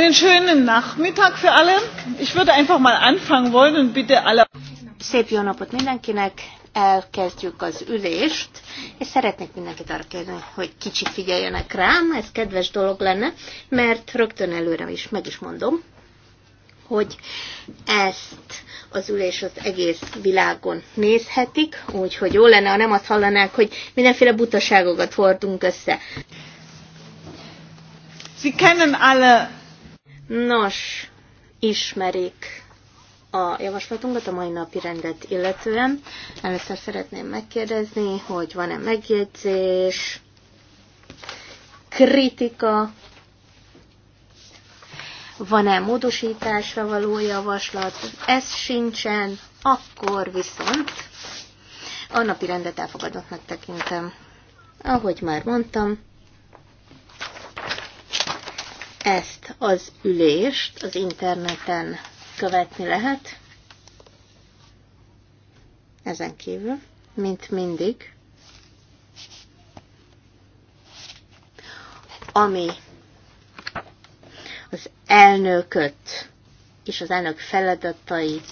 Einen schönen Nachmittag für alle. Ich würde einfach mal anfangen wollen und bitte alle. Szép jó napot mindenkinek, elkezdjük az ülést, és szeretnék mindenkit arra kérni, hogy kicsit figyeljenek rám, ez kedves dolog lenne, mert rögtön előre is meg is mondom, hogy ezt az ülés az egész világon nézhetik, úgyhogy jó lenne, ha nem azt hallanák, hogy mindenféle butaságokat hordunk össze. Sie kennen alle Nos, ismerik a javaslatunkat a mai napi rendet illetően. Először szeretném megkérdezni, hogy van-e megjegyzés, kritika, van-e módosításra való javaslat, ez sincsen, akkor viszont a napi rendet elfogadottnak tekintem. Ahogy már mondtam, ezt az ülést az interneten követni lehet. Ezen kívül, mint mindig, ami az elnököt és az elnök feladatait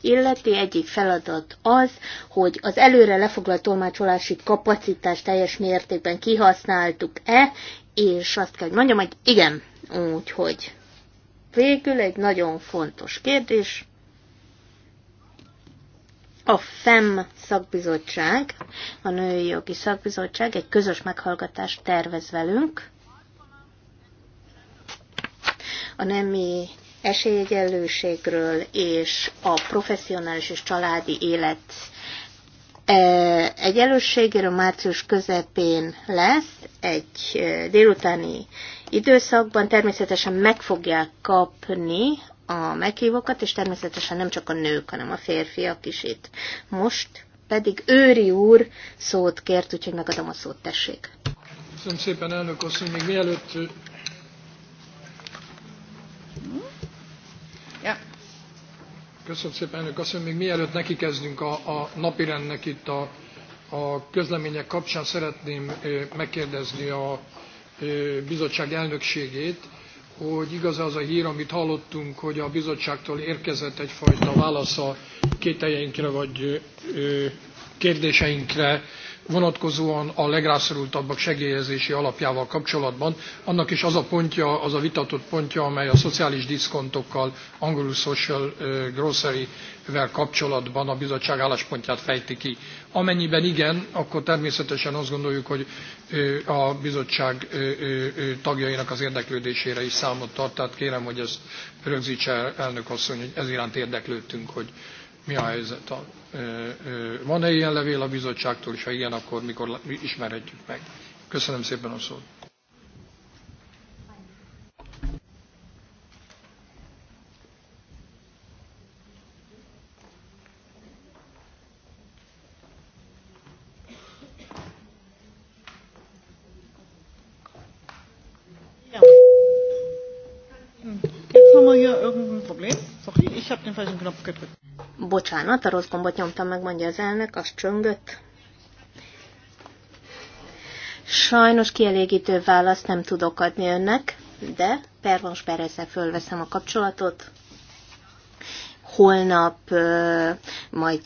illeti. Egyik feladat az, hogy az előre lefoglalt tolmácsolási kapacitást teljes mértékben kihasználtuk-e, és azt kell, hogy mondjam, hogy igen, Úgyhogy végül egy nagyon fontos kérdés. A FEM szakbizottság, a Női Jogi Szakbizottság egy közös meghallgatást tervez velünk. A nemi esélyegyenlőségről és a professzionális és családi élet egy elősségéről március közepén lesz, egy délutáni időszakban természetesen meg fogják kapni a meghívókat, és természetesen nem csak a nők, hanem a férfiak is itt. Most pedig Őri úr szót kért, úgyhogy megadom a szót, tessék. Köszönöm szépen, elnök asszony, még mielőtt Köszönöm szépen, elnök asszony. Még mielőtt neki kezdünk a, a napirendnek itt a, a közlemények kapcsán, szeretném megkérdezni a bizottság elnökségét, hogy igaz az a hír, amit hallottunk, hogy a bizottságtól érkezett egyfajta válasz a kételjeinkre vagy kérdéseinkre vonatkozóan a legrászorultabbak segélyezési alapjával kapcsolatban. Annak is az a pontja, az a vitatott pontja, amely a szociális diszkontokkal, angolul social grocery-vel kapcsolatban a bizottság álláspontját fejti ki. Amennyiben igen, akkor természetesen azt gondoljuk, hogy a bizottság tagjainak az érdeklődésére is számot tart. Tehát kérem, hogy ezt rögzítse elnök asszony, hogy ez iránt érdeklődtünk, hogy mi a helyzet a van-e ilyen levél a bizottságtól, és ha ilyen, akkor mikor ismerhetjük meg? Köszönöm szépen a szót. Jetzt haben wir hier irgendein Problem. Ich den falschen Knopf gedrückt. Bocsánat, a rossz gombot nyomtam meg, mondja az elnök, az csöngött. Sajnos kielégítő választ nem tudok adni önnek, de Pervons Perezzel fölveszem a kapcsolatot holnap majd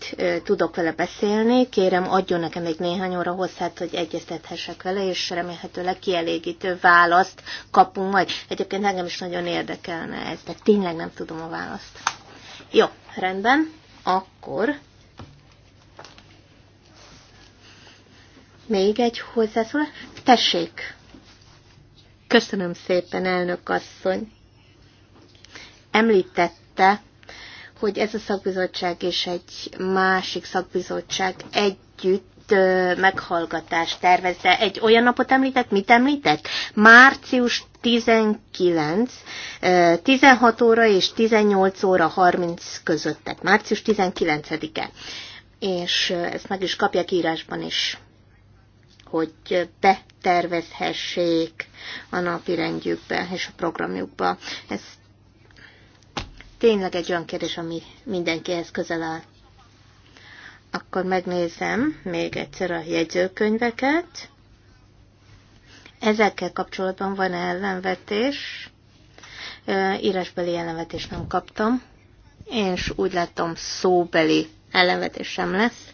tudok vele beszélni. Kérem, adjon nekem még néhány óra hosszát, hogy egyeztethessek vele, és remélhetőleg kielégítő választ kapunk majd. Egyébként engem is nagyon érdekelne ez, de tényleg nem tudom a választ. Jó, rendben, akkor még egy hozzászólás. Tessék! Köszönöm szépen, elnök asszony! Említette hogy ez a szakbizottság és egy másik szakbizottság együtt meghallgatást tervezze. egy olyan napot említett, mit említett? Március 19, 16 óra és 18 óra 30 között, tehát március 19-e. És ezt meg is kapják írásban is, hogy betervezhessék a napirendjükbe és a programjukba. Ezt tényleg egy olyan kérdés, ami mindenkihez közel áll. Akkor megnézem még egyszer a jegyzőkönyveket. Ezekkel kapcsolatban van -e ellenvetés. Írásbeli ellenvetést nem kaptam, és úgy látom szóbeli ellenvetés sem lesz.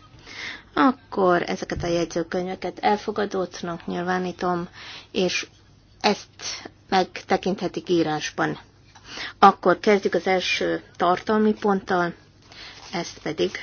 Akkor ezeket a jegyzőkönyveket elfogadottnak nyilvánítom, és ezt megtekinthetik írásban. Akkor kezdjük az első tartalmi ponttal, ezt pedig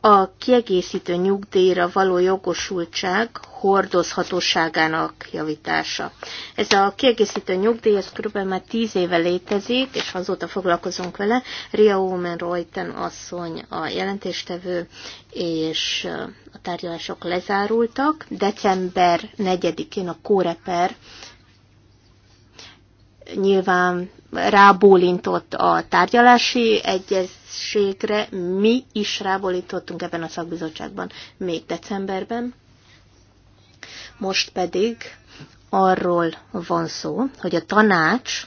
a kiegészítő nyugdíjra való jogosultság hordozhatóságának javítása. Ez a kiegészítő nyugdíj, ez kb. már tíz éve létezik, és azóta foglalkozunk vele. Ria Omen Reuten asszony a jelentéstevő, és a tárgyalások lezárultak. December 4-én a Kóreper nyilván rábólintott a tárgyalási egyességre, mi is rábólintottunk ebben a szakbizottságban még decemberben. Most pedig arról van szó, hogy a tanács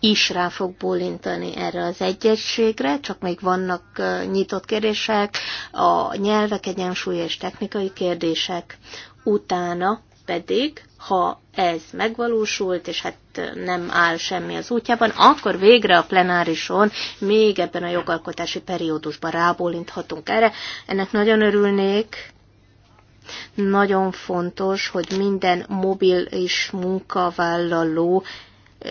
is rá fog bólintani erre az egyességre, csak még vannak nyitott kérdések, a nyelvek egyensúly és technikai kérdések, utána pedig ha ez megvalósult, és hát nem áll semmi az útjában, akkor végre a plenárison még ebben a jogalkotási periódusban rábólinthatunk erre. Ennek nagyon örülnék. Nagyon fontos, hogy minden mobil és munkavállaló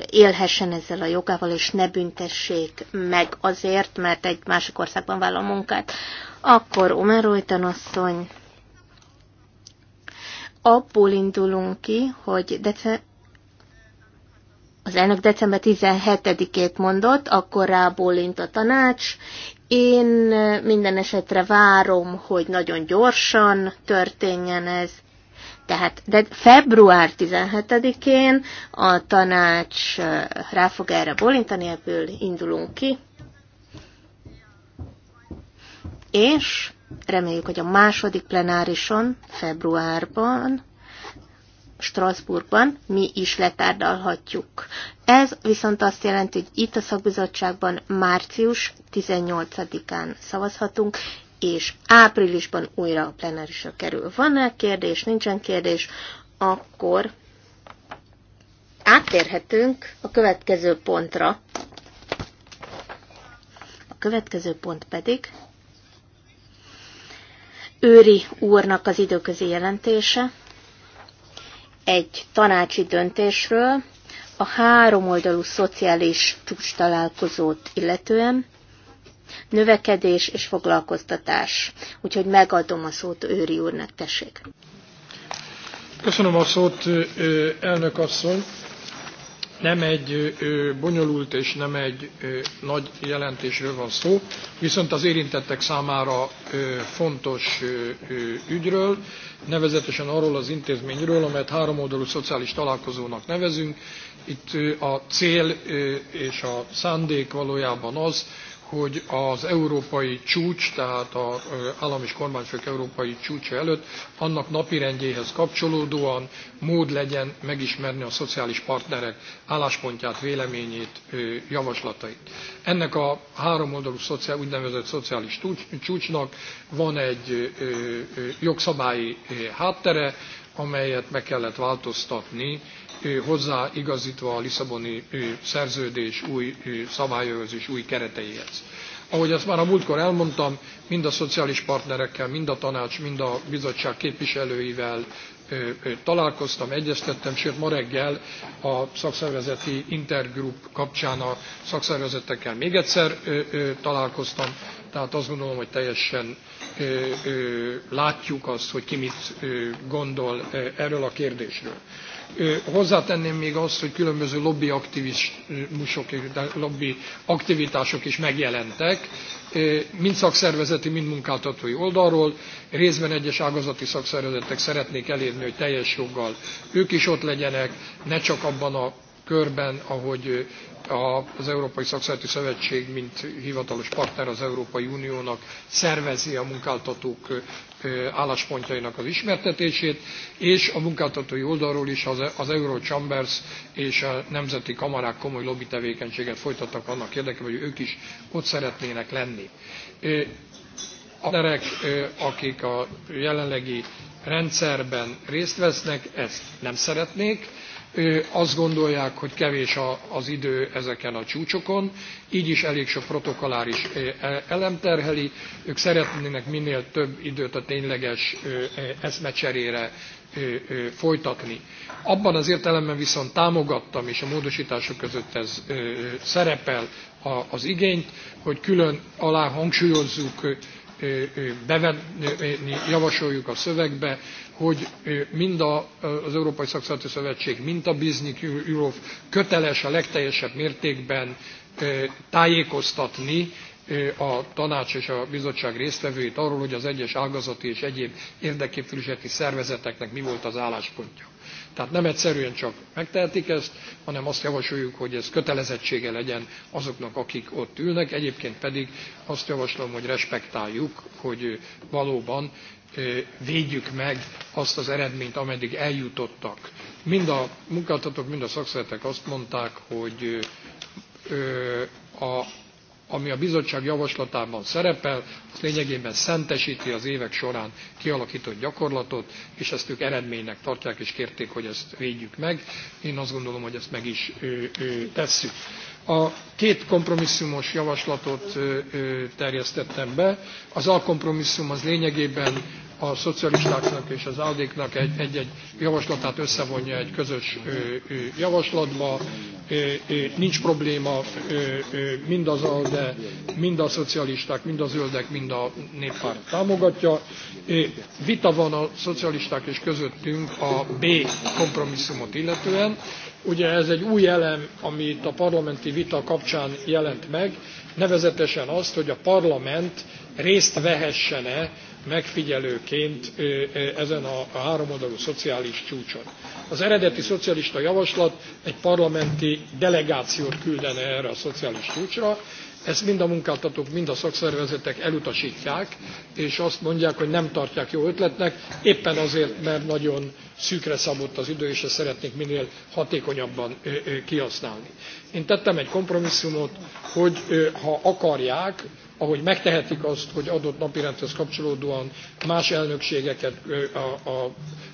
élhessen ezzel a jogával, és ne büntessék meg azért, mert egy másik országban vállal munkát. Akkor Rojtan asszony abból indulunk ki, hogy dece- az elnök december 17-ét mondott, akkor rábólint a tanács. Én minden esetre várom, hogy nagyon gyorsan történjen ez. Tehát de február 17-én a tanács rá fog erre bolintani ebből indulunk ki. És Reméljük, hogy a második plenárison, februárban, Strasbourgban mi is letárgyalhatjuk. Ez viszont azt jelenti, hogy itt a szakbizottságban március 18-án szavazhatunk, és áprilisban újra a plenárisra kerül. Van-e kérdés, nincsen kérdés, akkor áttérhetünk a következő pontra. A következő pont pedig Őri úrnak az időközi jelentése egy tanácsi döntésről a háromoldalú szociális csúcs találkozót illetően, növekedés és foglalkoztatás. Úgyhogy megadom a szót Őri úrnak, tessék. Köszönöm a szót, elnök asszony nem egy bonyolult és nem egy nagy jelentésről van szó, viszont az érintettek számára fontos ügyről, nevezetesen arról az intézményről, amelyet háromoldalú szociális találkozónak nevezünk. Itt a cél és a szándék valójában az, hogy az európai csúcs, tehát az állam és kormányfők európai csúcsa előtt annak napirendjéhez kapcsolódóan mód legyen megismerni a szociális partnerek álláspontját, véleményét, javaslatait. Ennek a háromoldalú szociál, úgynevezett szociális csúcsnak van egy jogszabályi háttere, amelyet meg kellett változtatni hozzáigazítva a Lisszaboni szerződés új szabályhoz és új kereteihez. Ahogy azt már a múltkor elmondtam, mind a szociális partnerekkel, mind a tanács, mind a bizottság képviselőivel találkoztam, egyeztettem, sőt ma reggel a szakszervezeti intergroup kapcsán a szakszervezetekkel még egyszer találkoztam, tehát azt gondolom, hogy teljesen látjuk azt, hogy ki mit gondol erről a kérdésről. Hozzátenném még azt, hogy különböző lobby, lobby aktivitások is megjelentek, mind szakszervezeti, mind munkáltatói oldalról. Részben egyes ágazati szakszervezetek szeretnék elérni, hogy teljes joggal ők is ott legyenek, ne csak abban a körben, ahogy az Európai Szakszereti Szövetség, mint hivatalos partner az Európai Uniónak szervezi a munkáltatók álláspontjainak az ismertetését, és a munkáltatói oldalról is az Eurochambers és a nemzeti kamarák komoly lobby tevékenységet folytattak annak érdekében, hogy ők is ott szeretnének lenni. A partnerek, akik a jelenlegi rendszerben részt vesznek, ezt nem szeretnék. Azt gondolják, hogy kevés az idő ezeken a csúcsokon, így is elég sok protokoláris e, elem terheli. Ők szeretnének minél több időt a tényleges e, eszmecserére folytatni. Abban az értelemben viszont támogattam, és a módosítások között ez szerepel az igényt, hogy külön alá hangsúlyozzuk bevenni, javasoljuk a szövegbe, hogy mind a, az Európai Szakszervező Szövetség, mind a BizniK Europe köteles a legteljesebb mértékben tájékoztatni a tanács és a bizottság résztvevőit arról, hogy az egyes ágazati és egyéb érdekképviseleti szervezeteknek mi volt az álláspontja. Tehát nem egyszerűen csak megtehetik ezt, hanem azt javasoljuk, hogy ez kötelezettsége legyen azoknak, akik ott ülnek. Egyébként pedig azt javaslom, hogy respektáljuk, hogy valóban védjük meg azt az eredményt, ameddig eljutottak. Mind a munkáltatók, mind a szakszeretek azt mondták, hogy a ami a bizottság javaslatában szerepel, az lényegében szentesíti az évek során kialakított gyakorlatot, és ezt ők eredménynek tartják, és kérték, hogy ezt védjük meg. Én azt gondolom, hogy ezt meg is ö, ö, tesszük. A két kompromisszumos javaslatot ö, ö, terjesztettem be. Az alkompromisszum az lényegében a szocialistáknak és az áldéknak egy-egy javaslatát összevonja egy közös javaslatba. Nincs probléma mind az de mind a szocialisták, mind a zöldek, mind a néppárt támogatja. Vita van a szocialisták és közöttünk a B kompromisszumot illetően. Ugye ez egy új elem, amit a parlamenti vita kapcsán jelent meg, nevezetesen azt, hogy a parlament részt vehessene megfigyelőként ezen a háromoldalú szociális csúcson. Az eredeti szocialista javaslat egy parlamenti delegációt küldene erre a szociális csúcsra, ezt mind a munkáltatók, mind a szakszervezetek elutasítják, és azt mondják, hogy nem tartják jó ötletnek, éppen azért, mert nagyon szűkre szabott az idő, és ezt szeretnék minél hatékonyabban kihasználni. Én tettem egy kompromisszumot, hogy ha akarják, ahogy megtehetik azt, hogy adott napirendhez kapcsolódóan más elnökségeket a, a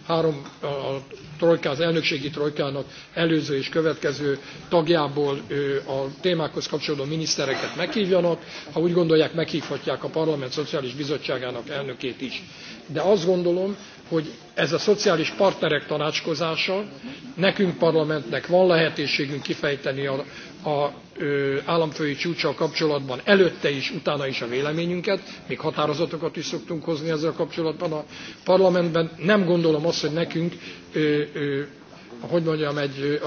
három a, a trojka, az elnökségi trojkának előző és következő tagjából a témákhoz kapcsolódó minisztereket meghívjanak, ha úgy gondolják, meghívhatják a Parlament Szociális Bizottságának elnökét is. De azt gondolom, hogy ez a szociális partnerek tanácskozása, nekünk parlamentnek van lehetőségünk kifejteni a, a államfői csúcsal kapcsolatban előtte is, utána is a véleményünket, még határozatokat is szoktunk hozni ezzel kapcsolatban a parlamentben. Nem gondolom azt, hogy nekünk, hogy mondjam, egy,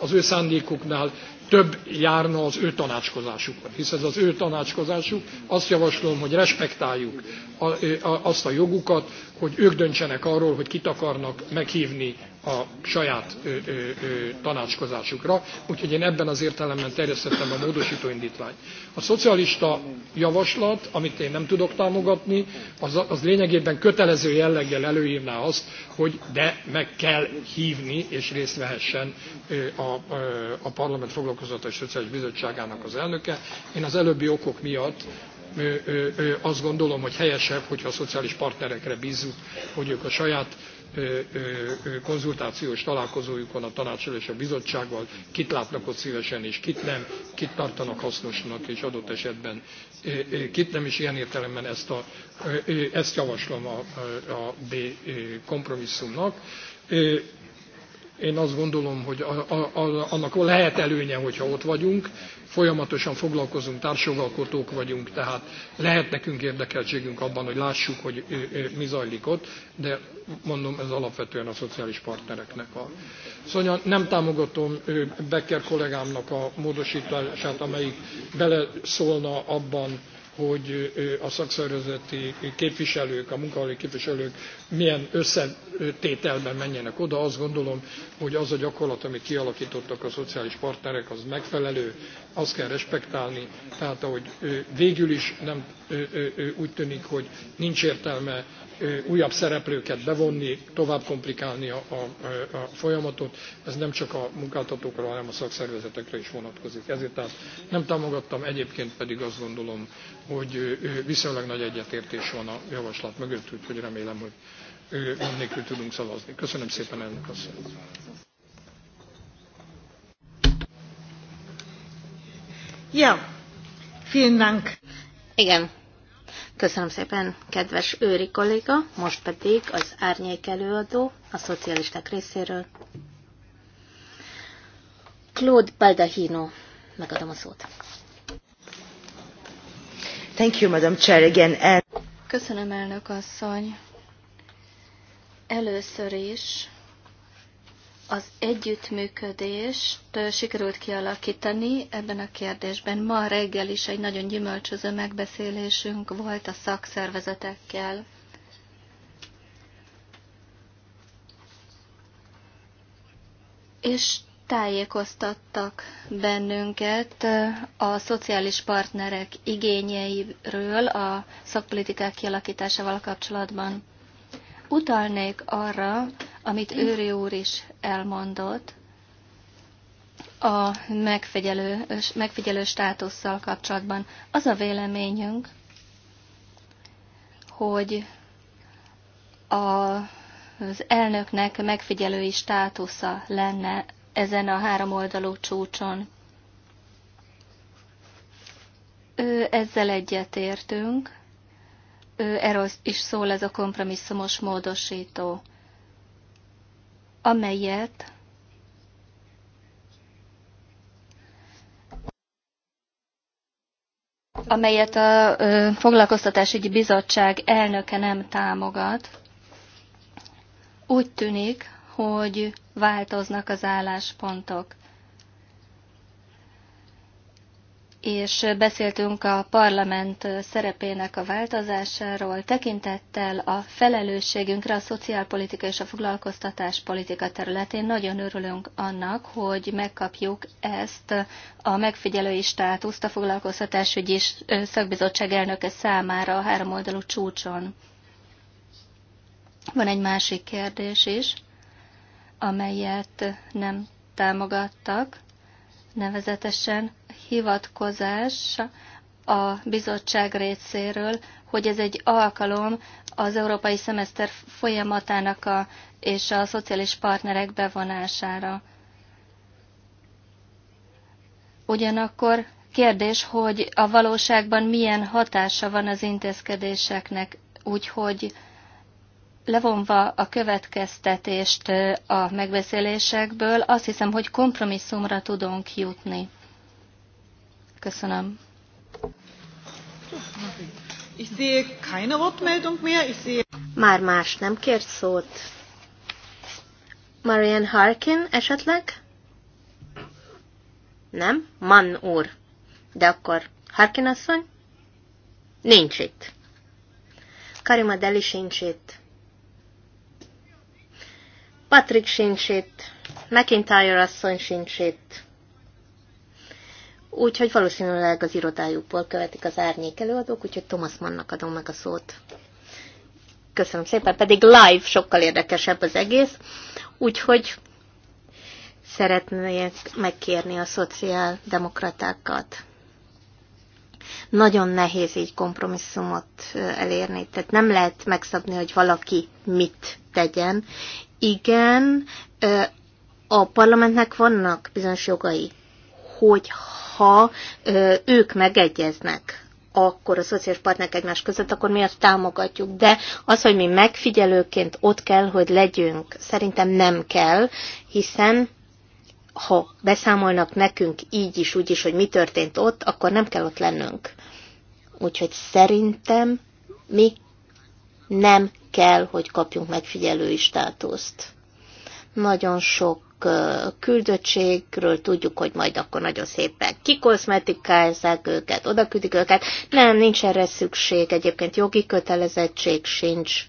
az ő szándékuknál több járna az ő tanácskozásukon, hisz ez az ő tanácskozásuk. Azt javaslom, hogy respektáljuk azt a jogukat, hogy ők döntsenek arról, hogy kit akarnak meghívni a saját ö, ö, ö, tanácskozásukra, úgyhogy én ebben az értelemben terjesztettem a módosító indítványt. A szocialista javaslat, amit én nem tudok támogatni, az, az lényegében kötelező jelleggel előírná azt, hogy de meg kell hívni és részt vehessen a, a, a Parlament Foglalkozata és Szociális Bizottságának az elnöke. Én az előbbi okok miatt azt gondolom, hogy helyesebb, hogyha a szociális partnerekre bízzuk, hogy ők a saját konzultációs találkozójukon a tanácsal és a bizottsággal, kit látnak ott szívesen és kit nem, kit tartanak hasznosnak és adott esetben kit nem, is ilyen értelemben ezt, a, ezt javaslom a, a B kompromisszumnak. Én azt gondolom, hogy a, a, a, annak lehet előnye, hogyha ott vagyunk, folyamatosan foglalkozunk, társjogalkotók vagyunk, tehát lehet nekünk érdekeltségünk abban, hogy lássuk, hogy mi zajlik ott, de mondom, ez alapvetően a szociális partnereknek a. Szóval nem támogatom Becker kollégámnak a módosítását, amelyik beleszólna abban, hogy a szakszervezeti képviselők, a munkahelyi képviselők milyen összetételben menjenek oda. Azt gondolom, hogy az a gyakorlat, amit kialakítottak a szociális partnerek, az megfelelő, azt kell respektálni. Tehát ahogy végül is nem úgy tűnik, hogy nincs értelme újabb szereplőket bevonni, tovább komplikálni a, a, a folyamatot. Ez nem csak a munkáltatókra, hanem a szakszervezetekre is vonatkozik. Ezért tehát nem támogattam, egyébként pedig azt gondolom, hogy viszonylag nagy egyetértés van a javaslat mögött, úgyhogy remélem, hogy gond nélkül tudunk szavazni. Köszönöm szépen, elnök asszony! Ja, vielen Dank. Igen, Köszönöm szépen, kedves őri kolléga, most pedig az árnyék előadó a szocialisták részéről. Claude Baldahino, megadom a szót. Thank you, Madam Chair, again. Köszönöm, elnök asszony. Először is az együttműködést sikerült kialakítani ebben a kérdésben. Ma reggel is egy nagyon gyümölcsöző megbeszélésünk volt a szakszervezetekkel. És tájékoztattak bennünket a szociális partnerek igényeiről a szakpolitikák kialakításával kapcsolatban. Utalnék arra, amit Őri úr is elmondott, a megfigyelő, megfigyelő státusszal kapcsolatban. Az a véleményünk, hogy a, az elnöknek megfigyelői státusza lenne ezen a háromoldalú csúcson. Ő ezzel egyetértünk, erről is szól ez a kompromisszumos módosító amelyet amelyet a Foglalkoztatásügyi Bizottság elnöke nem támogat. Úgy tűnik, hogy változnak az álláspontok. és beszéltünk a parlament szerepének a változásáról, tekintettel a felelősségünkre a szociálpolitika és a foglalkoztatás politika területén. Nagyon örülünk annak, hogy megkapjuk ezt a megfigyelői státuszt a foglalkoztatásügyi szakbizottság elnöke számára a háromoldalú csúcson. Van egy másik kérdés is, amelyet nem támogattak nevezetesen hivatkozás a bizottság részéről, hogy ez egy alkalom az európai szemeszter folyamatának a, és a szociális partnerek bevonására. Ugyanakkor kérdés, hogy a valóságban milyen hatása van az intézkedéseknek, úgyhogy levonva a következtetést a megbeszélésekből, azt hiszem, hogy kompromisszumra tudunk jutni. Köszönöm. Már más nem kért szót. Marian Harkin esetleg? Nem? Mann úr. De akkor Harkin asszony? Nincs itt. Karima Deli sincs itt. Patrick sincs itt, McIntyre asszony sincs itt. Úgyhogy valószínűleg az irodájukból követik az árnyék előadók, úgyhogy Thomas Mannnak adom meg a szót. Köszönöm szépen, pedig live sokkal érdekesebb az egész, úgyhogy szeretnék megkérni a szociáldemokratákat nagyon nehéz így kompromisszumot elérni, tehát nem lehet megszabni, hogy valaki mit tegyen. Igen, a parlamentnek vannak bizonyos jogai, hogy ha ők megegyeznek akkor a szociális partnerek egymás között, akkor mi azt támogatjuk. De az, hogy mi megfigyelőként ott kell, hogy legyünk, szerintem nem kell, hiszen ha beszámolnak nekünk így is, úgy is, hogy mi történt ott, akkor nem kell ott lennünk. Úgyhogy szerintem mi nem kell, hogy kapjunk megfigyelői státuszt. Nagyon sok küldöttségről tudjuk, hogy majd akkor nagyon szépen kikoszmetikázzák őket, oda küldik őket. Nem, nincs erre szükség, egyébként jogi kötelezettség sincs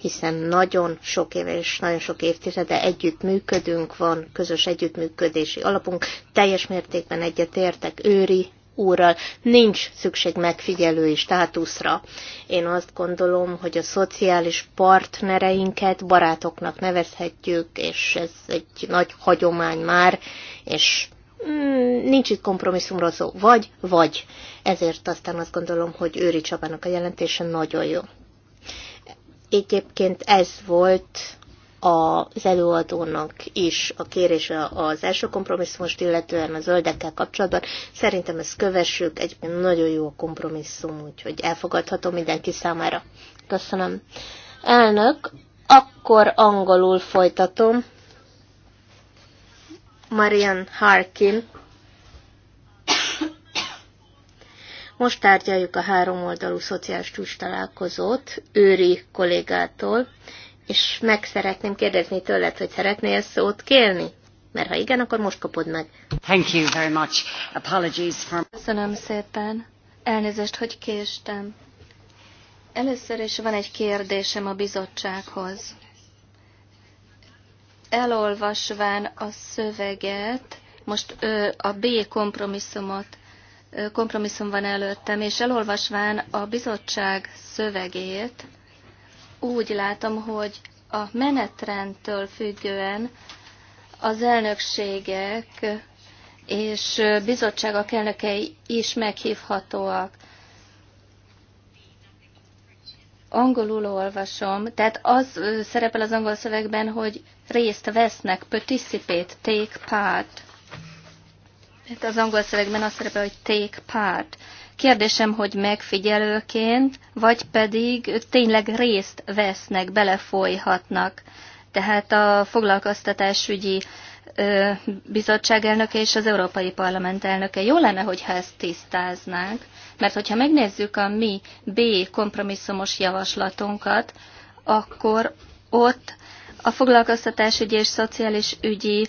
hiszen nagyon sok éve és nagyon sok évtizede együtt működünk, van közös együttműködési alapunk, teljes mértékben egyetértek őri úrral, nincs szükség megfigyelői státuszra. Én azt gondolom, hogy a szociális partnereinket barátoknak nevezhetjük, és ez egy nagy hagyomány már, és mm, nincs itt kompromisszumra szó, vagy, vagy. Ezért aztán azt gondolom, hogy Őri Csabának a jelentése nagyon jó. Egyébként ez volt az előadónak is a kérése az első kompromisszumost, illetően a zöldekkel kapcsolatban. Szerintem ezt kövessük, egy nagyon jó a kompromisszum, úgyhogy elfogadható mindenki számára. Köszönöm. Elnök, akkor angolul folytatom. Marian Harkin Most tárgyaljuk a háromoldalú szociális csúcs találkozót őri kollégától, és meg szeretném kérdezni tőled, hogy szeretnél ezt szót kérni? Mert ha igen, akkor most kapod meg. Thank you very much. Apologies for... Köszönöm szépen. Elnézést, hogy késtem. Először is van egy kérdésem a bizottsághoz. Elolvasván a szöveget, most ö, a B kompromisszumot kompromisszum van előttem, és elolvasván a bizottság szövegét, úgy látom, hogy a menetrendtől függően az elnökségek és bizottságok elnökei is meghívhatóak. Angolul olvasom, tehát az szerepel az angol szövegben, hogy részt vesznek, participate, take part. Itt az angol szövegben azt szerepel, hogy take part. Kérdésem, hogy megfigyelőként, vagy pedig ők tényleg részt vesznek, belefolyhatnak. Tehát a foglalkoztatásügyi ö, bizottság elnöke és az Európai Parlament elnöke. Jó lenne, hogyha ezt tisztáznánk, mert hogyha megnézzük a mi B kompromisszumos javaslatunkat, akkor ott a foglalkoztatásügyi és szociális ügyi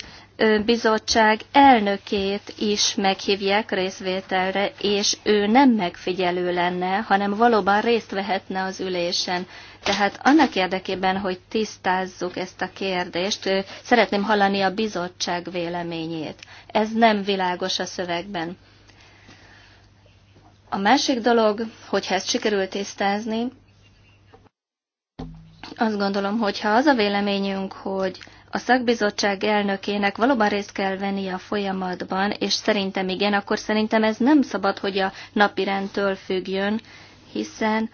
bizottság elnökét is meghívják részvételre, és ő nem megfigyelő lenne, hanem valóban részt vehetne az ülésen. Tehát annak érdekében, hogy tisztázzuk ezt a kérdést, szeretném hallani a bizottság véleményét. Ez nem világos a szövegben. A másik dolog, hogyha ezt sikerül tisztázni, azt gondolom, hogyha az a véleményünk, hogy a szakbizottság elnökének valóban részt kell venni a folyamatban, és szerintem igen, akkor szerintem ez nem szabad, hogy a napirendtől függjön, hiszen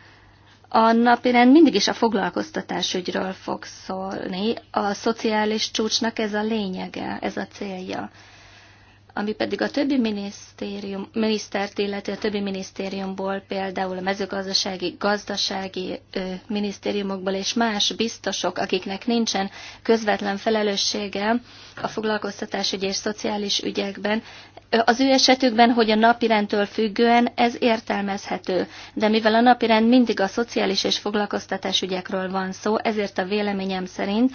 a napirend mindig is a foglalkoztatásügyről fog szólni. A szociális csúcsnak ez a lényege, ez a célja. Ami pedig a többi minisztérium, minisztert illetve a többi minisztériumból, például a mezőgazdasági, gazdasági ö, minisztériumokból és más biztosok, akiknek nincsen közvetlen felelőssége a foglalkoztatásügyi és szociális ügyekben, az ő esetükben, hogy a napirendtől függően ez értelmezhető, de mivel a napirend mindig a szociális és foglalkoztatás ügyekről van szó, ezért a véleményem szerint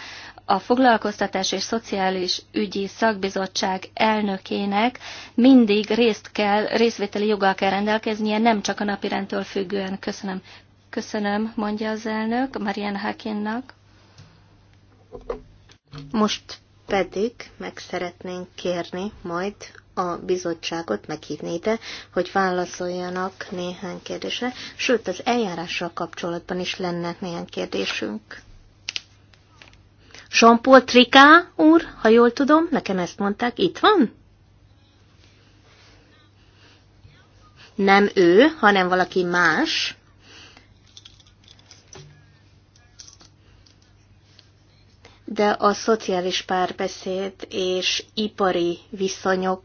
a Foglalkoztatás és Szociális Ügyi Szakbizottság elnökének mindig részt kell, részvételi joggal kell rendelkeznie, nem csak a napirendtől függően. Köszönöm. Köszönöm, mondja az elnök Marian Hakinnak. Most pedig meg szeretnénk kérni majd a bizottságot meghívni ide, hogy válaszoljanak néhány kérdésre, sőt az eljárással kapcsolatban is lenne néhány kérdésünk. Jean-Paul Triká úr, ha jól tudom, nekem ezt mondták, itt van? Nem ő, hanem valaki más. de a szociális párbeszéd és ipari viszonyok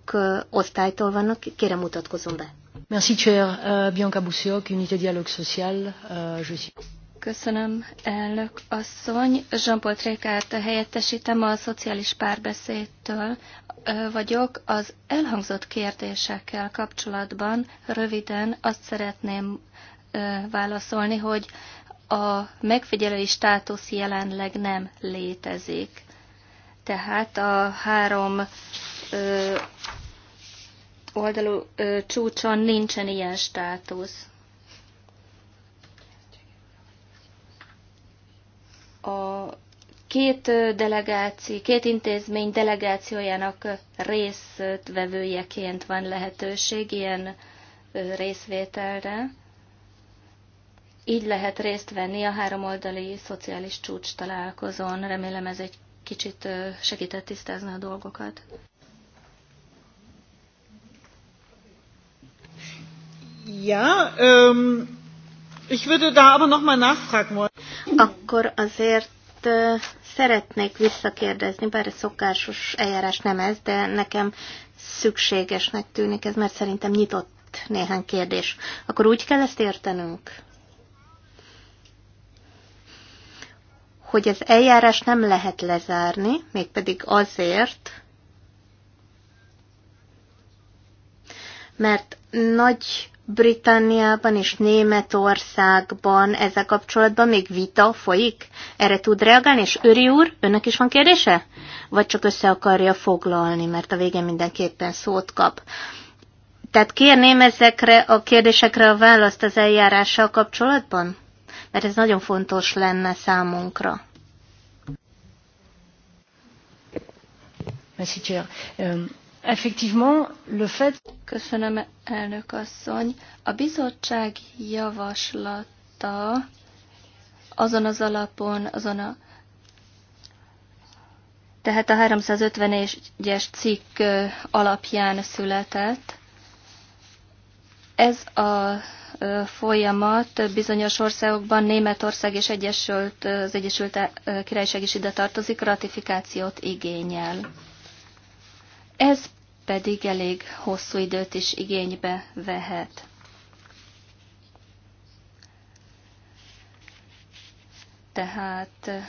osztálytól vannak. Kérem, mutatkozom be. Merci, Chair. Uh, Bianca Bussiok, Unité Dialogue Social. Uh, je suis... Köszönöm, elnök asszony. Jean-Paul Trékárt helyettesítem a szociális párbeszédtől vagyok. Az elhangzott kérdésekkel kapcsolatban röviden azt szeretném válaszolni, hogy a megfigyelői státusz jelenleg nem létezik. Tehát a három ö, oldalú ö, csúcson nincsen ilyen státusz. A két delegáció, két intézmény delegációjának részvevőjeként van lehetőség ilyen részvételre. Így lehet részt venni a háromoldali szociális csúcs találkozón. Remélem ez egy kicsit segített tisztázni a dolgokat. Ja, um, ich würde da aber noch mal nachfragen wollen. Akkor azért szeretnék visszakérdezni, bár a szokásos eljárás nem ez, de nekem szükségesnek tűnik ez, mert szerintem nyitott néhány kérdés. Akkor úgy kell ezt értenünk? hogy az eljárás nem lehet lezárni, mégpedig azért, mert nagy Britanniában és Németországban ezzel kapcsolatban még vita folyik? Erre tud reagálni? És Öri úr, önnek is van kérdése? Vagy csak össze akarja foglalni, mert a vége mindenképpen szót kap. Tehát kérném ezekre a kérdésekre a választ az eljárással kapcsolatban? mert ez nagyon fontos lenne számunkra. Merci, Chair. Um, effectivement, le fait... Köszönöm, elnök asszony. A bizottság javaslata azon az alapon, azon a tehát a 351-es cikk alapján született. Ez a folyamat bizonyos országokban, Németország és Egyesült, az Egyesült Királyság is ide tartozik, ratifikációt igényel. Ez pedig elég hosszú időt is igénybe vehet. Tehát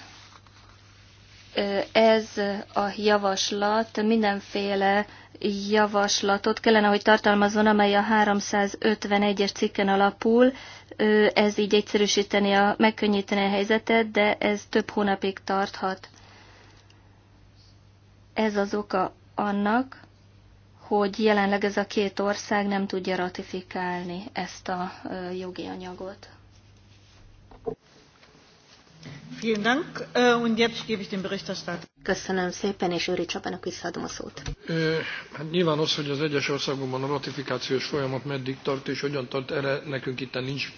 ez a javaslat mindenféle javaslatot kellene, hogy tartalmazzon, amely a 351-es cikken alapul. Ez így egyszerűsíteni, a, megkönnyíteni a helyzetet, de ez több hónapig tarthat. Ez az oka annak, hogy jelenleg ez a két ország nem tudja ratifikálni ezt a jogi anyagot. Äh, Köszönöm szépen, és Őri Csapának visszaadom a szót. Hát nyilván az, hogy az egyes országokban a ratifikációs folyamat meddig tart és hogyan tart, erre nekünk itt nincs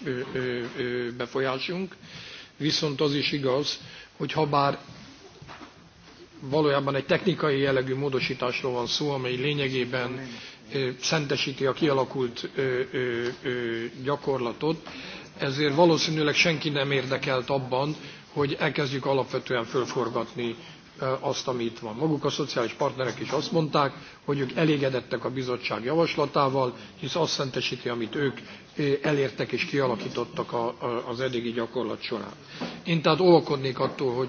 befolyásunk. Viszont az is igaz, hogy ha bár valójában egy technikai jellegű módosításról van szó, amely lényegében szentesíti a kialakult gyakorlatot, ezért valószínűleg senki nem érdekelt abban, hogy elkezdjük alapvetően fölforgatni azt, ami itt van. Maguk a szociális partnerek is azt mondták, hogy ők elégedettek a bizottság javaslatával, hisz azt szentesíti, amit ők elértek és kialakítottak az eddigi gyakorlat során. Én tehát óvakodnék attól, hogy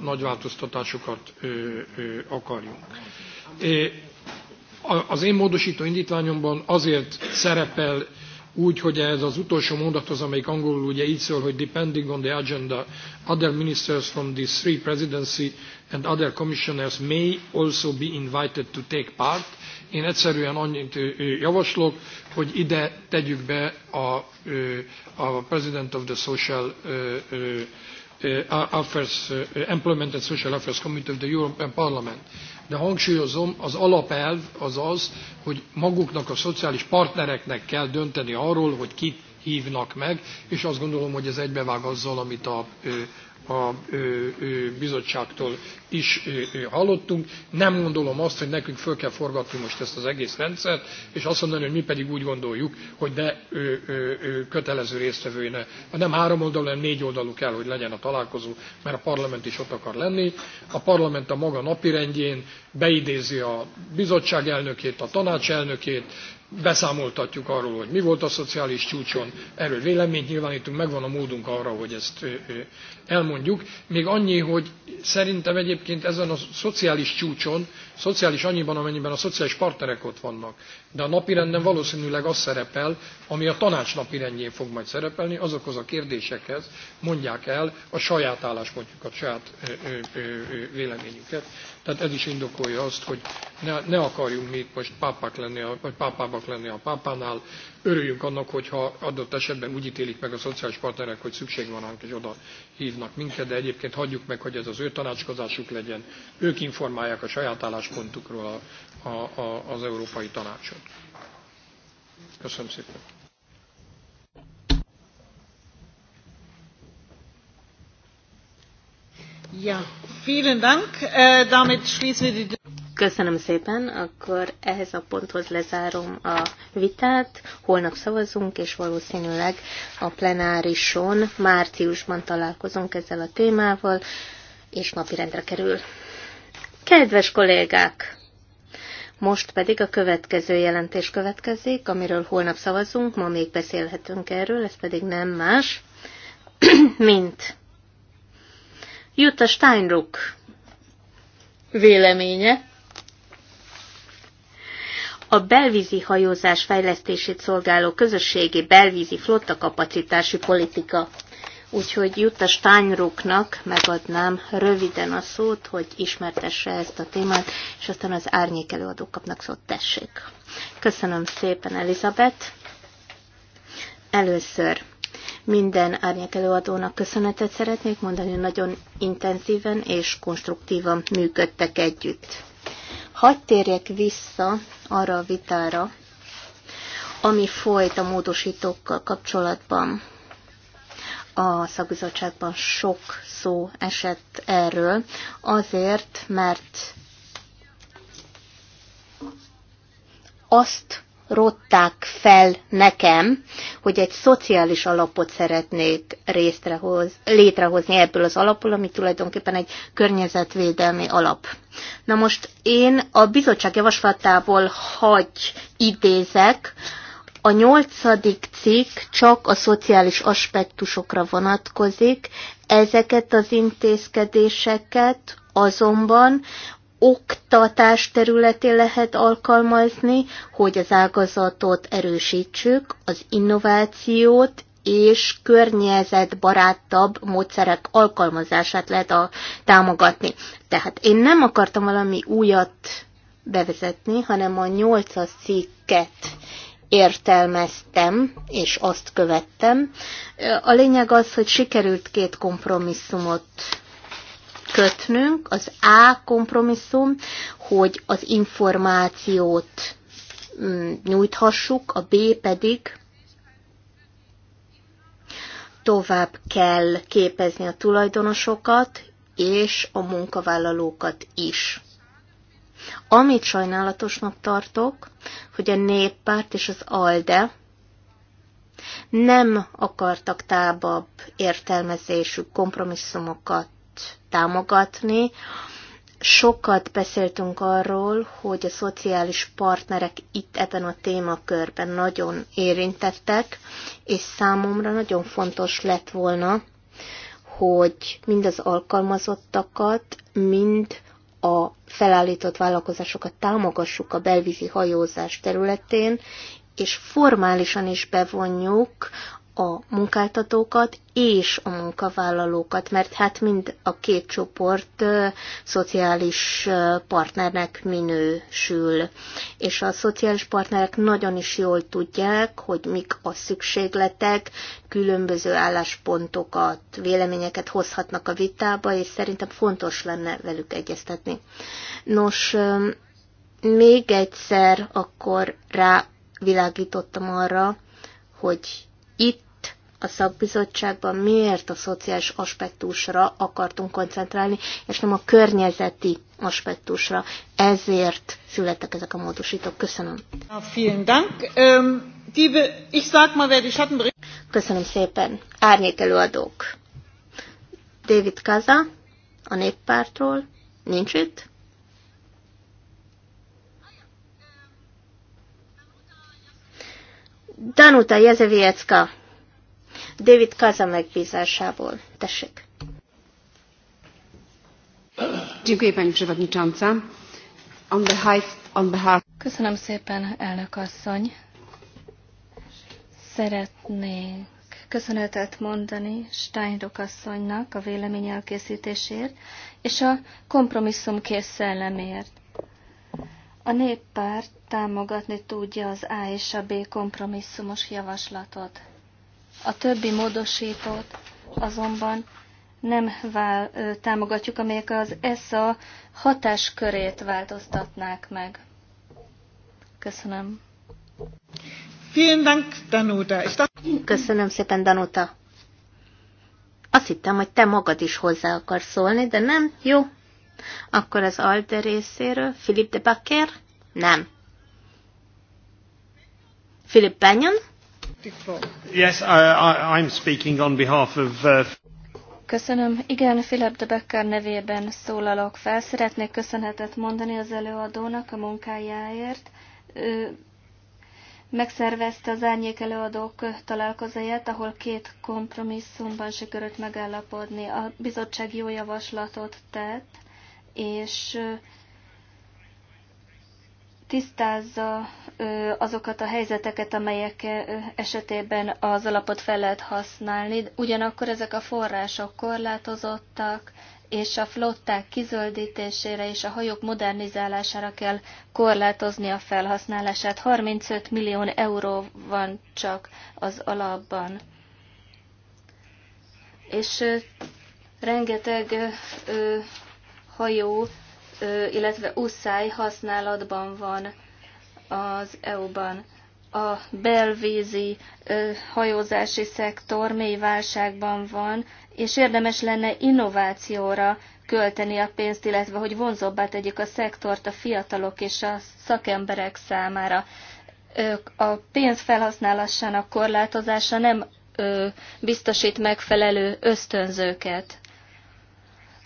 nagy változtatásokat akarjunk. Az én módosító indítványomban azért szerepel úgy, hogy ez az utolsó mondat az, amelyik angolul ugye így szól, hogy depending on the agenda, other ministers from the three presidency and other commissioners may also be invited to take part. Én egyszerűen annyit javaslok, hogy ide tegyük be a, a President of the Social Affairs, Employment and Social Affairs Committee of the European Parliament de hangsúlyozom, az alapelv az az, hogy maguknak a szociális partnereknek kell dönteni arról, hogy kit hívnak meg, és azt gondolom, hogy ez egybevág azzal, amit a a bizottságtól is hallottunk. Nem gondolom azt, hogy nekünk föl kell forgatni most ezt az egész rendszert, és azt mondani, hogy mi pedig úgy gondoljuk, hogy ne kötelező résztvevői ne. Nem három oldalú, hanem négy oldalú kell, hogy legyen a találkozó, mert a parlament is ott akar lenni. A parlament a maga napirendjén beidézi a bizottság elnökét, a tanács elnökét, beszámoltatjuk arról, hogy mi volt a szociális csúcson, erről véleményt nyilvánítunk, megvan a módunk arra, hogy ezt elmondjuk. Még annyi, hogy szerintem egyébként ezen a szociális csúcson Szociális annyiban, amennyiben a szociális partnerek ott vannak. De a napirenden valószínűleg az szerepel, ami a tanács napirendjén fog majd szerepelni, azokhoz a kérdésekhez mondják el a saját álláspontjukat, saját ö, ö, ö, véleményüket. Tehát ez is indokolja azt, hogy ne, ne akarjunk mi itt most pápák lenni, a, vagy pápábbak lenni a pápánál, örüljünk annak, hogyha adott esetben úgy ítélik meg a szociális partnerek, hogy szükség van ránk, és oda hívnak minket, de egyébként hagyjuk meg, hogy ez az ő tanácskozásuk legyen. Ők informálják a saját álláspontukról a, a, a, az Európai Tanácsot. Köszönöm szépen. Ja, vielen Dank. Äh, damit schließen wir die Köszönöm szépen, akkor ehhez a ponthoz lezárom a vitát. Holnap szavazunk, és valószínűleg a plenárison márciusban találkozunk ezzel a témával, és napirendre kerül. Kedves kollégák! Most pedig a következő jelentés következik, amiről holnap szavazunk, ma még beszélhetünk erről, ez pedig nem más, mint Jutta Steinruck véleménye a belvízi hajózás fejlesztését szolgáló közösségi belvízi flotta kapacitási politika. Úgyhogy Jutta Steinrucknak megadnám röviden a szót, hogy ismertesse ezt a témát, és aztán az árnyék előadók kapnak szót, tessék. Köszönöm szépen, Elizabeth. Először minden árnyék előadónak köszönetet szeretnék mondani, nagyon intenzíven és konstruktívan működtek együtt. Hadd térjek vissza arra a vitára, ami folyt a módosítókkal kapcsolatban. A szakbizottságban sok szó esett erről, azért, mert azt rották fel nekem, hogy egy szociális alapot szeretnék hoz, létrehozni ebből az alapból, ami tulajdonképpen egy környezetvédelmi alap. Na most én a bizottság javaslatából hagy idézek, a nyolcadik cikk csak a szociális aspektusokra vonatkozik, ezeket az intézkedéseket azonban oktatás területén lehet alkalmazni, hogy az ágazatot erősítsük, az innovációt és környezetbarátabb módszerek alkalmazását lehet a, támogatni. Tehát én nem akartam valami újat bevezetni, hanem a nyolcas cikket értelmeztem, és azt követtem. A lényeg az, hogy sikerült két kompromisszumot kötnünk, az A kompromisszum, hogy az információt mm, nyújthassuk, a B pedig tovább kell képezni a tulajdonosokat és a munkavállalókat is. Amit sajnálatosnak tartok, hogy a néppárt és az ALDE nem akartak tábabb értelmezésű kompromisszumokat támogatni. Sokat beszéltünk arról, hogy a szociális partnerek itt ebben a témakörben nagyon érintettek, és számomra nagyon fontos lett volna, hogy mind az alkalmazottakat, mind a felállított vállalkozásokat támogassuk a belvízi hajózás területén, és formálisan is bevonjuk a munkáltatókat és a munkavállalókat, mert hát mind a két csoport szociális partnernek minősül. És a szociális partnerek nagyon is jól tudják, hogy mik a szükségletek, különböző álláspontokat, véleményeket hozhatnak a vitába, és szerintem fontos lenne velük egyeztetni. Nos, még egyszer akkor rávilágítottam arra, hogy itt a szakbizottságban miért a szociális aspektusra akartunk koncentrálni, és nem a környezeti aspektusra. Ezért születtek ezek a módosítók. Köszönöm. Vielen Dank. Ähm, ich sag mal, Köszönöm szépen. Árnyék előadók. David Kaza, a néppártról. Nincs itt. Danuta Jezeviecka, David Kaza megbízásából. Tessék. Dziękuję Pani Przewodnicząca. On behalf, on behalf... Köszönöm szépen, elnök asszony. Szeretnék köszönetet mondani Steinrock asszonynak a vélemény elkészítésért és a kész szellemért. A néppárt támogatni tudja az A és a B kompromisszumos javaslatot. A többi módosítót azonban nem vál, támogatjuk, amelyek az ESA hatáskörét változtatnák meg. Köszönöm. Köszönöm szépen, Danuta. Azt hittem, hogy te magad is hozzá akarsz szólni, de nem, jó. Akkor az Alde részéről, Philip de Bakker? Nem. Philip Benyon? Yes, I, I'm speaking on behalf of... Uh... Köszönöm. Igen, Philip de Becker nevében szólalok fel. Szeretnék köszönetet mondani az előadónak a munkájáért. Ő megszervezte az árnyék előadók találkozóját, ahol két kompromisszumban sikerült megállapodni. A bizottság jó javaslatot tett, és tisztázza azokat a helyzeteket, amelyek esetében az alapot fel lehet használni, ugyanakkor ezek a források korlátozottak, és a flották kizöldítésére és a hajók modernizálására kell korlátozni a felhasználását. 35 millió euró van csak az alapban. És rengeteg hajó illetve uszály használatban van az EU-ban. A belvízi hajózási szektor mély válságban van, és érdemes lenne innovációra költeni a pénzt, illetve hogy vonzóbbá tegyük a szektort a fiatalok és a szakemberek számára. A pénz felhasználásának korlátozása nem biztosít megfelelő ösztönzőket.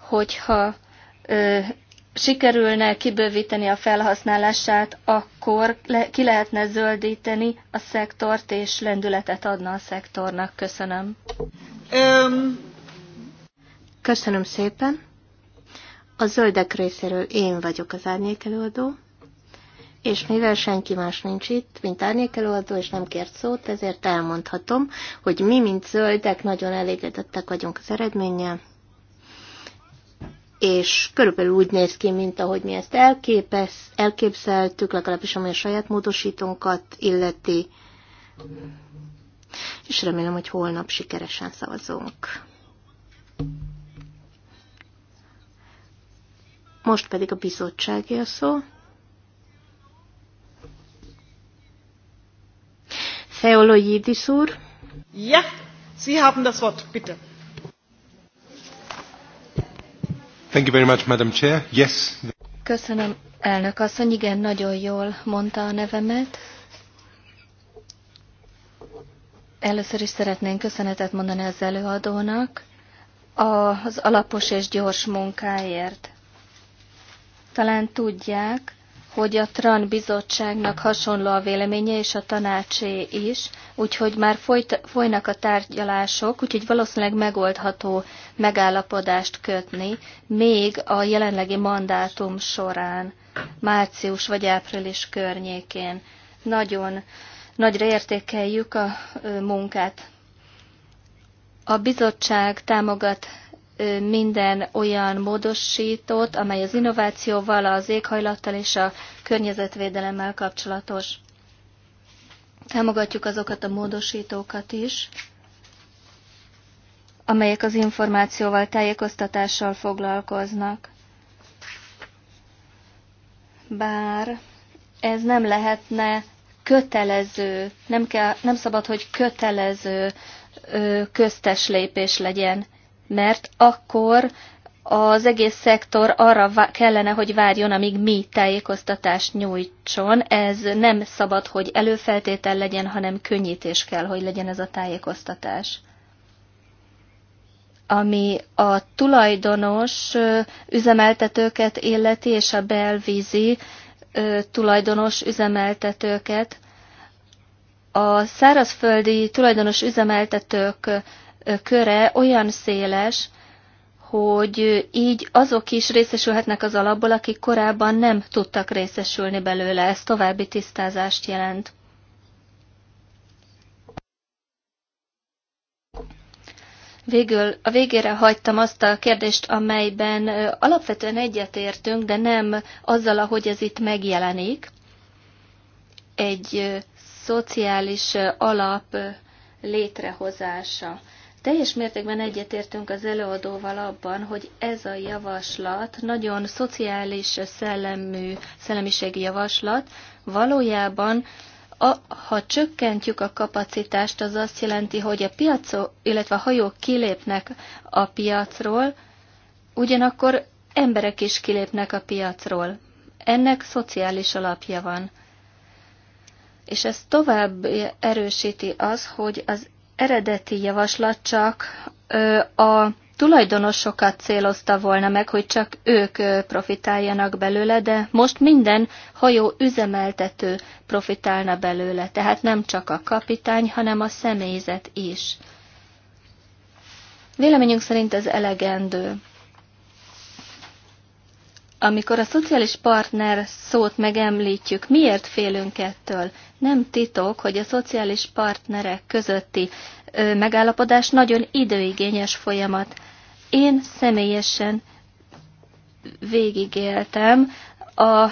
Hogyha sikerülne kibővíteni a felhasználását, akkor le, ki lehetne zöldíteni a szektort, és lendületet adna a szektornak. Köszönöm. Um. Köszönöm szépen. A zöldek részéről én vagyok az árnyékelőadó, és mivel senki más nincs itt, mint árnyékelőadó, és nem kért szót, ezért elmondhatom, hogy mi, mint zöldek, nagyon elégedettek vagyunk az eredménnyel, és körülbelül úgy néz ki, mint ahogy mi ezt elképesz, elképzeltük, legalábbis ami a saját módosítónkat illeti. És remélem, hogy holnap sikeresen szavazunk. Most pedig a bizottsági a szó. Theologidis úr. Ja, Sie haben das Wort, bitte. Thank you very much, Madam Chair. Yes. Köszönöm, elnök asszony. Igen, nagyon jól mondta a nevemet. Először is szeretnénk köszönetet mondani az előadónak az alapos és gyors munkáért. Talán tudják, hogy a TRAN bizottságnak hasonló a véleménye, és a tanácsé is, úgyhogy már folyt, folynak a tárgyalások, úgyhogy valószínűleg megoldható megállapodást kötni, még a jelenlegi mandátum során, március vagy április környékén. Nagyon nagyra értékeljük a munkát. A bizottság támogat minden olyan módosítót, amely az innovációval, az éghajlattal és a környezetvédelemmel kapcsolatos. Támogatjuk azokat a módosítókat is, amelyek az információval, tájékoztatással foglalkoznak. Bár ez nem lehetne kötelező, nem, kell, nem szabad, hogy kötelező köztes lépés legyen, mert akkor az egész szektor arra kellene, hogy várjon, amíg mi tájékoztatást nyújtson. Ez nem szabad, hogy előfeltétel legyen, hanem könnyítés kell, hogy legyen ez a tájékoztatás. Ami a tulajdonos üzemeltetőket illeti, és a belvízi tulajdonos üzemeltetőket, a szárazföldi tulajdonos üzemeltetők köre olyan széles, hogy így azok is részesülhetnek az alapból, akik korábban nem tudtak részesülni belőle. Ez további tisztázást jelent. Végül a végére hagytam azt a kérdést, amelyben alapvetően egyetértünk, de nem azzal, ahogy ez itt megjelenik. Egy szociális alap létrehozása. Teljes mértékben egyetértünk az előadóval abban, hogy ez a javaslat nagyon szociális szellemű, szellemiségi javaslat. Valójában, a, ha csökkentjük a kapacitást, az azt jelenti, hogy a piacok, illetve a hajók kilépnek a piacról, ugyanakkor emberek is kilépnek a piacról. Ennek szociális alapja van. És ez tovább erősíti az, hogy az eredeti javaslat csak a tulajdonosokat célozta volna meg, hogy csak ők profitáljanak belőle, de most minden hajó üzemeltető profitálna belőle, tehát nem csak a kapitány, hanem a személyzet is. Véleményünk szerint ez elegendő. Amikor a szociális partner szót megemlítjük, miért félünk ettől? Nem titok, hogy a szociális partnerek közötti megállapodás nagyon időigényes folyamat. Én személyesen végigéltem a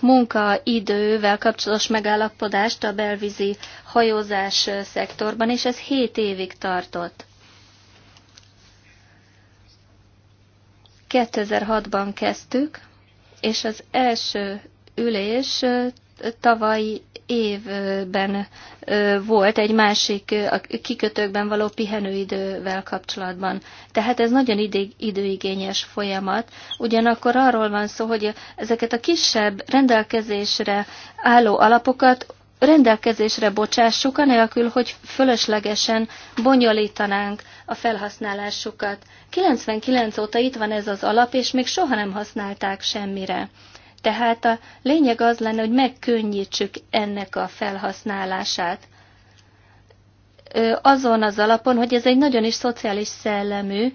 munkaidővel kapcsolatos megállapodást a belvízi hajózás szektorban, és ez 7 évig tartott. 2006-ban kezdtük, és az első ülés tavalyi évben volt egy másik a kikötőkben való pihenőidővel kapcsolatban. Tehát ez nagyon időigényes folyamat. Ugyanakkor arról van szó, hogy ezeket a kisebb rendelkezésre álló alapokat rendelkezésre bocsássuk, anélkül, hogy fölöslegesen bonyolítanánk a felhasználásukat. 99 óta itt van ez az alap, és még soha nem használták semmire. Tehát a lényeg az lenne, hogy megkönnyítsük ennek a felhasználását. Azon az alapon, hogy ez egy nagyon is szociális szellemű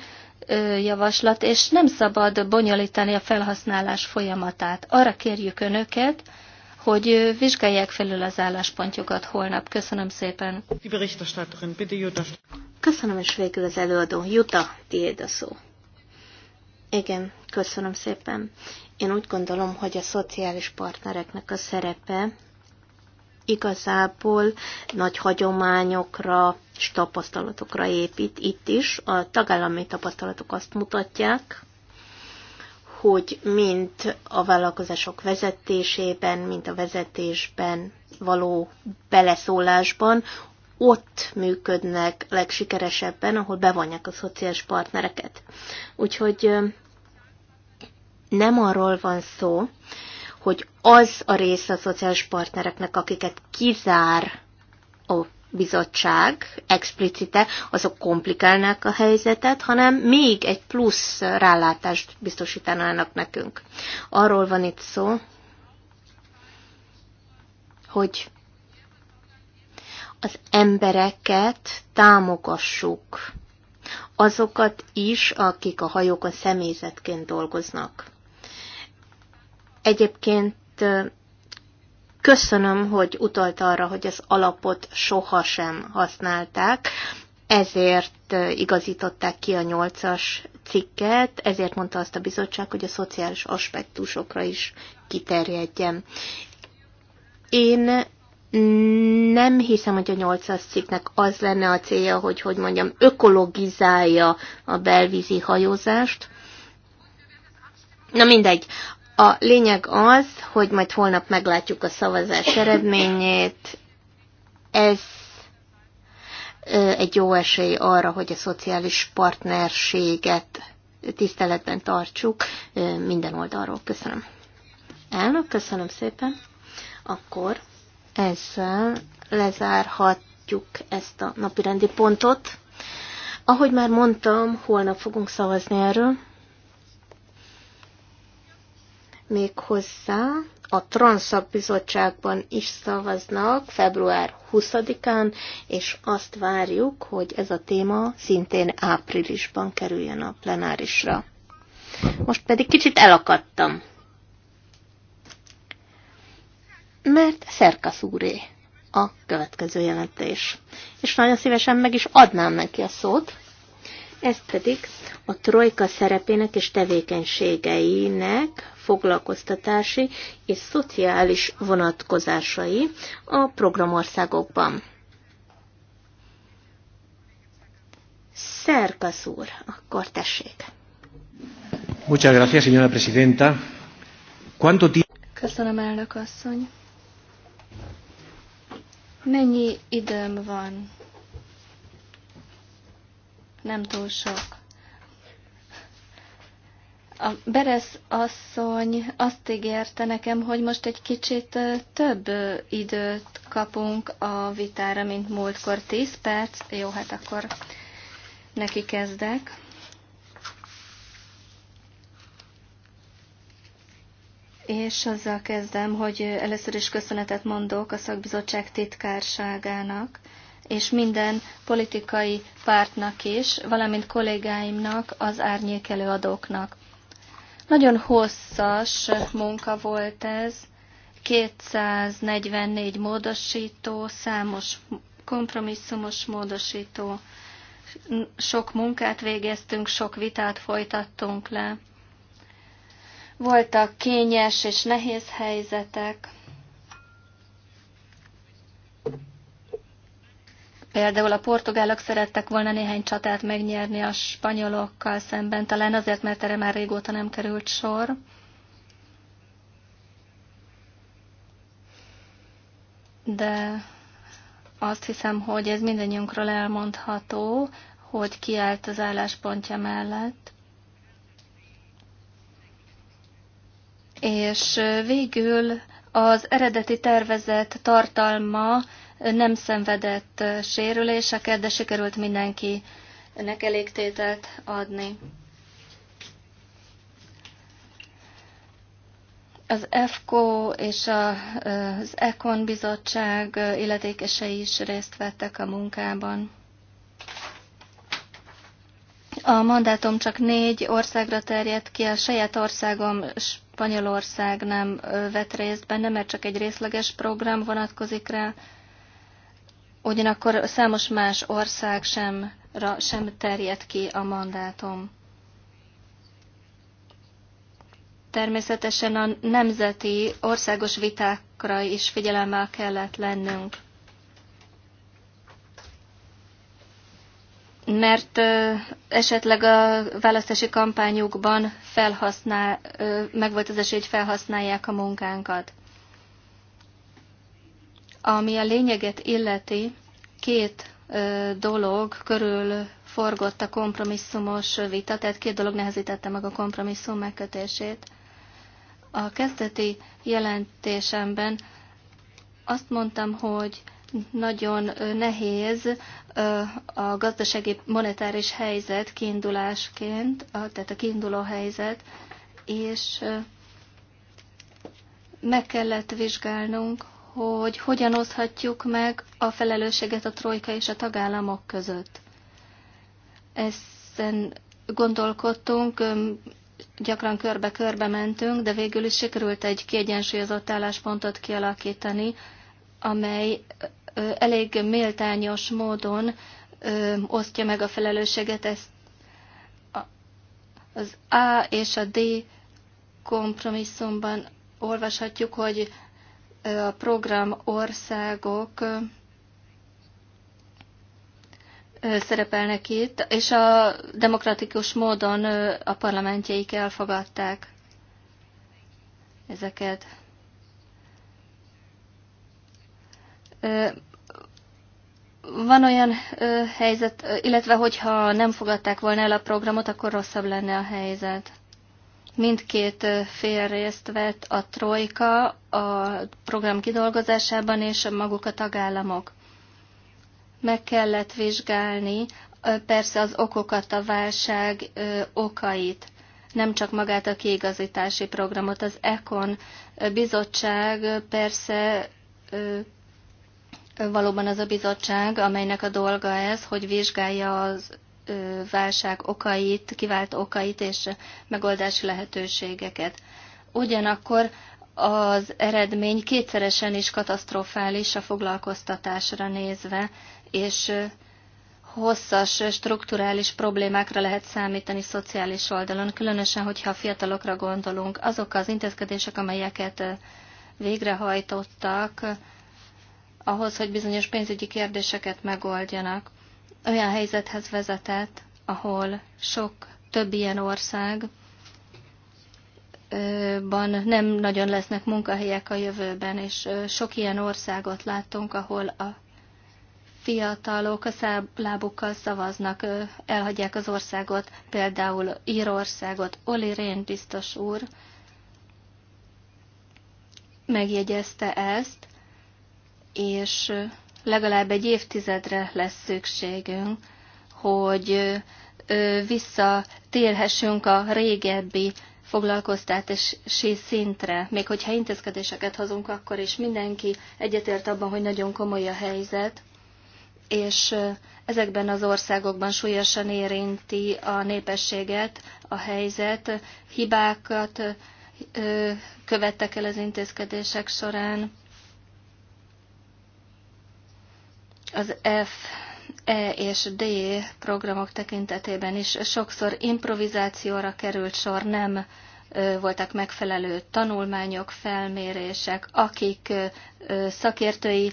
javaslat, és nem szabad bonyolítani a felhasználás folyamatát. Arra kérjük Önöket, hogy vizsgálják felül az álláspontjukat holnap. Köszönöm szépen. Köszönöm, és végül az előadó. Juta, tiéd a szó. Igen, köszönöm szépen. Én úgy gondolom, hogy a szociális partnereknek a szerepe igazából nagy hagyományokra és tapasztalatokra épít itt is. A tagállami tapasztalatok azt mutatják, hogy mint a vállalkozások vezetésében, mint a vezetésben való beleszólásban ott működnek legsikeresebben, ahol bevonják a szociális partnereket. Úgyhogy nem arról van szó, hogy az a része a szociális partnereknek, akiket kizár a bizottság explicite, azok komplikálnák a helyzetet, hanem még egy plusz rálátást biztosítanának nekünk. Arról van itt szó, hogy az embereket támogassuk, azokat is, akik a hajókon személyzetként dolgoznak. Egyébként Köszönöm, hogy utalt arra, hogy az alapot sohasem használták, ezért igazították ki a nyolcas cikket, ezért mondta azt a bizottság, hogy a szociális aspektusokra is kiterjedjen. Én nem hiszem, hogy a nyolcas cikknek az lenne a célja, hogy, hogy mondjam, ökologizálja a belvízi hajózást. Na mindegy, a lényeg az, hogy majd holnap meglátjuk a szavazás eredményét. Ez egy jó esély arra, hogy a szociális partnerséget tiszteletben tartsuk minden oldalról. Köszönöm. Elnök, köszönöm szépen. Akkor ezzel lezárhatjuk ezt a napirendi pontot. Ahogy már mondtam, holnap fogunk szavazni erről még hozzá a Transzakbizottságban is szavaznak február 20-án, és azt várjuk, hogy ez a téma szintén áprilisban kerüljön a plenárisra. Most pedig kicsit elakadtam. Mert szerkaszúré a következő jelentés. És nagyon szívesen meg is adnám neki a szót, ez pedig a trojka szerepének és tevékenységeinek foglalkoztatási és szociális vonatkozásai a programországokban. Szerkasz úr, akkor tessék. Muchas gracias, señora presidenta. ¿Cuánto Köszönöm, elnök asszony. Mennyi időm van? nem túl sok. A Beresz asszony azt ígérte nekem, hogy most egy kicsit több időt kapunk a vitára, mint múltkor. 10 perc, jó, hát akkor neki kezdek. És azzal kezdem, hogy először is köszönetet mondok a szakbizottság titkárságának, és minden politikai pártnak is, valamint kollégáimnak, az árnyékelőadóknak. Nagyon hosszas munka volt ez, 244 módosító, számos kompromisszumos módosító, sok munkát végeztünk, sok vitát folytattunk le. Voltak kényes és nehéz helyzetek, Például a portugálok szerettek volna néhány csatát megnyerni a spanyolokkal szemben, talán azért, mert erre már régóta nem került sor. De azt hiszem, hogy ez mindannyiunkról elmondható, hogy kiállt az álláspontja mellett. És végül az eredeti tervezet tartalma nem szenvedett sérüléseket, de sikerült mindenkinek elégtételt adni. Az EFKO és az ECON bizottság illetékesei is részt vettek a munkában. A mandátum csak négy országra terjedt ki, a saját országom Spanyolország nem vett részt benne, mert csak egy részleges program vonatkozik rá. Ugyanakkor számos más ország sem, ra, sem terjed ki a mandátum. Természetesen a nemzeti országos vitákra is figyelemmel kellett lennünk. mert ö, esetleg a választási kampányukban felhasznál, ö, meg volt az esély, hogy felhasználják a munkánkat. Ami a lényeget illeti, két dolog körül forgott a kompromisszumos vita, tehát két dolog nehezítette meg a kompromisszum megkötését. A kezdeti jelentésemben azt mondtam, hogy nagyon nehéz a gazdasági monetáris helyzet kiindulásként, tehát a kiinduló helyzet, és meg kellett vizsgálnunk, hogy hogyan oszhatjuk meg a felelősséget a trojka és a tagállamok között. Ezen gondolkodtunk, gyakran körbe-körbe mentünk, de végül is sikerült egy kiegyensúlyozott álláspontot kialakítani, amely elég méltányos módon osztja meg a felelősséget. Ezt az A és a D kompromisszumban olvashatjuk, hogy a program országok szerepelnek itt, és a demokratikus módon a parlamentjeik elfogadták ezeket. Van olyan helyzet, illetve hogyha nem fogadták volna el a programot, akkor rosszabb lenne a helyzet. Mindkét fél részt vett a trojka, a program kidolgozásában és maguk a tagállamok. Meg kellett vizsgálni persze az okokat, a válság okait, nem csak magát a kiigazítási programot. Az ECON bizottság persze valóban az a bizottság, amelynek a dolga ez, hogy vizsgálja az válság okait, kivált okait és megoldási lehetőségeket. Ugyanakkor az eredmény kétszeresen is katasztrofális a foglalkoztatásra nézve, és hosszas strukturális problémákra lehet számítani szociális oldalon, különösen, hogyha a fiatalokra gondolunk. Azok az intézkedések, amelyeket végrehajtottak ahhoz, hogy bizonyos pénzügyi kérdéseket megoldjanak, olyan helyzethez vezetett, ahol sok több ilyen ország ban nem nagyon lesznek munkahelyek a jövőben, és sok ilyen országot láttunk, ahol a fiatalok a lábukkal szavaznak, elhagyják az országot, például Írországot. Oli Rén biztos úr megjegyezte ezt, és legalább egy évtizedre lesz szükségünk, hogy visszatérhessünk a régebbi foglalkoztatási szintre. Még hogyha intézkedéseket hozunk, akkor is mindenki egyetért abban, hogy nagyon komoly a helyzet, és ezekben az országokban súlyosan érinti a népességet, a helyzet, hibákat követtek el az intézkedések során. Az F E és D programok tekintetében is sokszor improvizációra került sor, nem voltak megfelelő tanulmányok, felmérések, akik szakértői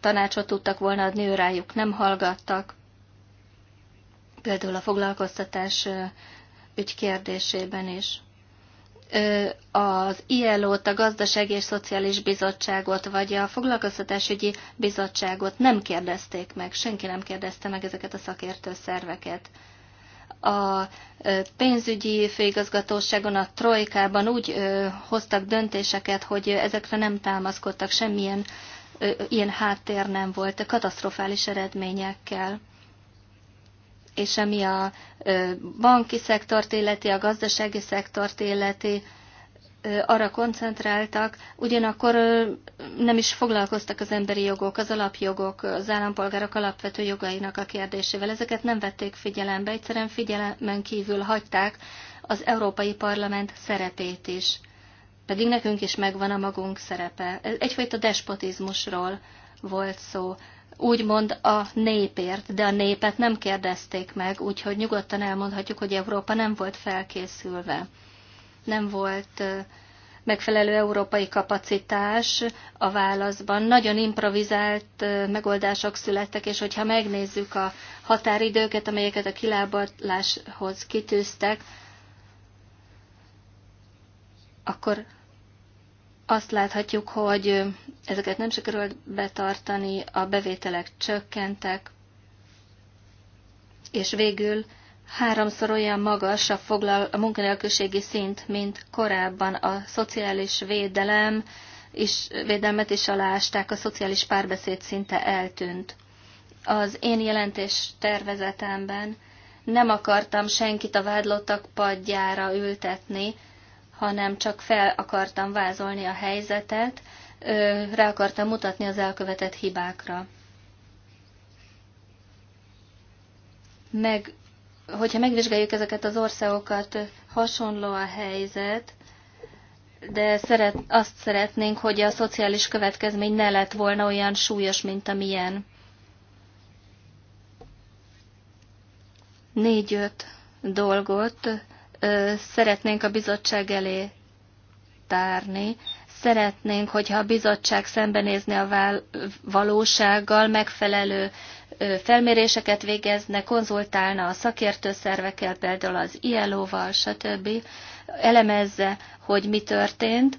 tanácsot tudtak volna adni, rájuk nem hallgattak. Például a foglalkoztatás ügykérdésében kérdésében is az ILO-t, a Gazdasági és Szociális Bizottságot, vagy a Foglalkoztatásügyi Bizottságot nem kérdezték meg, senki nem kérdezte meg ezeket a szakértő szerveket. A pénzügyi főigazgatóságon, a trojkában úgy hoztak döntéseket, hogy ezekre nem támaszkodtak, semmilyen ilyen háttér nem volt, katasztrofális eredményekkel és ami a banki szektort illeti, a gazdasági szektort illeti, arra koncentráltak, ugyanakkor nem is foglalkoztak az emberi jogok, az alapjogok, az állampolgárok alapvető jogainak a kérdésével. Ezeket nem vették figyelembe, egyszerűen figyelemen kívül hagyták az Európai Parlament szerepét is. Pedig nekünk is megvan a magunk szerepe. Egyfajta despotizmusról volt szó úgymond a népért, de a népet nem kérdezték meg, úgyhogy nyugodtan elmondhatjuk, hogy Európa nem volt felkészülve. Nem volt megfelelő európai kapacitás a válaszban. Nagyon improvizált megoldások születtek, és hogyha megnézzük a határidőket, amelyeket a kilábaláshoz kitűztek, akkor azt láthatjuk, hogy ezeket nem sikerült betartani, a bevételek csökkentek, és végül háromszor olyan magas a, foglal, a munkanélküliségi szint, mint korábban a szociális védelem, és védelmet is alásták, a szociális párbeszéd szinte eltűnt. Az én jelentés tervezetemben nem akartam senkit a vádlottak padjára ültetni, hanem csak fel akartam vázolni a helyzetet, rá akartam mutatni az elkövetett hibákra. Meg, hogyha megvizsgáljuk ezeket az országokat, hasonló a helyzet, de szeret, azt szeretnénk, hogy a szociális következmény ne lett volna olyan súlyos, mint amilyen. Négy-öt dolgot szeretnénk a bizottság elé tárni. Szeretnénk, hogyha a bizottság szembenézne a valósággal, megfelelő felméréseket végezne, konzultálna a szakértő szervekkel, például az ILO-val, stb. Elemezze, hogy mi történt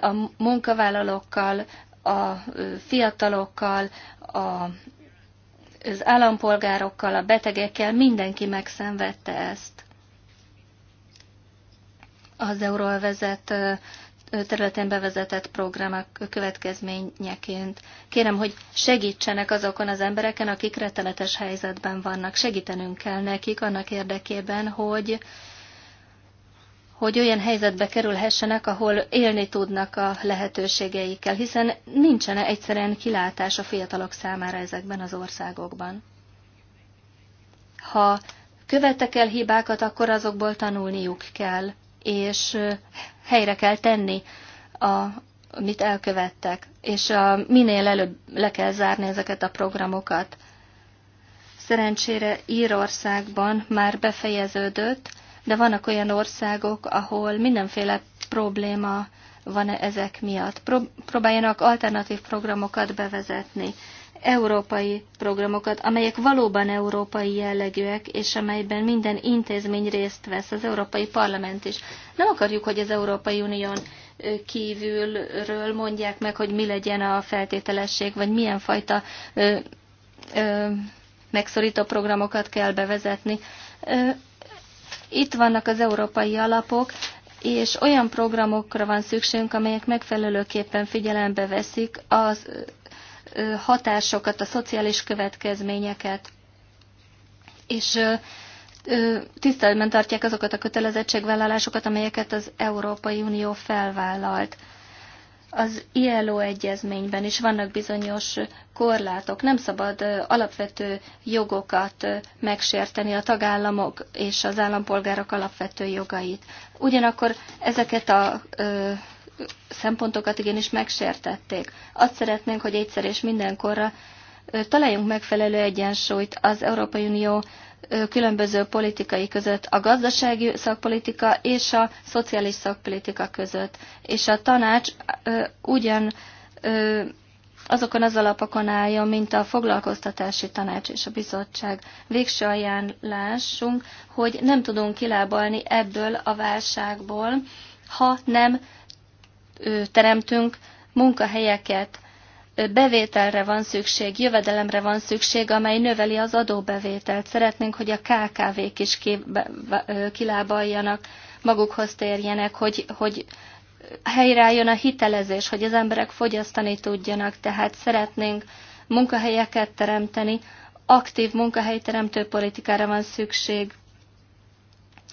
a munkavállalókkal, a fiatalokkal, a az állampolgárokkal, a betegekkel, mindenki megszenvedte ezt az euróvezet területen bevezetett programok következményeként. Kérem, hogy segítsenek azokon az embereken, akik rettenetes helyzetben vannak. Segítenünk kell nekik annak érdekében, hogy hogy olyan helyzetbe kerülhessenek, ahol élni tudnak a lehetőségeikkel, hiszen nincsen egyszerűen kilátás a fiatalok számára ezekben az országokban. Ha követek el hibákat, akkor azokból tanulniuk kell és helyre kell tenni, a, amit elkövettek, és a, minél előbb le kell zárni ezeket a programokat. Szerencsére Írországban már befejeződött, de vannak olyan országok, ahol mindenféle probléma van -e ezek miatt. Próbáljanak alternatív programokat bevezetni európai programokat, amelyek valóban európai jellegűek, és amelyben minden intézmény részt vesz, az Európai Parlament is. Nem akarjuk, hogy az Európai Unión kívülről mondják meg, hogy mi legyen a feltételesség, vagy milyen fajta ö, ö, megszorító programokat kell bevezetni. Ö, itt vannak az európai alapok, és olyan programokra van szükségünk, amelyek megfelelőképpen figyelembe veszik az hatásokat, a szociális következményeket, és tiszteletben tartják azokat a kötelezettségvállalásokat, amelyeket az Európai Unió felvállalt. Az ILO egyezményben is vannak bizonyos korlátok. Nem szabad alapvető jogokat megsérteni a tagállamok és az állampolgárok alapvető jogait. Ugyanakkor ezeket a szempontokat igenis megsértették. Azt szeretnénk, hogy egyszer és mindenkorra találjunk megfelelő egyensúlyt az Európai Unió különböző politikai között, a gazdasági szakpolitika és a szociális szakpolitika között. És a tanács ugyan azokon az alapokon álljon, mint a foglalkoztatási tanács és a bizottság. Végső ajánlásunk, hogy nem tudunk kilábalni ebből a válságból, ha nem teremtünk, munkahelyeket, bevételre van szükség, jövedelemre van szükség, amely növeli az adóbevételt. Szeretnénk, hogy a KKV-k is kilábaljanak, magukhoz térjenek, hogy, hogy helyreálljon a hitelezés, hogy az emberek fogyasztani tudjanak. Tehát szeretnénk munkahelyeket teremteni, aktív munkahelyteremtő politikára van szükség.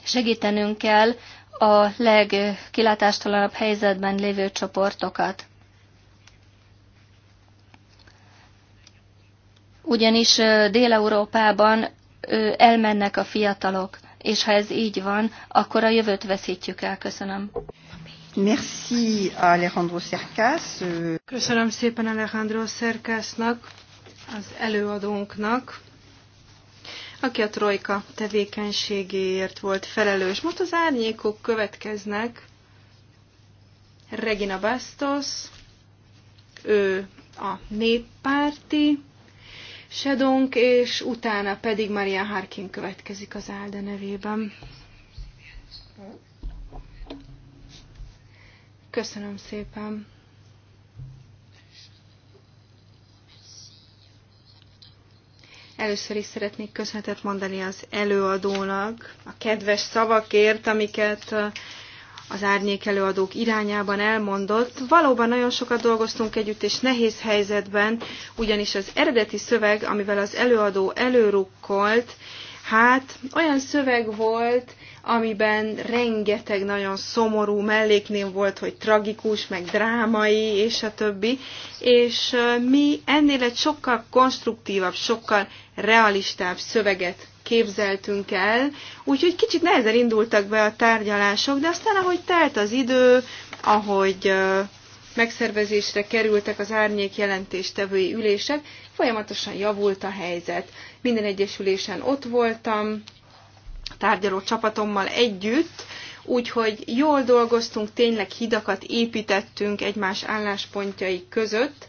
Segítenünk kell a legkilátástalanabb helyzetben lévő csoportokat. Ugyanis Dél-Európában elmennek a fiatalok, és ha ez így van, akkor a jövőt veszítjük el. Köszönöm. Merci Alejandro Cercas. Köszönöm szépen Alejandro Cercasnak, az előadónknak aki a Trojka tevékenységéért volt felelős. Most az árnyékok következnek. Regina Bastos, ő a néppárti, Sedonk, és utána pedig Maria Harkin következik az Álda nevében. Köszönöm szépen. Először is szeretnék köszönetet mondani az előadónak a kedves szavakért, amiket az árnyék előadók irányában elmondott. Valóban nagyon sokat dolgoztunk együtt, és nehéz helyzetben, ugyanis az eredeti szöveg, amivel az előadó előrukkolt, hát olyan szöveg volt, amiben rengeteg nagyon szomorú melléknév volt, hogy tragikus, meg drámai, és a többi. És mi ennél egy sokkal konstruktívabb, sokkal realistább szöveget képzeltünk el, úgyhogy kicsit nehezen indultak be a tárgyalások, de aztán ahogy telt az idő, ahogy megszervezésre kerültek az árnyék jelentéstevői ülések, folyamatosan javult a helyzet. Minden egyes ülésen ott voltam, tárgyaló csapatommal együtt, úgyhogy jól dolgoztunk, tényleg hidakat építettünk egymás álláspontjai között,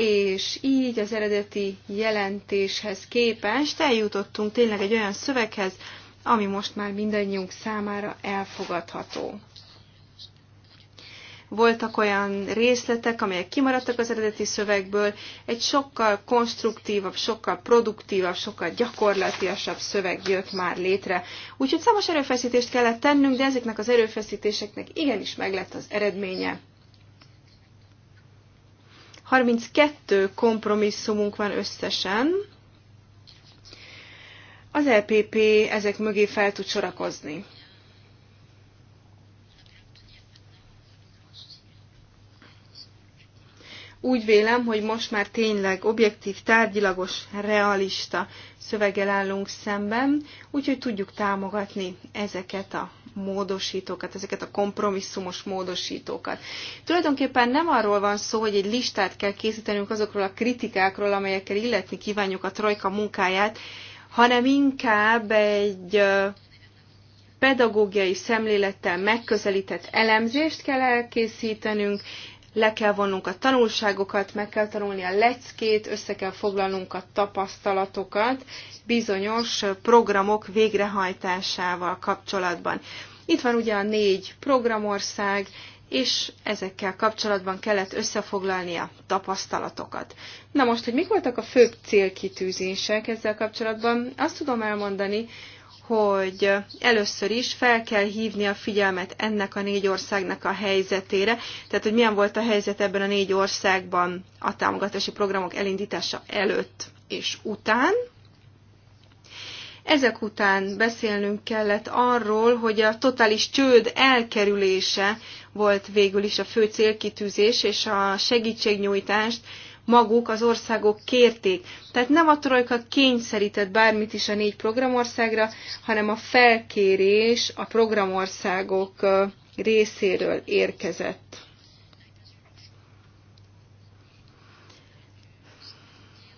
és így az eredeti jelentéshez képest eljutottunk tényleg egy olyan szöveghez, ami most már mindannyiunk számára elfogadható. Voltak olyan részletek, amelyek kimaradtak az eredeti szövegből, egy sokkal konstruktívabb, sokkal produktívabb, sokkal gyakorlatiasabb szöveg jött már létre. Úgyhogy számos erőfeszítést kellett tennünk, de ezeknek az erőfeszítéseknek igenis meglett az eredménye. 32 kompromisszumunk van összesen. Az LPP ezek mögé fel tud sorakozni. Úgy vélem, hogy most már tényleg objektív, tárgyilagos, realista szöveggel állunk szemben, úgyhogy tudjuk támogatni ezeket a módosítókat, ezeket a kompromisszumos módosítókat. Tulajdonképpen nem arról van szó, hogy egy listát kell készítenünk azokról a kritikákról, amelyekkel illetni kívánjuk a trojka munkáját, hanem inkább egy pedagógiai szemlélettel megközelített elemzést kell elkészítenünk, le kell vonnunk a tanulságokat, meg kell tanulni a leckét, össze kell foglalnunk a tapasztalatokat bizonyos programok végrehajtásával kapcsolatban. Itt van ugye a négy programország, és ezekkel kapcsolatban kellett összefoglalni a tapasztalatokat. Na most, hogy mik voltak a főbb célkitűzések ezzel kapcsolatban, azt tudom elmondani, hogy először is fel kell hívni a figyelmet ennek a négy országnak a helyzetére, tehát hogy milyen volt a helyzet ebben a négy országban a támogatási programok elindítása előtt és után. Ezek után beszélnünk kellett arról, hogy a totális csőd elkerülése volt végül is a fő célkitűzés, és a segítségnyújtást maguk az országok kérték. Tehát nem a trojka kényszerített bármit is a négy programországra, hanem a felkérés a programországok részéről érkezett.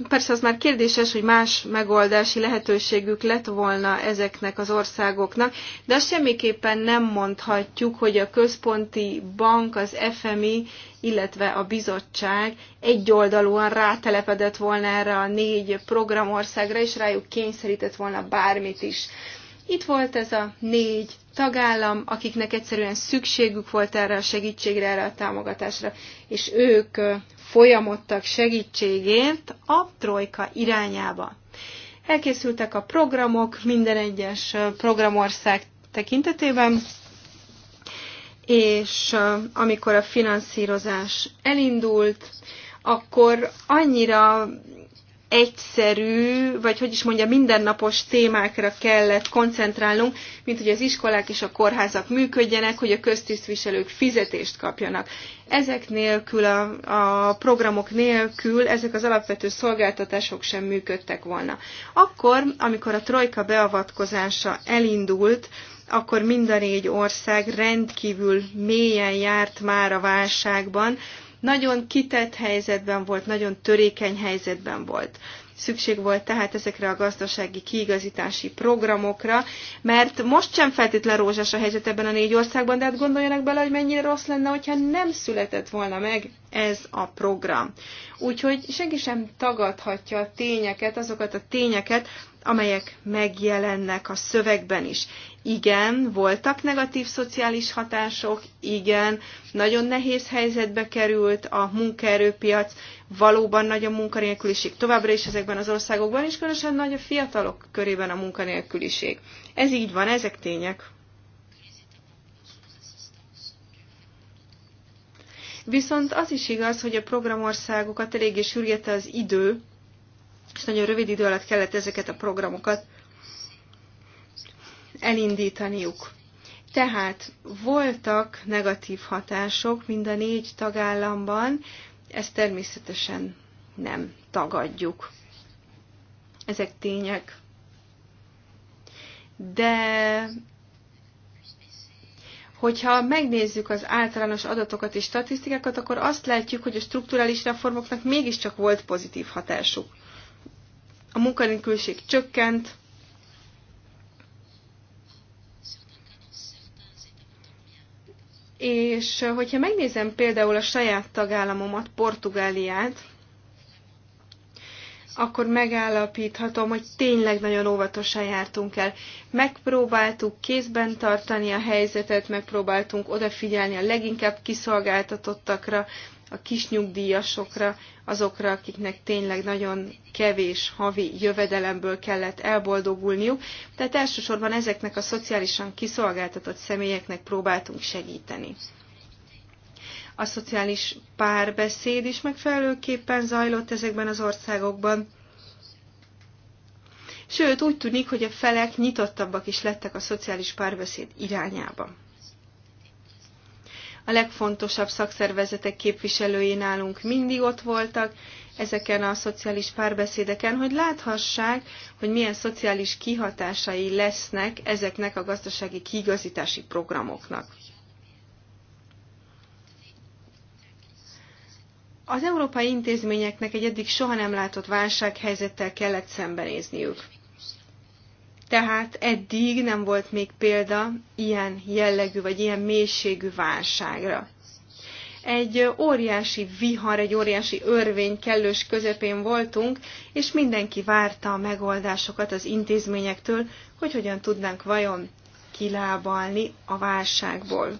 Persze az már kérdéses, hogy más megoldási lehetőségük lett volna ezeknek az országoknak, de azt semmiképpen nem mondhatjuk, hogy a központi bank, az FMI, illetve a bizottság egyoldalúan rátelepedett volna erre a négy programországra, és rájuk kényszerített volna bármit is. Itt volt ez a négy tagállam, akiknek egyszerűen szükségük volt erre a segítségre, erre a támogatásra, és ők folyamodtak segítségért a trojka irányába. Elkészültek a programok minden egyes programország tekintetében, és amikor a finanszírozás elindult, akkor annyira egyszerű, vagy hogy is mondja, mindennapos témákra kellett koncentrálnunk, mint hogy az iskolák és a kórházak működjenek, hogy a köztisztviselők fizetést kapjanak. Ezek nélkül, a, a programok nélkül ezek az alapvető szolgáltatások sem működtek volna. Akkor, amikor a trojka beavatkozása elindult, akkor mind a négy ország rendkívül mélyen járt már a válságban, nagyon kitett helyzetben volt, nagyon törékeny helyzetben volt. Szükség volt tehát ezekre a gazdasági kiigazítási programokra, mert most sem feltétlen rózsás a helyzet ebben a négy országban, de hát gondoljanak bele, hogy mennyire rossz lenne, hogyha nem született volna meg ez a program. Úgyhogy senki sem tagadhatja a tényeket, azokat a tényeket, amelyek megjelennek a szövegben is. Igen, voltak negatív szociális hatások, igen, nagyon nehéz helyzetbe került a munkaerőpiac, valóban nagy a munkanélküliség továbbra is ezekben az országokban, és különösen nagy a fiatalok körében a munkanélküliség. Ez így van, ezek tények. Viszont az is igaz, hogy a programországokat eléggé sürgette az idő, és nagyon rövid idő alatt kellett ezeket a programokat elindítaniuk. Tehát voltak negatív hatások mind a négy tagállamban, ezt természetesen nem tagadjuk. Ezek tények. De hogyha megnézzük az általános adatokat és statisztikákat, akkor azt látjuk, hogy a strukturális reformoknak mégiscsak volt pozitív hatásuk a munkanélküliség csökkent, és hogyha megnézem például a saját tagállamomat, Portugáliát, akkor megállapíthatom, hogy tényleg nagyon óvatosan jártunk el. Megpróbáltuk kézben tartani a helyzetet, megpróbáltunk odafigyelni a leginkább kiszolgáltatottakra, a kisnyugdíjasokra, azokra, akiknek tényleg nagyon kevés havi jövedelemből kellett elboldogulniuk. Tehát elsősorban ezeknek a szociálisan kiszolgáltatott személyeknek próbáltunk segíteni. A szociális párbeszéd is megfelelőképpen zajlott ezekben az országokban. Sőt, úgy tűnik, hogy a felek nyitottabbak is lettek a szociális párbeszéd irányába. A legfontosabb szakszervezetek képviselői nálunk mindig ott voltak, ezeken a szociális párbeszédeken, hogy láthassák, hogy milyen szociális kihatásai lesznek ezeknek a gazdasági kiigazítási programoknak. Az európai intézményeknek egy eddig soha nem látott válsághelyzettel kellett szembenézniük. Tehát eddig nem volt még példa ilyen jellegű vagy ilyen mélységű válságra. Egy óriási vihar, egy óriási örvény kellős közepén voltunk, és mindenki várta a megoldásokat az intézményektől, hogy hogyan tudnánk vajon kilábalni a válságból.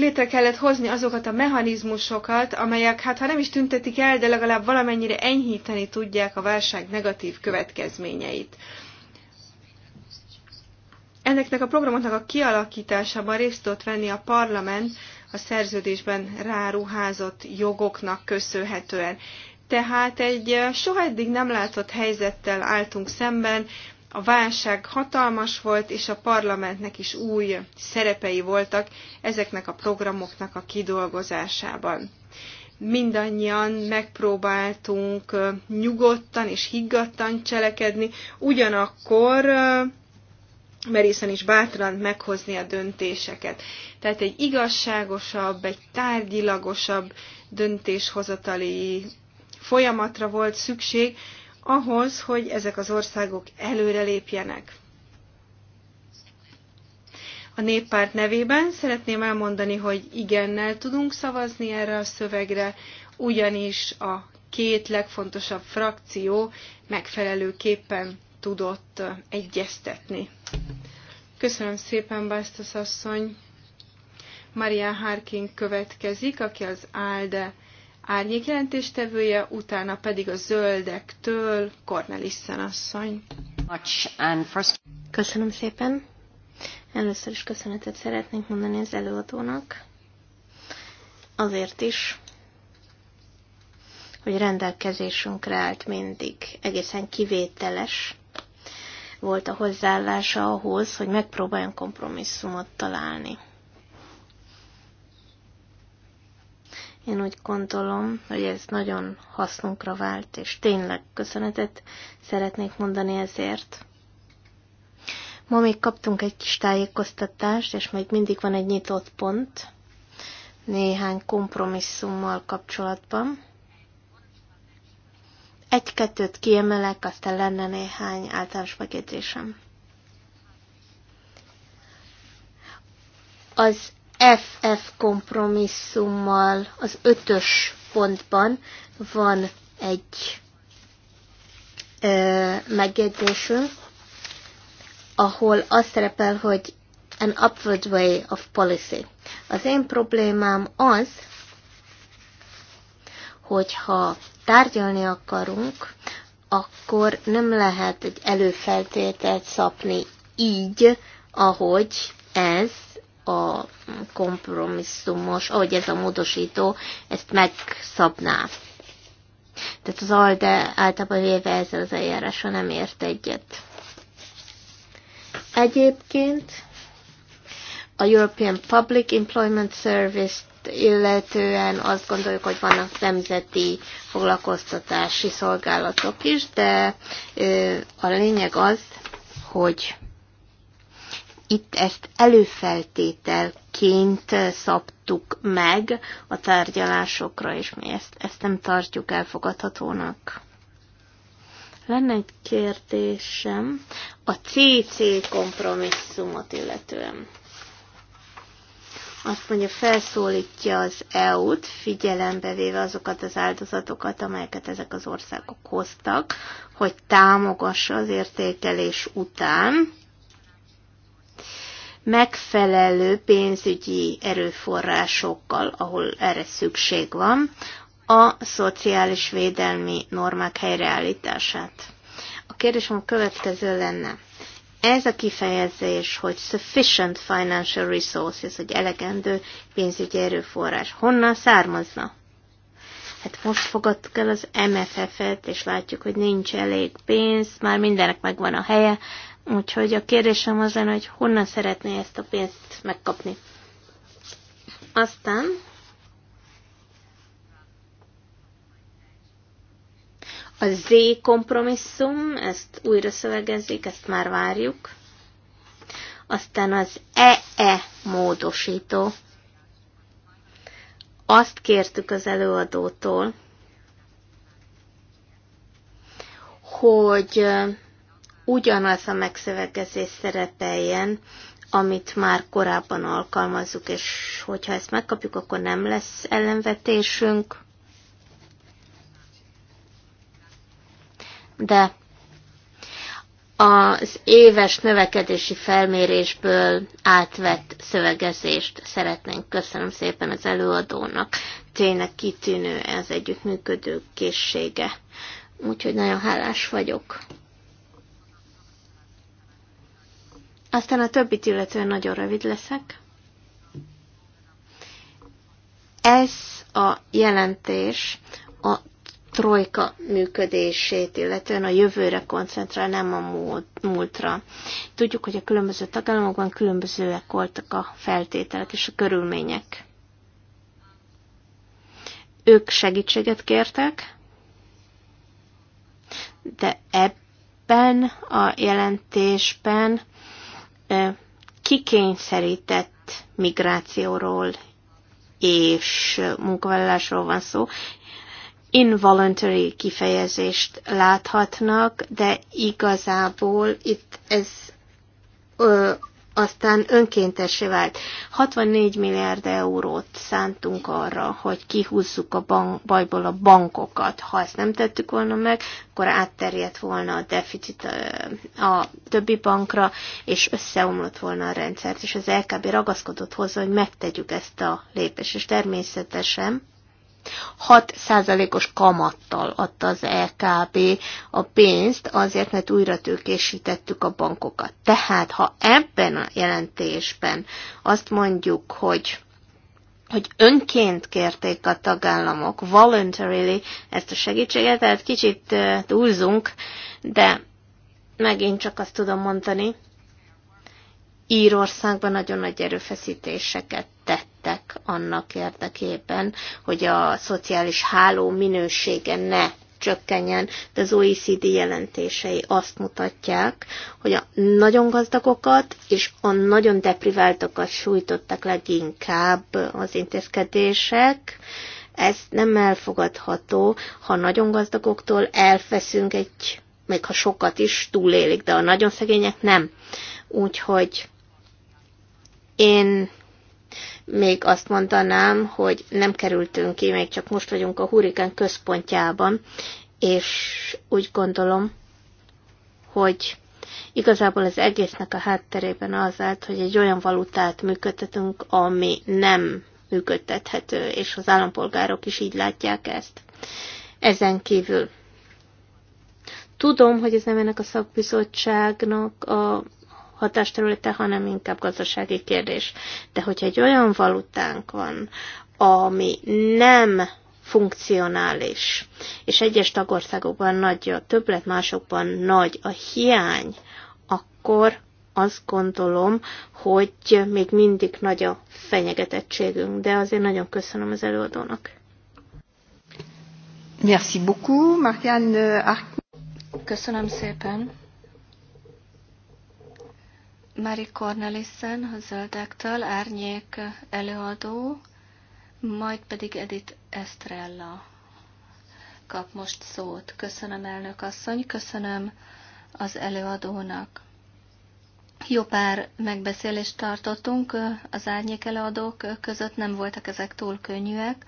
létre kellett hozni azokat a mechanizmusokat, amelyek, hát ha nem is tüntetik el, de legalább valamennyire enyhíteni tudják a válság negatív következményeit. Ennek a programoknak a kialakításában részt tudott venni a parlament a szerződésben ráruházott jogoknak köszönhetően. Tehát egy soha eddig nem látott helyzettel álltunk szemben, a válság hatalmas volt, és a parlamentnek is új szerepei voltak ezeknek a programoknak a kidolgozásában. Mindannyian megpróbáltunk nyugodtan és higgadtan cselekedni, ugyanakkor merészen is bátran meghozni a döntéseket. Tehát egy igazságosabb, egy tárgyilagosabb döntéshozatali folyamatra volt szükség, ahhoz, hogy ezek az országok előrelépjenek. A néppárt nevében szeretném elmondani, hogy igennel tudunk szavazni erre a szövegre, ugyanis a két legfontosabb frakció megfelelőképpen tudott egyeztetni. Köszönöm szépen, Bastos asszony! Marian Harkin következik, aki az ALDE árnyékjelentéstevője, utána pedig a zöldektől Cornelissen asszony. Köszönöm szépen. Először is köszönetet szeretnénk mondani az előadónak. Azért is, hogy rendelkezésünkre állt mindig. Egészen kivételes volt a hozzáállása ahhoz, hogy megpróbáljon kompromisszumot találni. Én úgy gondolom, hogy ez nagyon hasznunkra vált, és tényleg köszönetet szeretnék mondani ezért. Ma még kaptunk egy kis tájékoztatást, és még mindig van egy nyitott pont néhány kompromisszummal kapcsolatban. Egy-kettőt kiemelek, aztán lenne néhány általános megjegyzésem. Az FF kompromisszummal az ötös pontban van egy ö, megjegyzésünk, ahol az szerepel, hogy an upward way of policy. Az én problémám az, hogyha tárgyalni akarunk, akkor nem lehet egy előfeltételt szapni így, ahogy ez a kompromisszumos, ahogy ez a módosító ezt megszabná. Tehát az ALDE általában véve ezzel az eljárásra nem ért egyet. Egyébként a European Public Employment Service illetően azt gondoljuk, hogy vannak nemzeti foglalkoztatási szolgálatok is, de a lényeg az, hogy itt ezt előfeltételként szabtuk meg a tárgyalásokra, és mi ezt, ezt nem tartjuk elfogadhatónak. Lenne egy kérdésem a CC kompromisszumot illetően. Azt mondja, felszólítja az EU-t, figyelembe véve azokat az áldozatokat, amelyeket ezek az országok hoztak, hogy támogassa az értékelés után megfelelő pénzügyi erőforrásokkal, ahol erre szükség van, a szociális védelmi normák helyreállítását. A kérdésem a következő lenne. Ez a kifejezés, hogy sufficient financial resources, hogy elegendő pénzügyi erőforrás, honnan származna? Hát most fogadtuk el az MFF-et, és látjuk, hogy nincs elég pénz, már mindenek megvan a helye, Úgyhogy a kérdésem az lenne, hogy honnan szeretné ezt a pénzt megkapni. Aztán a Z kompromisszum, ezt újra szövegezzék, ezt már várjuk. Aztán az EE e módosító. Azt kértük az előadótól, hogy ugyanaz a megszövegezés szerepeljen, amit már korábban alkalmazzuk, és hogyha ezt megkapjuk, akkor nem lesz ellenvetésünk. De az éves növekedési felmérésből átvett szövegezést szeretnénk. Köszönöm szépen az előadónak. Tényleg kitűnő ez együttműködő készsége. Úgyhogy nagyon hálás vagyok. Aztán a többit illetően nagyon rövid leszek. Ez a jelentés a trojka működését, illetően a jövőre koncentrál, nem a múltra. Tudjuk, hogy a különböző tagállamokban különbözőek voltak a feltételek és a körülmények. Ők segítséget kértek, de ebben a jelentésben kikényszerített migrációról és munkavállalásról van szó. Involuntary kifejezést láthatnak, de igazából itt ez aztán önkéntesé vált. 64 milliárd eurót szántunk arra, hogy kihúzzuk a bank, bajból a bankokat. Ha ezt nem tettük volna meg, akkor átterjedt volna a deficit a többi bankra, és összeomlott volna a rendszert, és az LKB ragaszkodott hozzá, hogy megtegyük ezt a lépést, és természetesen 6%-os kamattal adta az LKB a pénzt, azért, mert újra tőkésítettük a bankokat. Tehát, ha ebben a jelentésben azt mondjuk, hogy hogy önként kérték a tagállamok voluntarily ezt a segítséget, tehát kicsit túlzunk, de megint csak azt tudom mondani, Írországban nagyon nagy erőfeszítéseket tettek annak érdekében, hogy a szociális háló minősége ne csökkenjen, de az OECD jelentései azt mutatják, hogy a nagyon gazdagokat és a nagyon depriváltakat sújtottak leginkább az intézkedések. Ez nem elfogadható, ha nagyon gazdagoktól elveszünk egy, még ha sokat is túlélik, de a nagyon szegények nem. Úgyhogy én még azt mondanám, hogy nem kerültünk ki, még csak most vagyunk a hurikán központjában, és úgy gondolom, hogy igazából az egésznek a hátterében az állt, hogy egy olyan valutát működtetünk, ami nem működtethető, és az állampolgárok is így látják ezt. Ezen kívül tudom, hogy ez nem ennek a szakbizottságnak a hatásterülete, hanem inkább gazdasági kérdés. De hogyha egy olyan valutánk van, ami nem funkcionális, és egyes tagországokban nagy a többlet, másokban nagy a hiány, akkor azt gondolom, hogy még mindig nagy a fenyegetettségünk, de azért nagyon köszönöm az előadónak. Merci beaucoup, Marianne Köszönöm szépen. Mari Cornelissen a zöldektől, árnyék előadó, majd pedig Edith Estrella kap most szót. Köszönöm, elnök asszony, köszönöm az előadónak. Jó pár megbeszélést tartottunk, az árnyék előadók között nem voltak ezek túl könnyűek.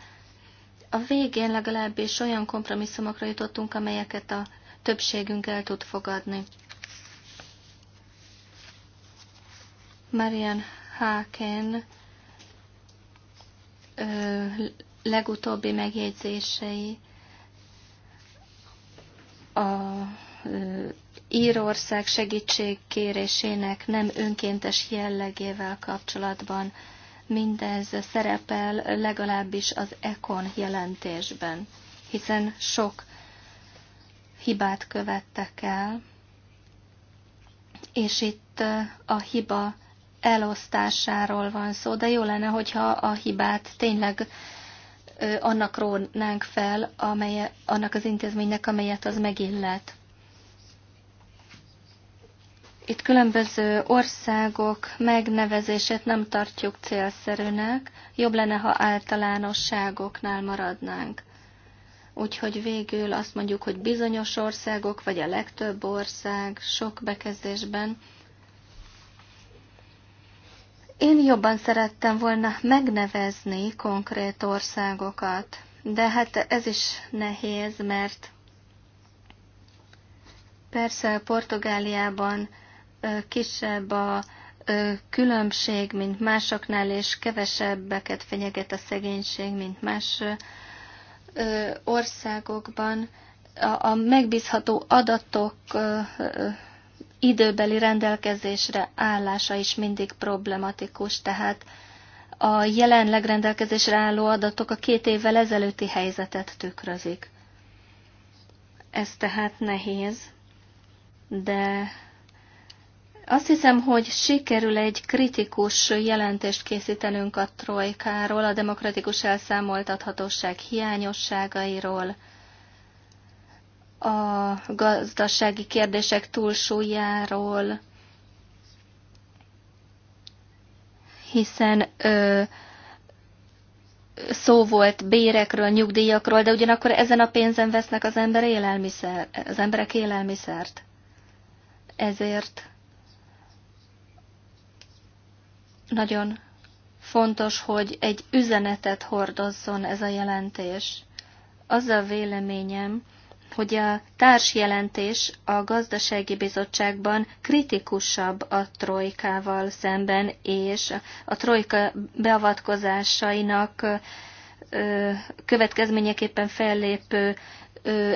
A végén legalábbis olyan kompromisszumokra jutottunk, amelyeket a többségünk el tud fogadni. Marian Haken legutóbbi megjegyzései a Írország segítségkérésének nem önkéntes jellegével kapcsolatban mindez szerepel legalábbis az ECON jelentésben, hiszen sok hibát követtek el, és itt a hiba elosztásáról van szó, de jó lenne, hogyha a hibát tényleg annak rónánk fel, amely, annak az intézménynek, amelyet az megillet. Itt különböző országok megnevezését nem tartjuk célszerűnek, jobb lenne, ha általánosságoknál maradnánk. Úgyhogy végül azt mondjuk, hogy bizonyos országok, vagy a legtöbb ország sok bekezdésben én jobban szerettem volna megnevezni konkrét országokat, de hát ez is nehéz, mert persze Portugáliában kisebb a különbség, mint másoknál, és kevesebbeket fenyeget a szegénység, mint más országokban. A megbízható adatok időbeli rendelkezésre állása is mindig problematikus, tehát a jelenleg rendelkezésre álló adatok a két évvel ezelőtti helyzetet tükrözik. Ez tehát nehéz, de azt hiszem, hogy sikerül egy kritikus jelentést készítenünk a trojkáról, a demokratikus elszámoltathatóság hiányosságairól, a gazdasági kérdések túlsúlyáról, hiszen ö, szó volt bérekről, nyugdíjakról, de ugyanakkor ezen a pénzen vesznek az, ember élelmiszer, az emberek élelmiszert. Ezért nagyon fontos, hogy egy üzenetet hordozzon ez a jelentés. Az a véleményem, hogy a társjelentés a gazdasági bizottságban kritikusabb a trojkával szemben, és a trojka beavatkozásainak következményeképpen fellépő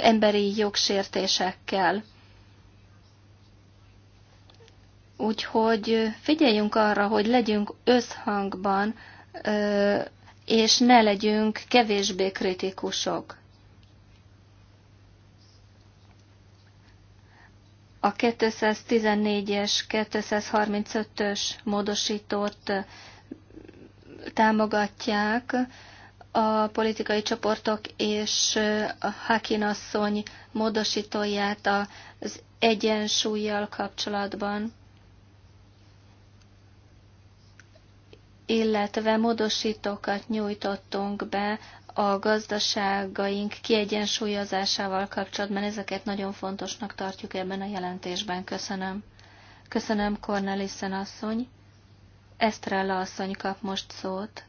emberi jogsértésekkel. Úgyhogy figyeljünk arra, hogy legyünk összhangban, és ne legyünk kevésbé kritikusok. a 214-es, 235-ös módosítót támogatják a politikai csoportok és a Hakinasszony módosítóját az egyensúlyjal kapcsolatban. illetve módosítókat nyújtottunk be a gazdaságaink kiegyensúlyozásával kapcsolatban. Ezeket nagyon fontosnak tartjuk ebben a jelentésben. Köszönöm. Köszönöm, Cornelissen asszony. Estrella asszony kap most szót,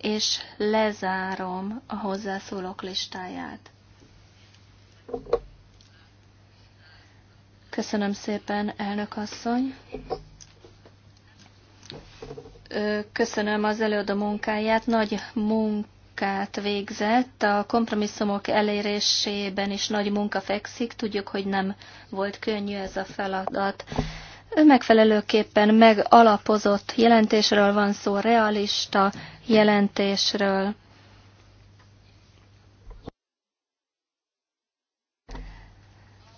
és lezárom a hozzászólók listáját. Köszönöm szépen, elnök asszony köszönöm az előadó munkáját. Nagy munkát végzett. A kompromisszumok elérésében is nagy munka fekszik. Tudjuk, hogy nem volt könnyű ez a feladat. Megfelelőképpen megalapozott jelentésről van szó, realista jelentésről.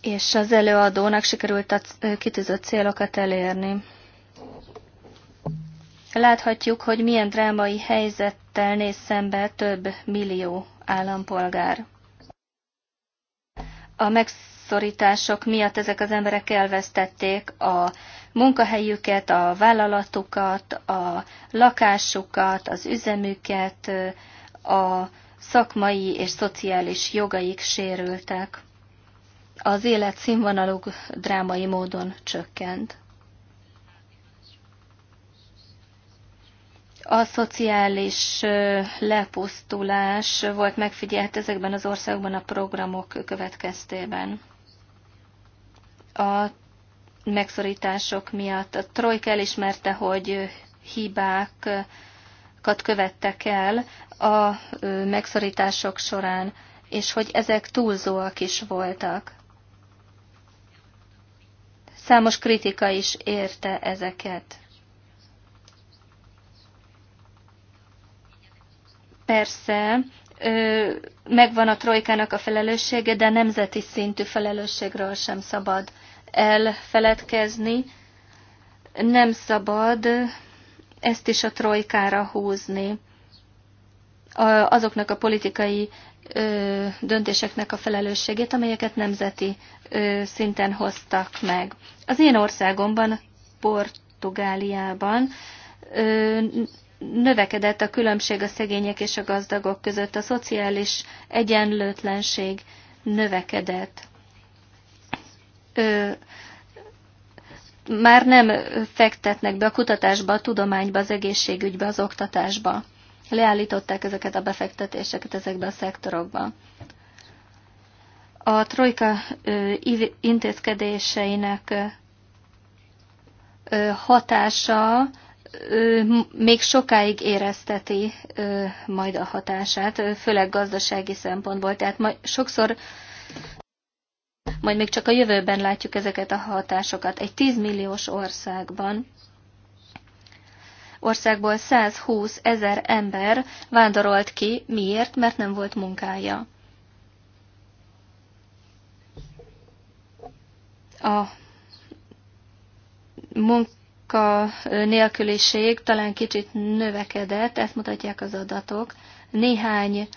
És az előadónak sikerült a kitűzött célokat elérni láthatjuk, hogy milyen drámai helyzettel néz szembe több millió állampolgár. A megszorítások miatt ezek az emberek elvesztették a munkahelyüket, a vállalatukat, a lakásukat, az üzemüket, a szakmai és szociális jogaik sérültek. Az élet színvonaluk drámai módon csökkent. a szociális lepusztulás volt megfigyelt ezekben az országokban a programok következtében. A megszorítások miatt a Trojk elismerte, hogy hibákat követtek el a megszorítások során, és hogy ezek túlzóak is voltak. Számos kritika is érte ezeket. Persze, megvan a trojkának a felelőssége, de nemzeti szintű felelősségről sem szabad elfeledkezni. Nem szabad ezt is a trojkára húzni. Azoknak a politikai döntéseknek a felelősségét, amelyeket nemzeti szinten hoztak meg. Az én országomban, Portugáliában növekedett a különbség a szegények és a gazdagok között, a szociális egyenlőtlenség növekedett. Ö, már nem fektetnek be a kutatásba, a tudományba, az egészségügybe, az oktatásba. Leállították ezeket a befektetéseket ezekbe a szektorokba. A trojka intézkedéseinek hatása még sokáig érezteti majd a hatását, főleg gazdasági szempontból. Tehát majd sokszor majd még csak a jövőben látjuk ezeket a hatásokat. Egy 10 milliós országban országból 120 ezer ember vándorolt ki. Miért? Mert nem volt munkája. A munk munka nélküliség talán kicsit növekedett, ezt mutatják az adatok. Néhány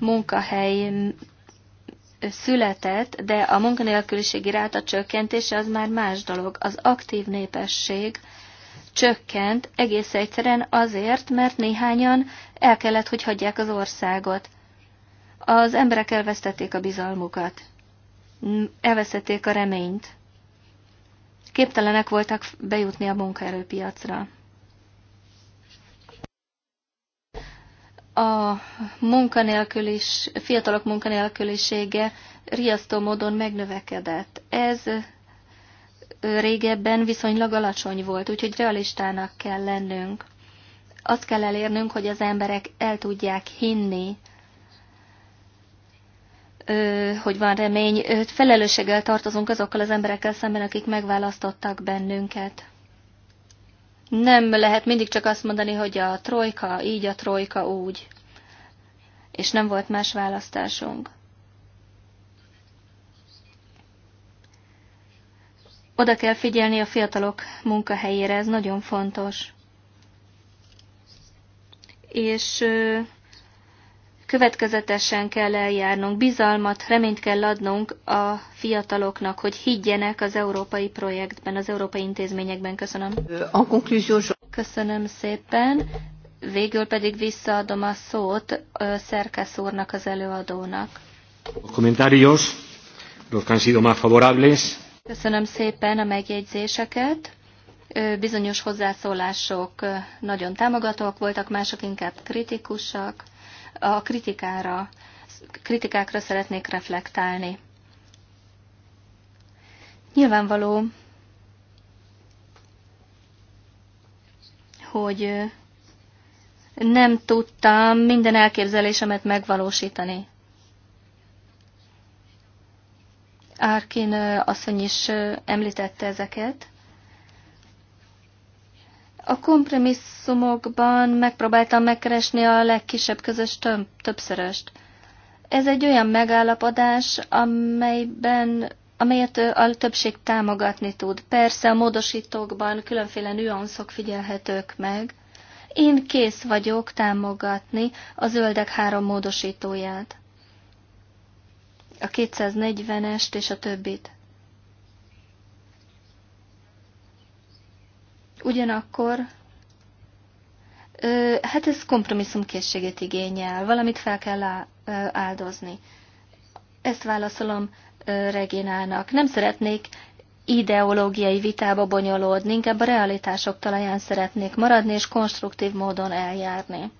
munkahely született, de a munkanélküliségi ráta csökkentése az már más dolog. Az aktív népesség csökkent egész egyszerűen azért, mert néhányan el kellett, hogy hagyják az országot. Az emberek elvesztették a bizalmukat, elvesztették a reményt képtelenek voltak bejutni a munkaerőpiacra. a munkanélkülis, fiatalok munkanélkülisége riasztó módon megnövekedett. Ez régebben viszonylag alacsony volt, úgyhogy realistának kell lennünk. Azt kell elérnünk, hogy az emberek el tudják hinni hogy van remény, felelősséggel tartozunk azokkal az emberekkel szemben, akik megválasztottak bennünket. Nem lehet mindig csak azt mondani, hogy a trojka így, a trojka úgy, és nem volt más választásunk. Oda kell figyelni a fiatalok munkahelyére, ez nagyon fontos. És következetesen kell eljárnunk, bizalmat, reményt kell adnunk a fiataloknak, hogy higgyenek az európai projektben, az európai intézményekben. Köszönöm. A Köszönöm szépen. Végül pedig visszaadom a szót Szerkesz úrnak, az előadónak. A los que han sido más favorables. Köszönöm szépen a megjegyzéseket. Bizonyos hozzászólások nagyon támogatók voltak, mások inkább kritikusak a kritikára, kritikákra szeretnék reflektálni. Nyilvánvaló, hogy nem tudtam minden elképzelésemet megvalósítani. Árkin asszony is említette ezeket. A kompromisszumokban megpróbáltam megkeresni a legkisebb közös töm, többszöröst. Ez egy olyan megállapodás, amelyben, amelyet a többség támogatni tud. Persze a módosítókban különféle nüanszok figyelhetők meg. Én kész vagyok támogatni a zöldek három módosítóját. A 240-est és a többit. Ugyanakkor, hát ez kompromisszumkészséget igényel, valamit fel kell áldozni. Ezt válaszolom Reginának. Nem szeretnék ideológiai vitába bonyolódni, inkább a realitások talaján szeretnék maradni és konstruktív módon eljárni.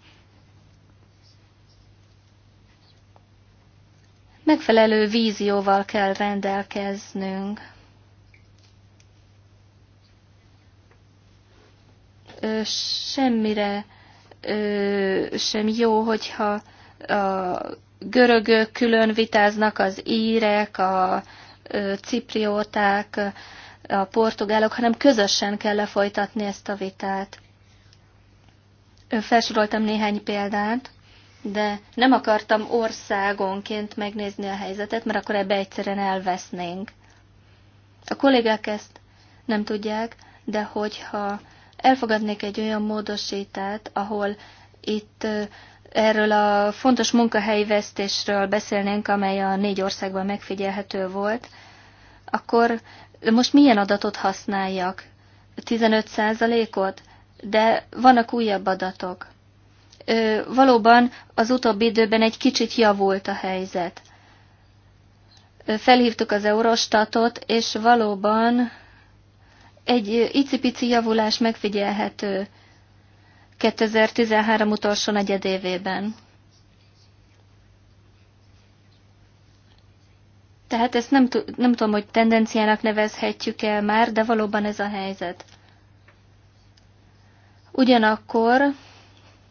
Megfelelő vízióval kell rendelkeznünk. semmire sem jó, hogyha a görögök külön vitáznak, az írek, a ciprióták, a portugálok, hanem közösen kell lefolytatni ezt a vitát. Felsoroltam néhány példát, de nem akartam országonként megnézni a helyzetet, mert akkor ebbe egyszerűen elvesznénk. A kollégák ezt nem tudják, de hogyha elfogadnék egy olyan módosítást, ahol itt erről a fontos vesztésről beszélnénk, amely a négy országban megfigyelhető volt, akkor most milyen adatot használjak? 15%-ot? De vannak újabb adatok. Ö, valóban az utóbbi időben egy kicsit javult a helyzet. Felhívtuk az Eurostatot, és valóban egy icipici javulás megfigyelhető 2013 utolsó negyedévében. Tehát ezt nem, nem tudom, hogy tendenciának nevezhetjük el már, de valóban ez a helyzet. Ugyanakkor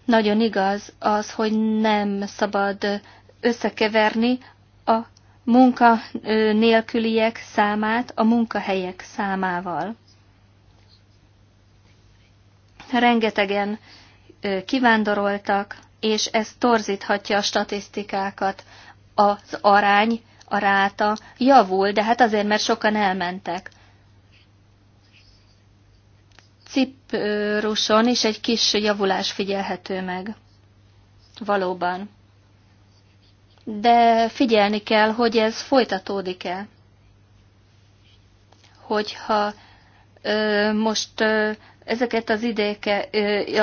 nagyon igaz az, hogy nem szabad összekeverni a munka nélküliek számát a munkahelyek számával rengetegen kivándoroltak, és ez torzíthatja a statisztikákat. Az arány, a ráta javul, de hát azért, mert sokan elmentek. Cipruson is egy kis javulás figyelhető meg. Valóban. De figyelni kell, hogy ez folytatódik-e. Hogyha ö, most ö, ezeket az idéke,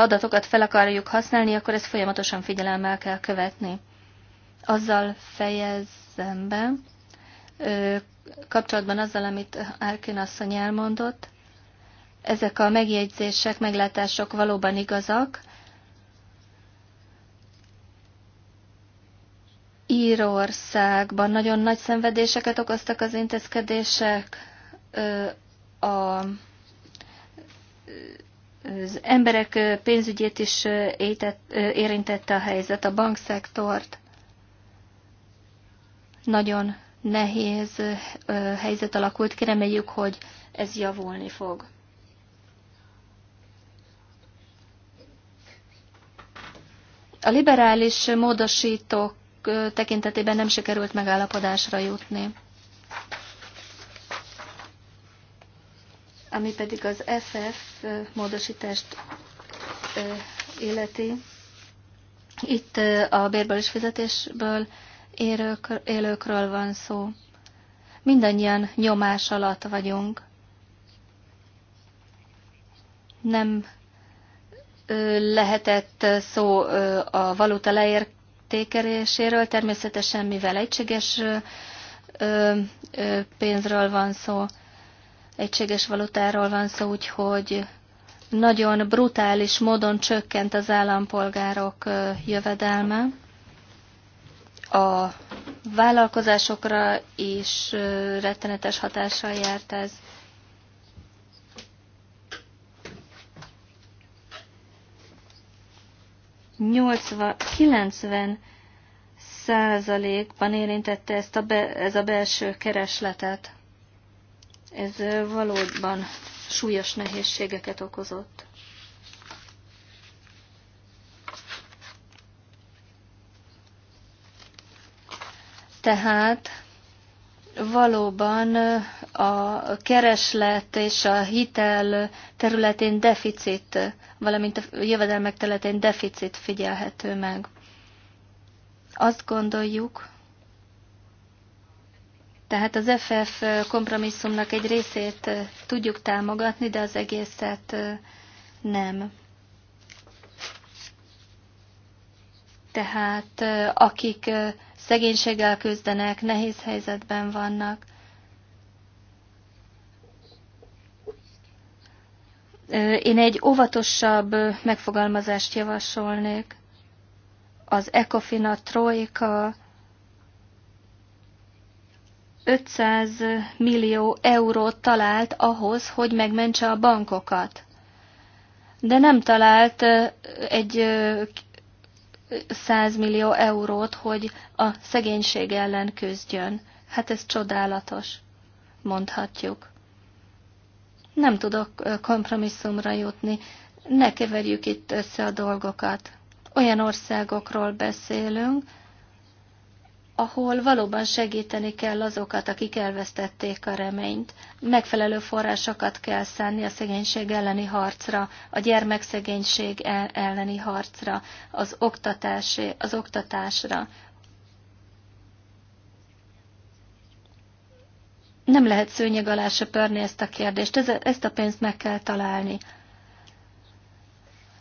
adatokat fel akarjuk használni, akkor ezt folyamatosan figyelemmel kell követni. Azzal fejezem be, kapcsolatban azzal, amit Árkén asszony elmondott, ezek a megjegyzések, meglátások valóban igazak. Írországban nagyon nagy szenvedéseket okoztak az intézkedések, a az emberek pénzügyét is érintette a helyzet, a bankszektort. Nagyon nehéz helyzet alakult ki, hogy ez javulni fog. A liberális módosítók tekintetében nem sikerült megállapodásra jutni. Ami pedig az FF módosítást illeti, itt a bérből és fizetésből élők, élőkről van szó. Mindannyian nyomás alatt vagyunk. Nem lehetett szó a valuta leértékeléséről, természetesen mivel egységes pénzről van szó egységes valutáról van szó, úgyhogy nagyon brutális módon csökkent az állampolgárok jövedelme. A vállalkozásokra is rettenetes hatással járt ez. Nyolcva, 90 százalékban érintette ezt a be, ez a belső keresletet ez valóban súlyos nehézségeket okozott. Tehát valóban a kereslet és a hitel területén deficit, valamint a jövedelmek területén deficit figyelhető meg. Azt gondoljuk, tehát az FF kompromisszumnak egy részét tudjuk támogatni, de az egészet nem. Tehát akik szegénységgel küzdenek, nehéz helyzetben vannak, Én egy óvatosabb megfogalmazást javasolnék. Az ECOFIN, a Troika, 500 millió eurót talált ahhoz, hogy megmentse a bankokat. De nem talált egy 100 millió eurót, hogy a szegénység ellen küzdjön. Hát ez csodálatos, mondhatjuk. Nem tudok kompromisszumra jutni. Ne keverjük itt össze a dolgokat. Olyan országokról beszélünk, ahol valóban segíteni kell azokat, akik elvesztették a reményt. Megfelelő forrásokat kell szánni a szegénység elleni harcra, a gyermekszegénység e- elleni harcra, az, oktatásé, az oktatásra. Nem lehet szőnyeg alá söpörni ezt a kérdést, ezt a pénzt meg kell találni.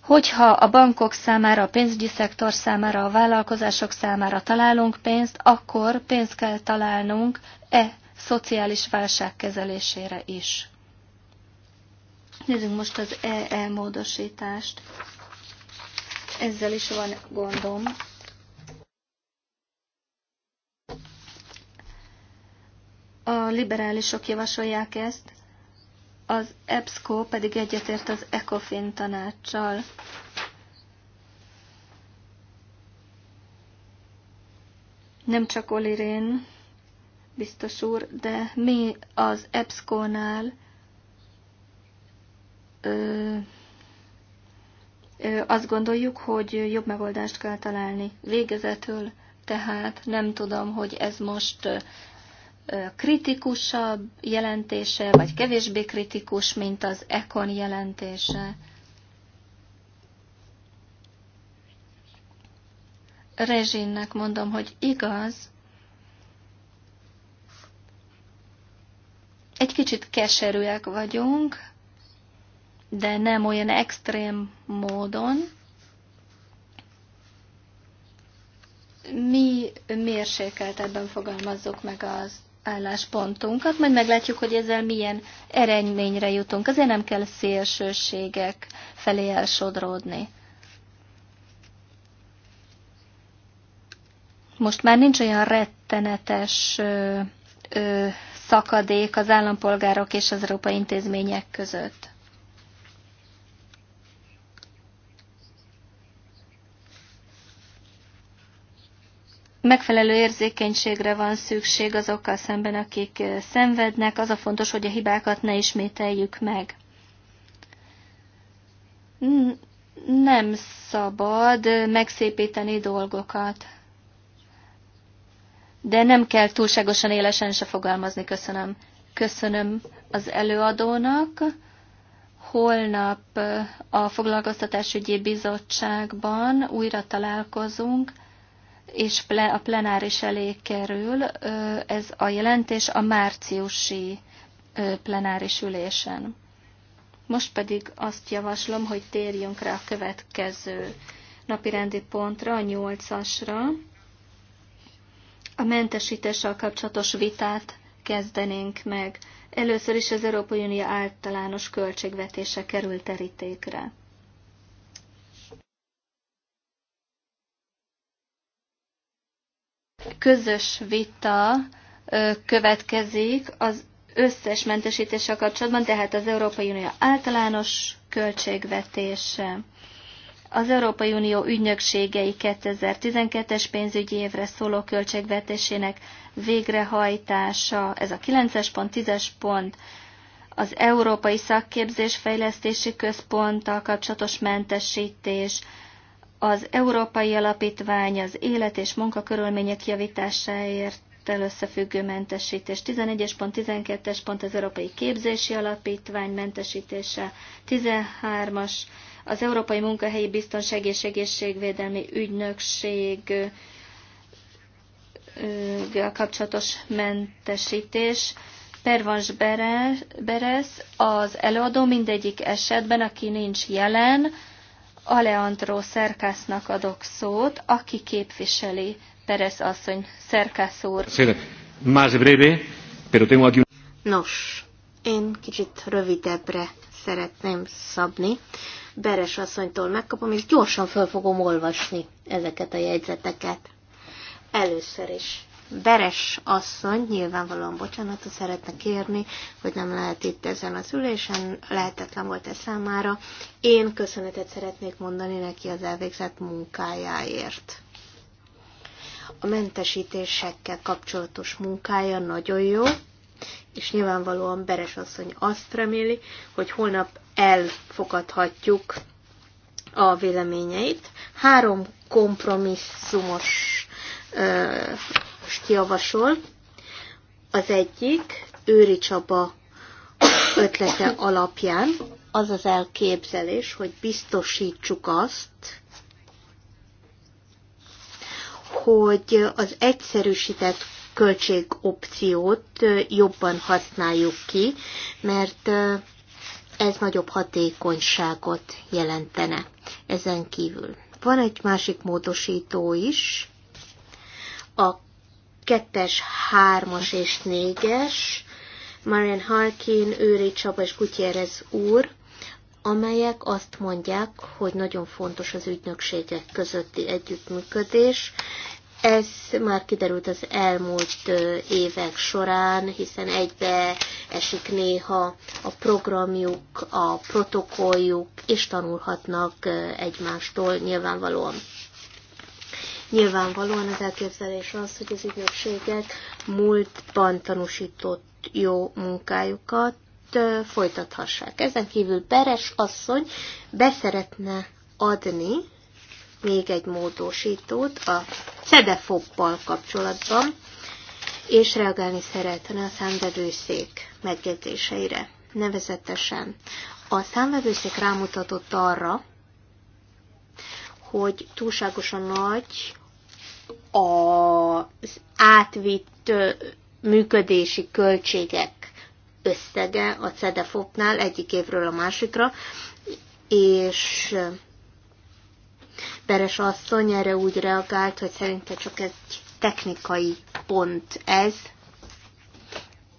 Hogyha a bankok számára, a pénzügyi szektor számára, a vállalkozások számára találunk pénzt, akkor pénzt kell találnunk e szociális válság kezelésére is. Nézzük most az EE e módosítást. Ezzel is van gondom. A liberálisok javasolják ezt az EBSCO pedig egyetért az ECOFIN tanácssal. Nem csak Olirén, biztos úr, de mi az EBSCO-nál azt gondoljuk, hogy jobb megoldást kell találni. Végezetül tehát nem tudom, hogy ez most kritikusabb jelentése, vagy kevésbé kritikus, mint az Econ jelentése. Rezsinnek mondom, hogy igaz, egy kicsit keserűek vagyunk, de nem olyan extrém módon. Mi mérsékeltebben fogalmazzuk meg az álláspontunkat, majd meglátjuk, hogy ezzel milyen eredményre jutunk. Azért nem kell szélsőségek felé elsodródni. Most már nincs olyan rettenetes ö, ö, szakadék az állampolgárok és az európai intézmények között. Megfelelő érzékenységre van szükség azokkal szemben, akik szenvednek. Az a fontos, hogy a hibákat ne ismételjük meg. Nem szabad megszépíteni dolgokat. De nem kell túlságosan élesen se fogalmazni, köszönöm. Köszönöm az előadónak. Holnap a Foglalkoztatásügyi Bizottságban újra találkozunk és a plenáris elé kerül ez a jelentés a márciusi plenáris ülésen. Most pedig azt javaslom, hogy térjünk rá a következő napirendi pontra, a nyolcasra. A mentesítéssel kapcsolatos vitát kezdenénk meg. Először is az Európai Unió általános költségvetése került terítékre. közös vita következik az összes mentesítéssel kapcsolatban, tehát az Európai Unió általános költségvetése, az Európai Unió ügynökségei 2012-es pénzügyi évre szóló költségvetésének végrehajtása, ez a 9-es pont, 10-es pont, az Európai Szakképzés Fejlesztési Központtal kapcsolatos mentesítés, az Európai Alapítvány az élet és munkakörülmények javításáért el összefüggő mentesítés. 11-es pont, 12-es pont az Európai Képzési Alapítvány mentesítése, 13-as az Európai Munkahelyi Biztonság és Egészségvédelmi Ügynökség kapcsolatos mentesítés. Pervans Beres az előadó mindegyik esetben, aki nincs jelen, Aleandro Szerkásznak adok szót, aki képviseli Perez asszony, Szerkász úr. Más breve, pero tengo aquí... Nos, én kicsit rövidebbre szeretném szabni. Beres asszonytól megkapom, és gyorsan föl fogom olvasni ezeket a jegyzeteket. Először is Beres asszony nyilvánvalóan bocsánatot szeretne kérni, hogy nem lehet itt ezen az ülésen, lehetetlen volt ez számára. Én köszönetet szeretnék mondani neki az elvégzett munkájáért. A mentesítésekkel kapcsolatos munkája nagyon jó, és nyilvánvalóan Beres asszony azt reméli, hogy holnap elfogadhatjuk a véleményeit. Három kompromisszumos ö, most javasol. Az egyik Őri Csaba ötlete alapján az az elképzelés, hogy biztosítsuk azt, hogy az egyszerűsített költségopciót jobban használjuk ki, mert ez nagyobb hatékonyságot jelentene ezen kívül. Van egy másik módosító is, a kettes, hármas és négyes, Marian Harkin, Őri Csaba és Gutierrez úr, amelyek azt mondják, hogy nagyon fontos az ügynökségek közötti együttműködés. Ez már kiderült az elmúlt évek során, hiszen egybe esik néha a programjuk, a protokolljuk, és tanulhatnak egymástól nyilvánvalóan. Nyilvánvalóan az elképzelés az, hogy az ügynökségek múltban tanúsított jó munkájukat folytathassák. Ezen kívül Beres asszony beszeretne adni még egy módosítót a CEDEFOP-bal kapcsolatban, és reagálni szeretne a számvevőszék megjegyzéseire. Nevezetesen a számvevőszék rámutatott arra, hogy túlságosan nagy az átvitt működési költségek összege a CEDEFOP-nál egyik évről a másikra, és Beres asszony erre úgy reagált, hogy szerinte csak egy technikai pont ez,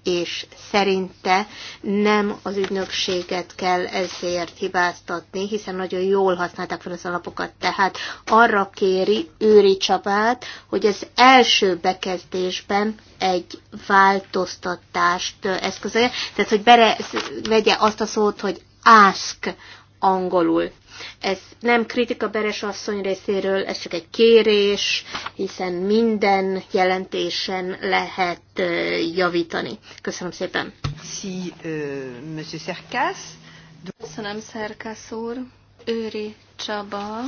és szerinte nem az ügynökséget kell ezért hibáztatni, hiszen nagyon jól használták fel az alapokat. Tehát arra kéri Őri Csabát, hogy az első bekezdésben egy változtatást eszközölje, tehát hogy bere, vegye azt a szót, hogy ask angolul. Ez nem kritika Beres asszony részéről, ez csak egy kérés, hiszen minden jelentésen lehet javítani. Köszönöm szépen. Si, Monsieur Szerkász. Köszönöm, Szerkász úr. Őri Csaba,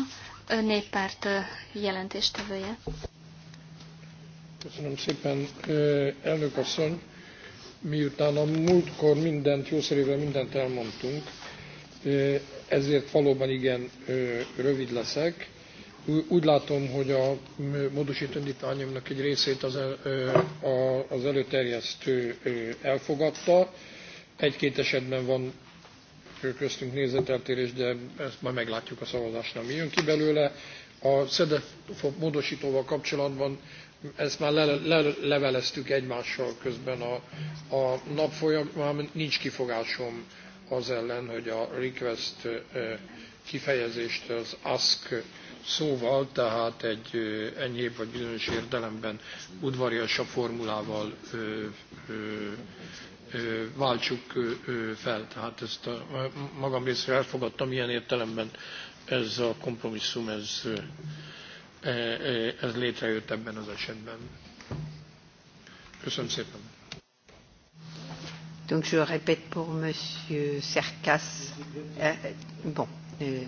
néppárt jelentéstevője. Köszönöm szépen, elnök asszony. Miután a múltkor mindent, jószerével mindent elmondtunk, ezért valóban igen rövid leszek. Úgy látom, hogy a módosító indítványomnak egy részét az, az előterjesztő elfogadta. Egy-két esetben van köztünk nézeteltérés, de ezt majd meglátjuk a szavazásnál, mi jön ki belőle. A SZEDEF módosítóval kapcsolatban ezt már le, le, leveleztük egymással közben a, a nap folyamán, nincs kifogásom az ellen, hogy a request kifejezést az ask szóval, tehát egy enyhébb vagy bizonyos értelemben udvariasabb formulával váltsuk fel. Tehát ezt a magam részre elfogadtam ilyen értelemben, ez a kompromisszum, ez, e, e, ez létrejött ebben az esetben. Köszönöm szépen. Donc je répète pour Monsieur euh, bon, euh,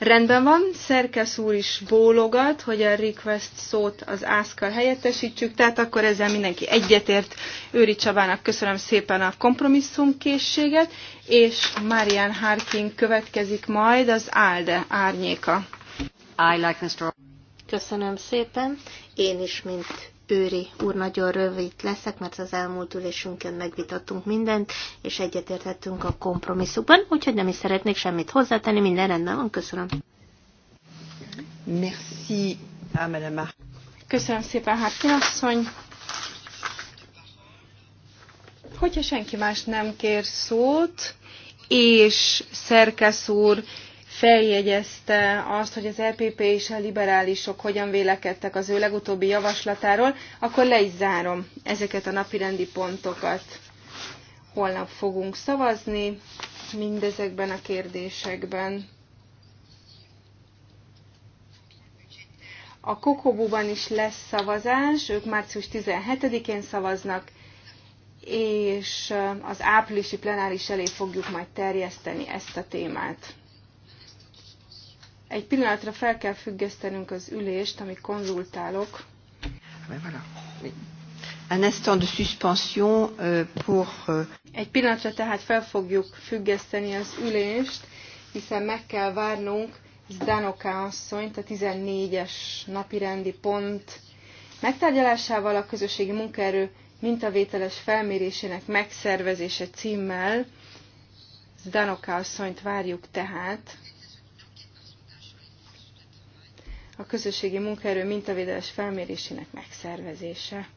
Rendben van, Szerkesz úr is bólogat, hogy a request szót az ászkal helyettesítsük, tehát akkor ezzel mindenki egyetért. Őri Csabának köszönöm szépen a kompromisszumkészséget, és Marian Harkin következik majd az ALDE árnyéka. I like Mr. Köszönöm szépen. Én is, mint Bőri úr, nagyon rövid leszek, mert az elmúlt ülésünkön megvitattunk mindent, és egyetértettünk a kompromisszumban, úgyhogy nem is szeretnék semmit hozzátenni, minden rendben van, köszönöm. Merci, Amelema. Köszönöm szépen, Harkin asszony. Hogyha senki más nem kér szót, és Szerkesz úr feljegyezte azt, hogy az EPP és a liberálisok hogyan vélekedtek az ő legutóbbi javaslatáról, akkor le is zárom ezeket a napirendi pontokat. Holnap fogunk szavazni mindezekben a kérdésekben. A Kokobúban is lesz szavazás, ők március 17-én szavaznak, és az áprilisi plenáris elé fogjuk majd terjeszteni ezt a témát. Egy pillanatra fel kell függesztenünk az ülést, ami konzultálok. Ah, Un instant de suspension euh, pour... Euh, Egy pillanatra tehát fel fogjuk függeszteni az ülést, hiszen meg kell várnunk Zdanoka asszonyt a 14-es napirendi pont megtárgyalásával a közösségi munkaerő mintavételes felmérésének megszervezése címmel. Zdanoka asszonyt várjuk tehát. a közösségi munkaerő mintavédeles felmérésének megszervezése.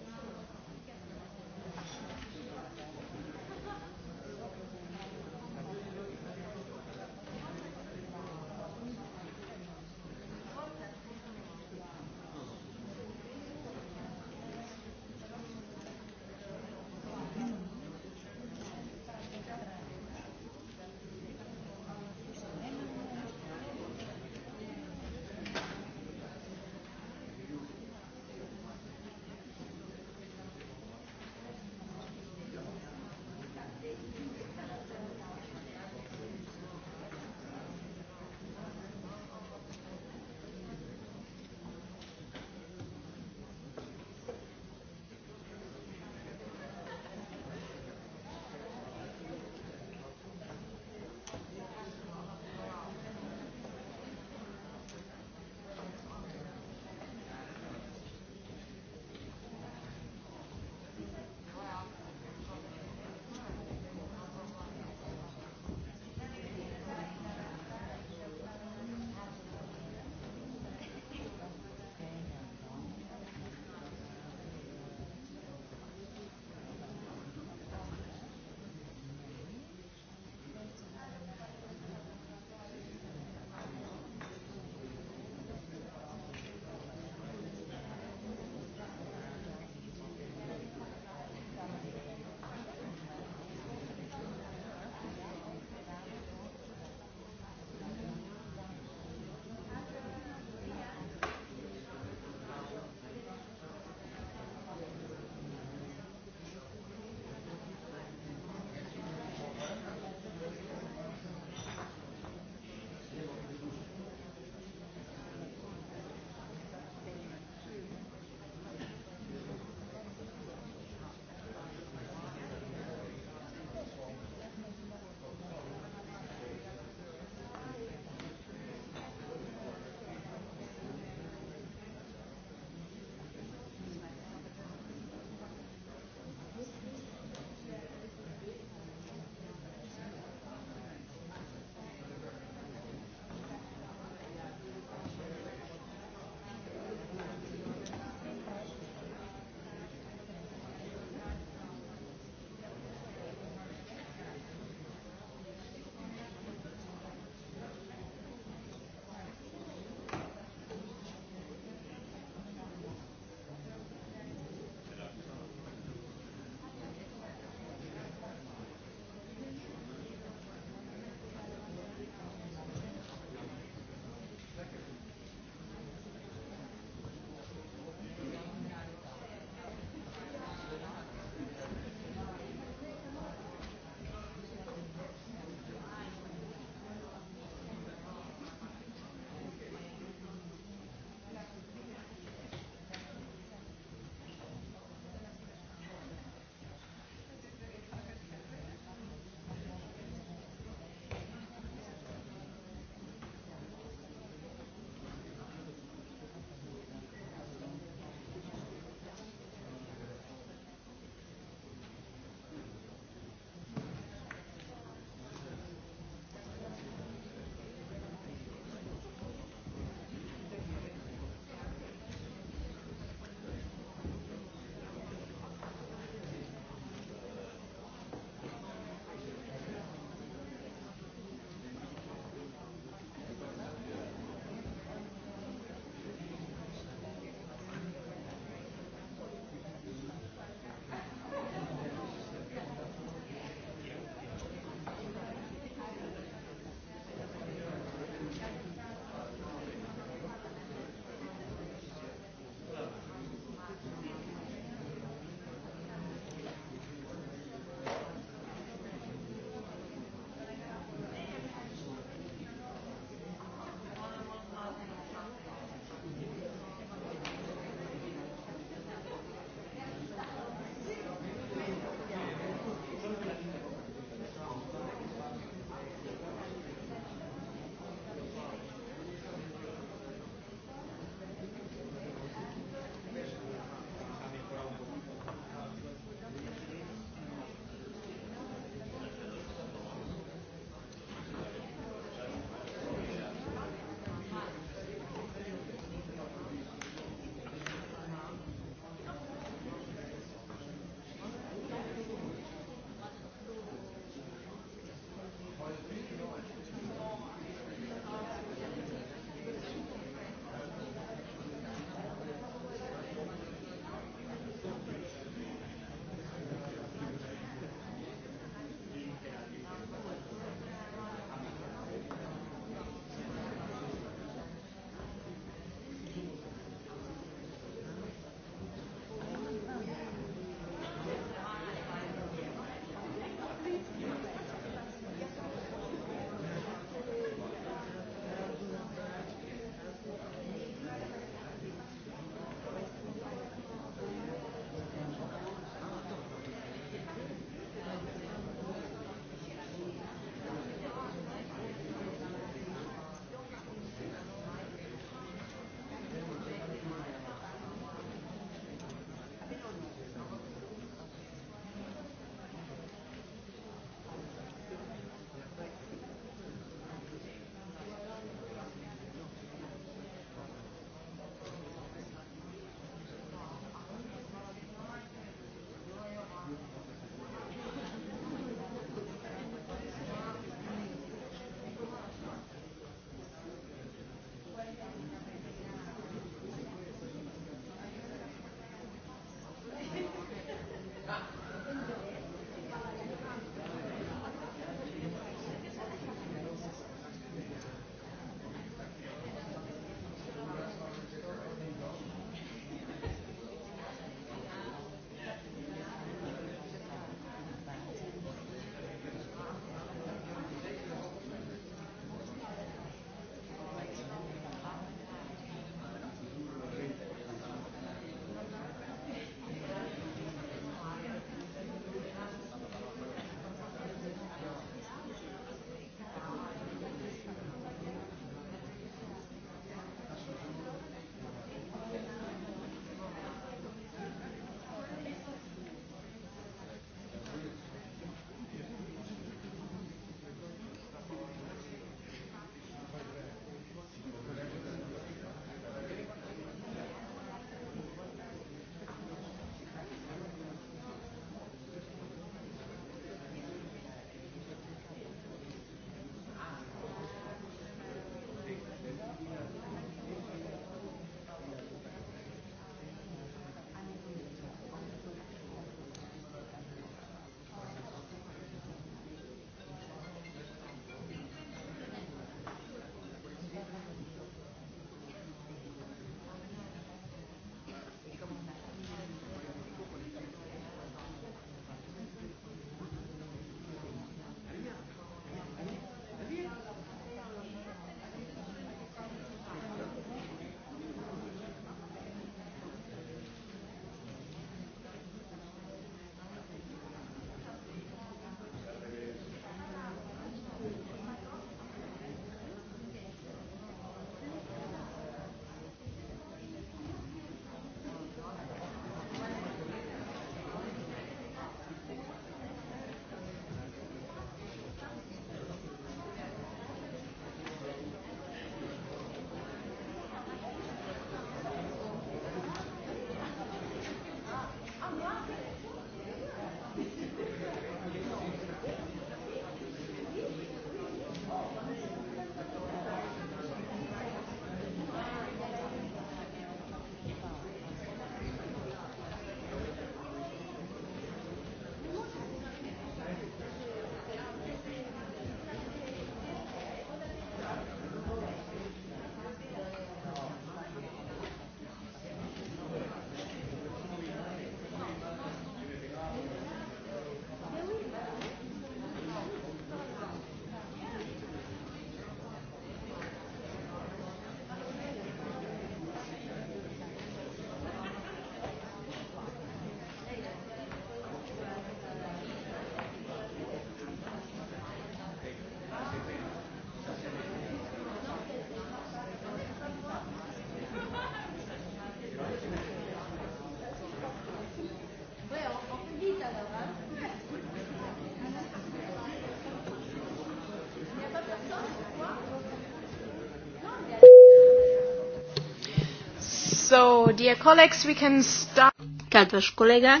dear colleagues, we can start. Kedves kollégák,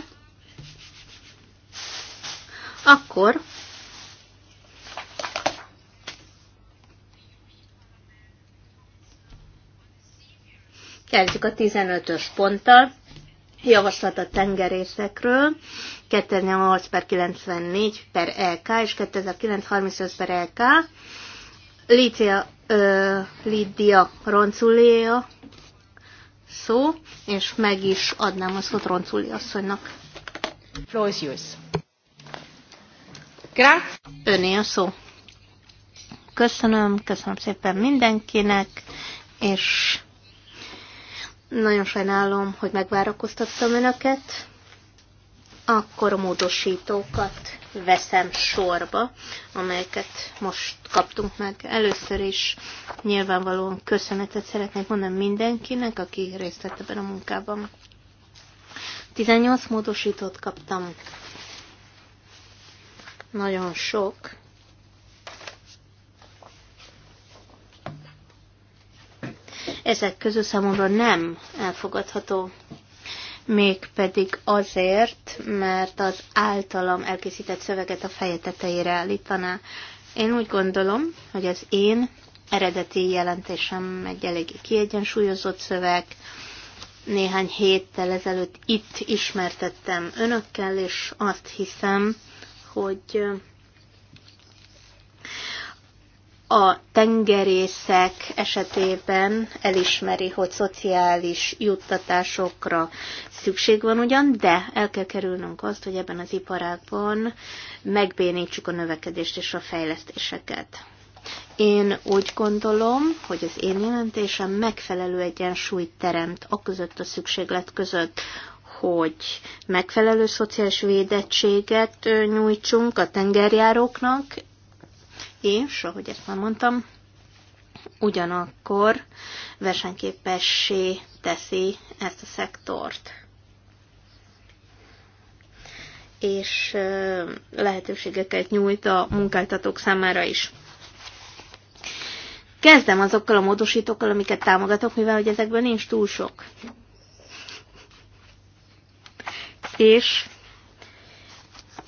akkor kezdjük a 15-ös ponttal. Javaslat a tengerészekről, 2008 per 94 per LK és 2935 per LK. Lícia, ö, Lidia Ronculéa szó és meg is adnám a szót Roncúli asszonynak. Floor is yours. Grazie. Öné a szó. Köszönöm, köszönöm szépen mindenkinek, és nagyon sajnálom, hogy megvárakoztattam önöket. Akkor a módosítókat veszem sorba, amelyeket most kaptunk meg. Először is nyilvánvalóan köszönetet szeretnék mondani mindenkinek, aki részt vett ebben a munkában. 18 módosítót kaptam. Nagyon sok. Ezek közül számomra nem elfogadható mégpedig azért, mert az általam elkészített szöveget a feje tetejére állítaná. Én úgy gondolom, hogy az én eredeti jelentésem egy eléggé kiegyensúlyozott szöveg. Néhány héttel ezelőtt itt ismertettem önökkel, és azt hiszem, hogy a tengerészek esetében elismeri, hogy szociális juttatásokra, Szükség van ugyan, de el kell kerülnünk azt, hogy ebben az iparágban megbénítsuk a növekedést és a fejlesztéseket. Én úgy gondolom, hogy az én jelentésem megfelelő egyensúlyt teremt a között a szükséglet között, hogy megfelelő szociális védettséget nyújtsunk a tengerjáróknak, és, ahogy ezt már mondtam, ugyanakkor versenyképessé teszi ezt a szektort és lehetőségeket nyújt a munkáltatók számára is. Kezdem azokkal a módosítókkal, amiket támogatok, mivel hogy ezekből nincs túl sok. És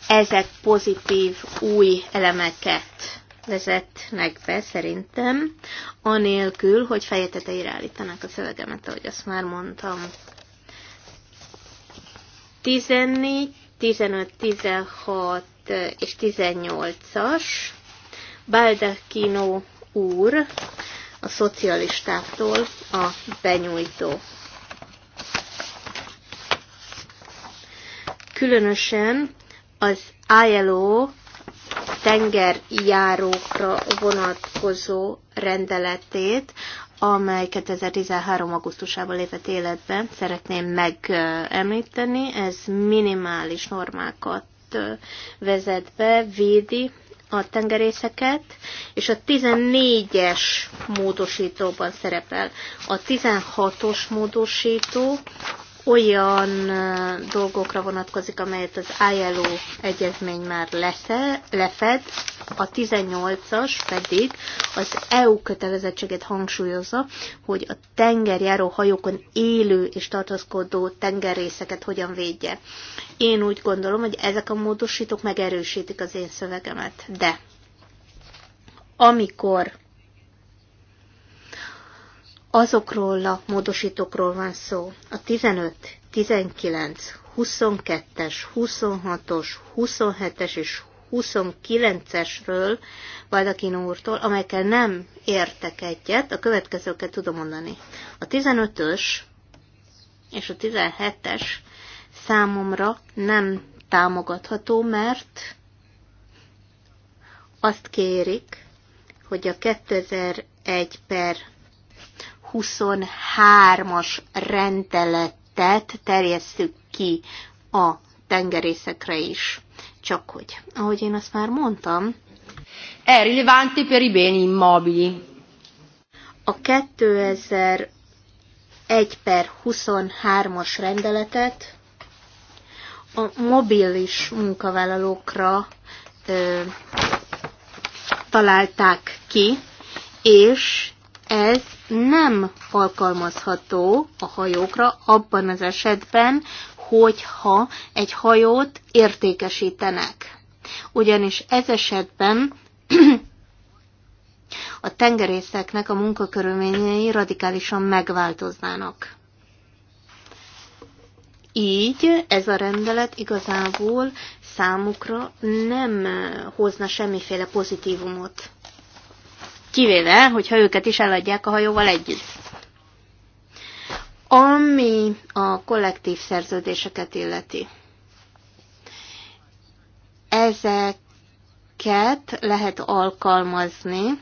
ezek pozitív új elemeket vezetnek be szerintem, anélkül, hogy fejeteteire tetejére állítanák a szövegemet, ahogy azt már mondtam. 14 15, 16 és 18-as. Baldacchino úr a szocialistáktól a benyújtó. Különösen az ILO tengerjárókra vonatkozó rendeletét, amely 2013. augusztusában lépett életbe, szeretném megemlíteni. Ez minimális normákat vezet be, védi a tengerészeket, és a 14-es módosítóban szerepel. A 16-os módosító olyan dolgokra vonatkozik, amelyet az ILO egyezmény már lesze, lefed, a 18-as pedig az EU kötelezettséget hangsúlyozza, hogy a tengerjáró hajókon élő és tartózkodó tengerrészeket hogyan védje. Én úgy gondolom, hogy ezek a módosítók megerősítik az én szövegemet, de amikor azokról a módosítókról van szó, a 15, 19, 22-es, 26-os, 27-es és 29-esről Baldakin úrtól, amelyekkel nem értek egyet, a következőket tudom mondani. A 15-ös és a 17-es számomra nem támogatható, mert azt kérik, hogy a 2001 per 23-as rendeletet terjesztük ki a tengerészekre is. Csak hogy, ahogy én azt már mondtam, è rilevante per i beni immobili. A 2001 per 23-as rendeletet a mobilis munkavállalókra ö, találták ki, és ez nem alkalmazható a hajókra abban az esetben, hogyha egy hajót értékesítenek. Ugyanis ez esetben a tengerészeknek a munkakörülményei radikálisan megváltoznának. Így ez a rendelet igazából számukra nem hozna semmiféle pozitívumot. Kivéve, hogyha őket is eladják a hajóval együtt. Ami a kollektív szerződéseket illeti. Ezeket lehet alkalmazni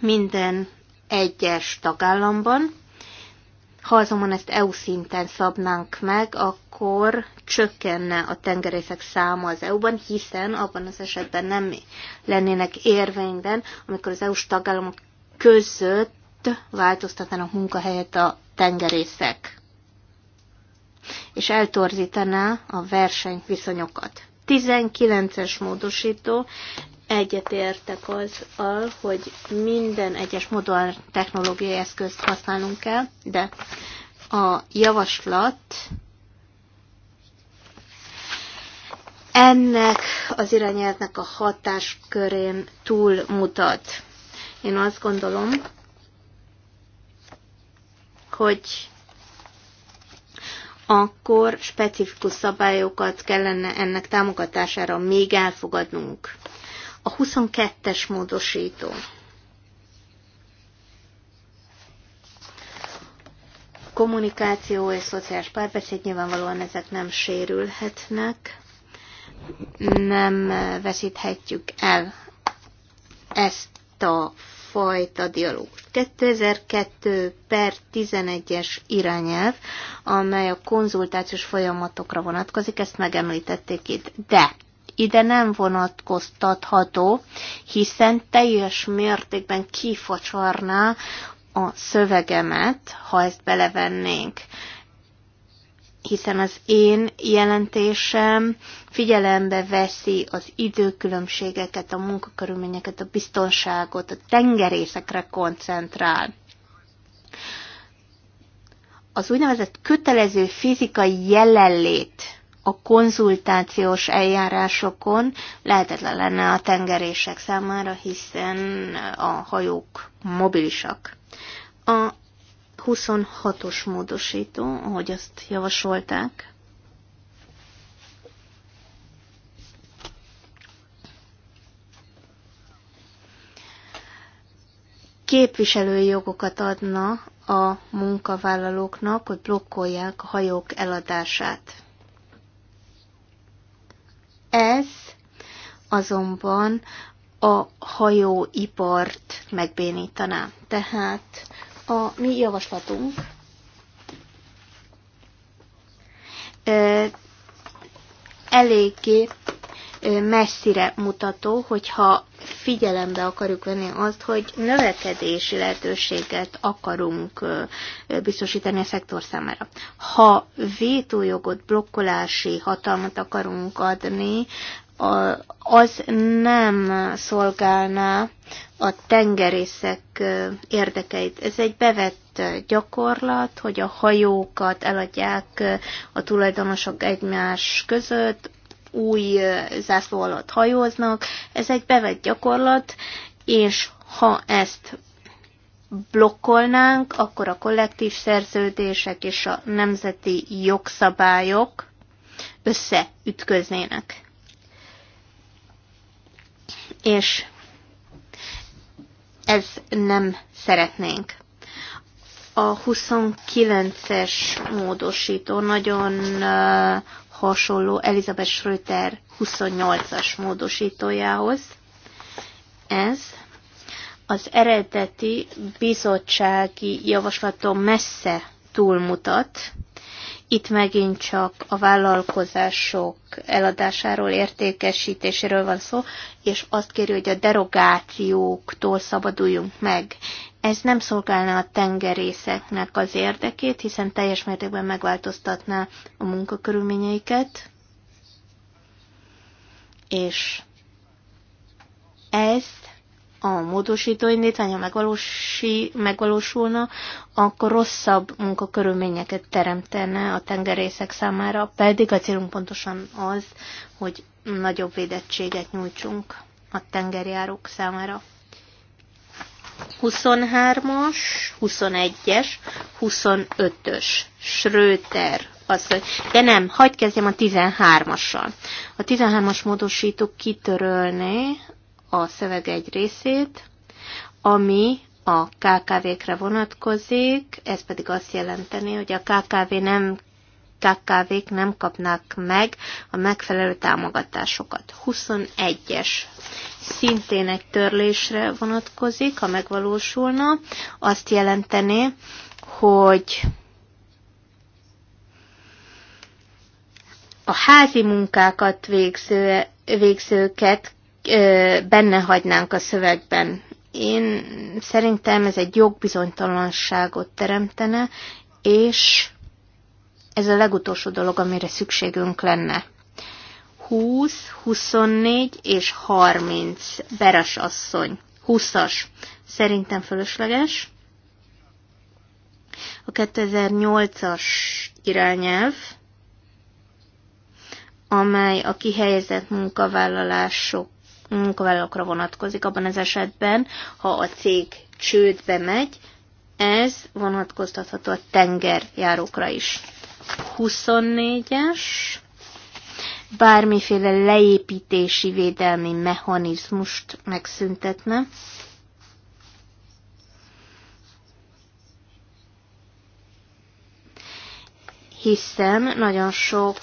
minden egyes tagállamban, ha azonban ezt EU szinten szabnánk meg, akkor csökkenne a tengerészek száma az EU-ban, hiszen abban az esetben nem lennének érvényben, amikor az EU-s tagállamok között változtatnának munkahelyet a tengerészek, és eltorzítaná a versenyviszonyokat. 19-es módosító, egyetértek al, hogy minden egyes modern technológiai eszközt használnunk kell, de a javaslat ennek az irányelvnek a hatáskörén mutat. Én azt gondolom, hogy akkor specifikus szabályokat kellene ennek támogatására még elfogadnunk. A 22-es módosító. Kommunikáció és szociális párbeszéd nyilvánvalóan ezek nem sérülhetnek, nem veszíthetjük el ezt a fajta dialógus. 2002 per 11-es irányelv, amely a konzultációs folyamatokra vonatkozik, ezt megemlítették itt. De ide nem vonatkoztatható, hiszen teljes mértékben kifocsarná a szövegemet, ha ezt belevennénk hiszen az én jelentésem figyelembe veszi az időkülönbségeket, a munkakörülményeket, a biztonságot, a tengerészekre koncentrál. Az úgynevezett kötelező fizikai jelenlét a konzultációs eljárásokon lehetetlen lenne a tengerések számára, hiszen a hajók mobilisak. A 26-os módosító, ahogy azt javasolták, képviselői jogokat adna a munkavállalóknak, hogy blokkolják a hajók eladását. Ez azonban a hajóipart megbénítaná. Tehát a mi javaslatunk eléggé messzire mutató, hogyha figyelembe akarjuk venni azt, hogy növekedési lehetőséget akarunk biztosítani a szektor számára. Ha vétójogot, blokkolási hatalmat akarunk adni, az nem szolgálná a tengerészek érdekeit. Ez egy bevett gyakorlat, hogy a hajókat eladják a tulajdonosok egymás között, új zászló alatt hajóznak. Ez egy bevett gyakorlat, és ha ezt blokkolnánk, akkor a kollektív szerződések és a nemzeti jogszabályok összeütköznének. És ez nem szeretnénk. A 29-es módosító nagyon hasonló Elizabeth Schröter 28-as módosítójához. Ez az eredeti bizottsági javaslaton messze túlmutat. Itt megint csak a vállalkozások eladásáról, értékesítéséről van szó, és azt kéri, hogy a derogációktól szabaduljunk meg. Ez nem szolgálná a tengerészeknek az érdekét, hiszen teljes mértékben megváltoztatná a munkakörülményeiket, és ez a módosító indítvány, ha megvalósulna, akkor rosszabb munkakörülményeket teremtene a tengerészek számára, pedig a célunk pontosan az, hogy nagyobb védettséget nyújtsunk a tengerjárók számára. 23-as, 21-es, 25-ös. Schröter asszony. De nem, hagyd kezdjem a 13-assal. A 13-as módosító kitörölné a szöveg egy részét, ami a KKV-kre vonatkozik, ez pedig azt jelenteni, hogy a KKV nem KKV-k nem kapnák meg a megfelelő támogatásokat. 21-es szintén egy törlésre vonatkozik, ha megvalósulna. Azt jelenteni, hogy a házi munkákat végző, végzőket benne hagynánk a szövegben. Én szerintem ez egy jogbizonytalanságot teremtene, és ez a legutolsó dolog, amire szükségünk lenne. 20, 24 és 30. Beres asszony. 20-as. Szerintem fölösleges. A 2008-as irányelv, amely a kihelyezett munkavállalások munkavállalókra vonatkozik abban az esetben, ha a cég csődbe megy, ez vonatkoztatható a tengerjárókra is. 24-es, bármiféle leépítési védelmi mechanizmust megszüntetne. hiszen nagyon sok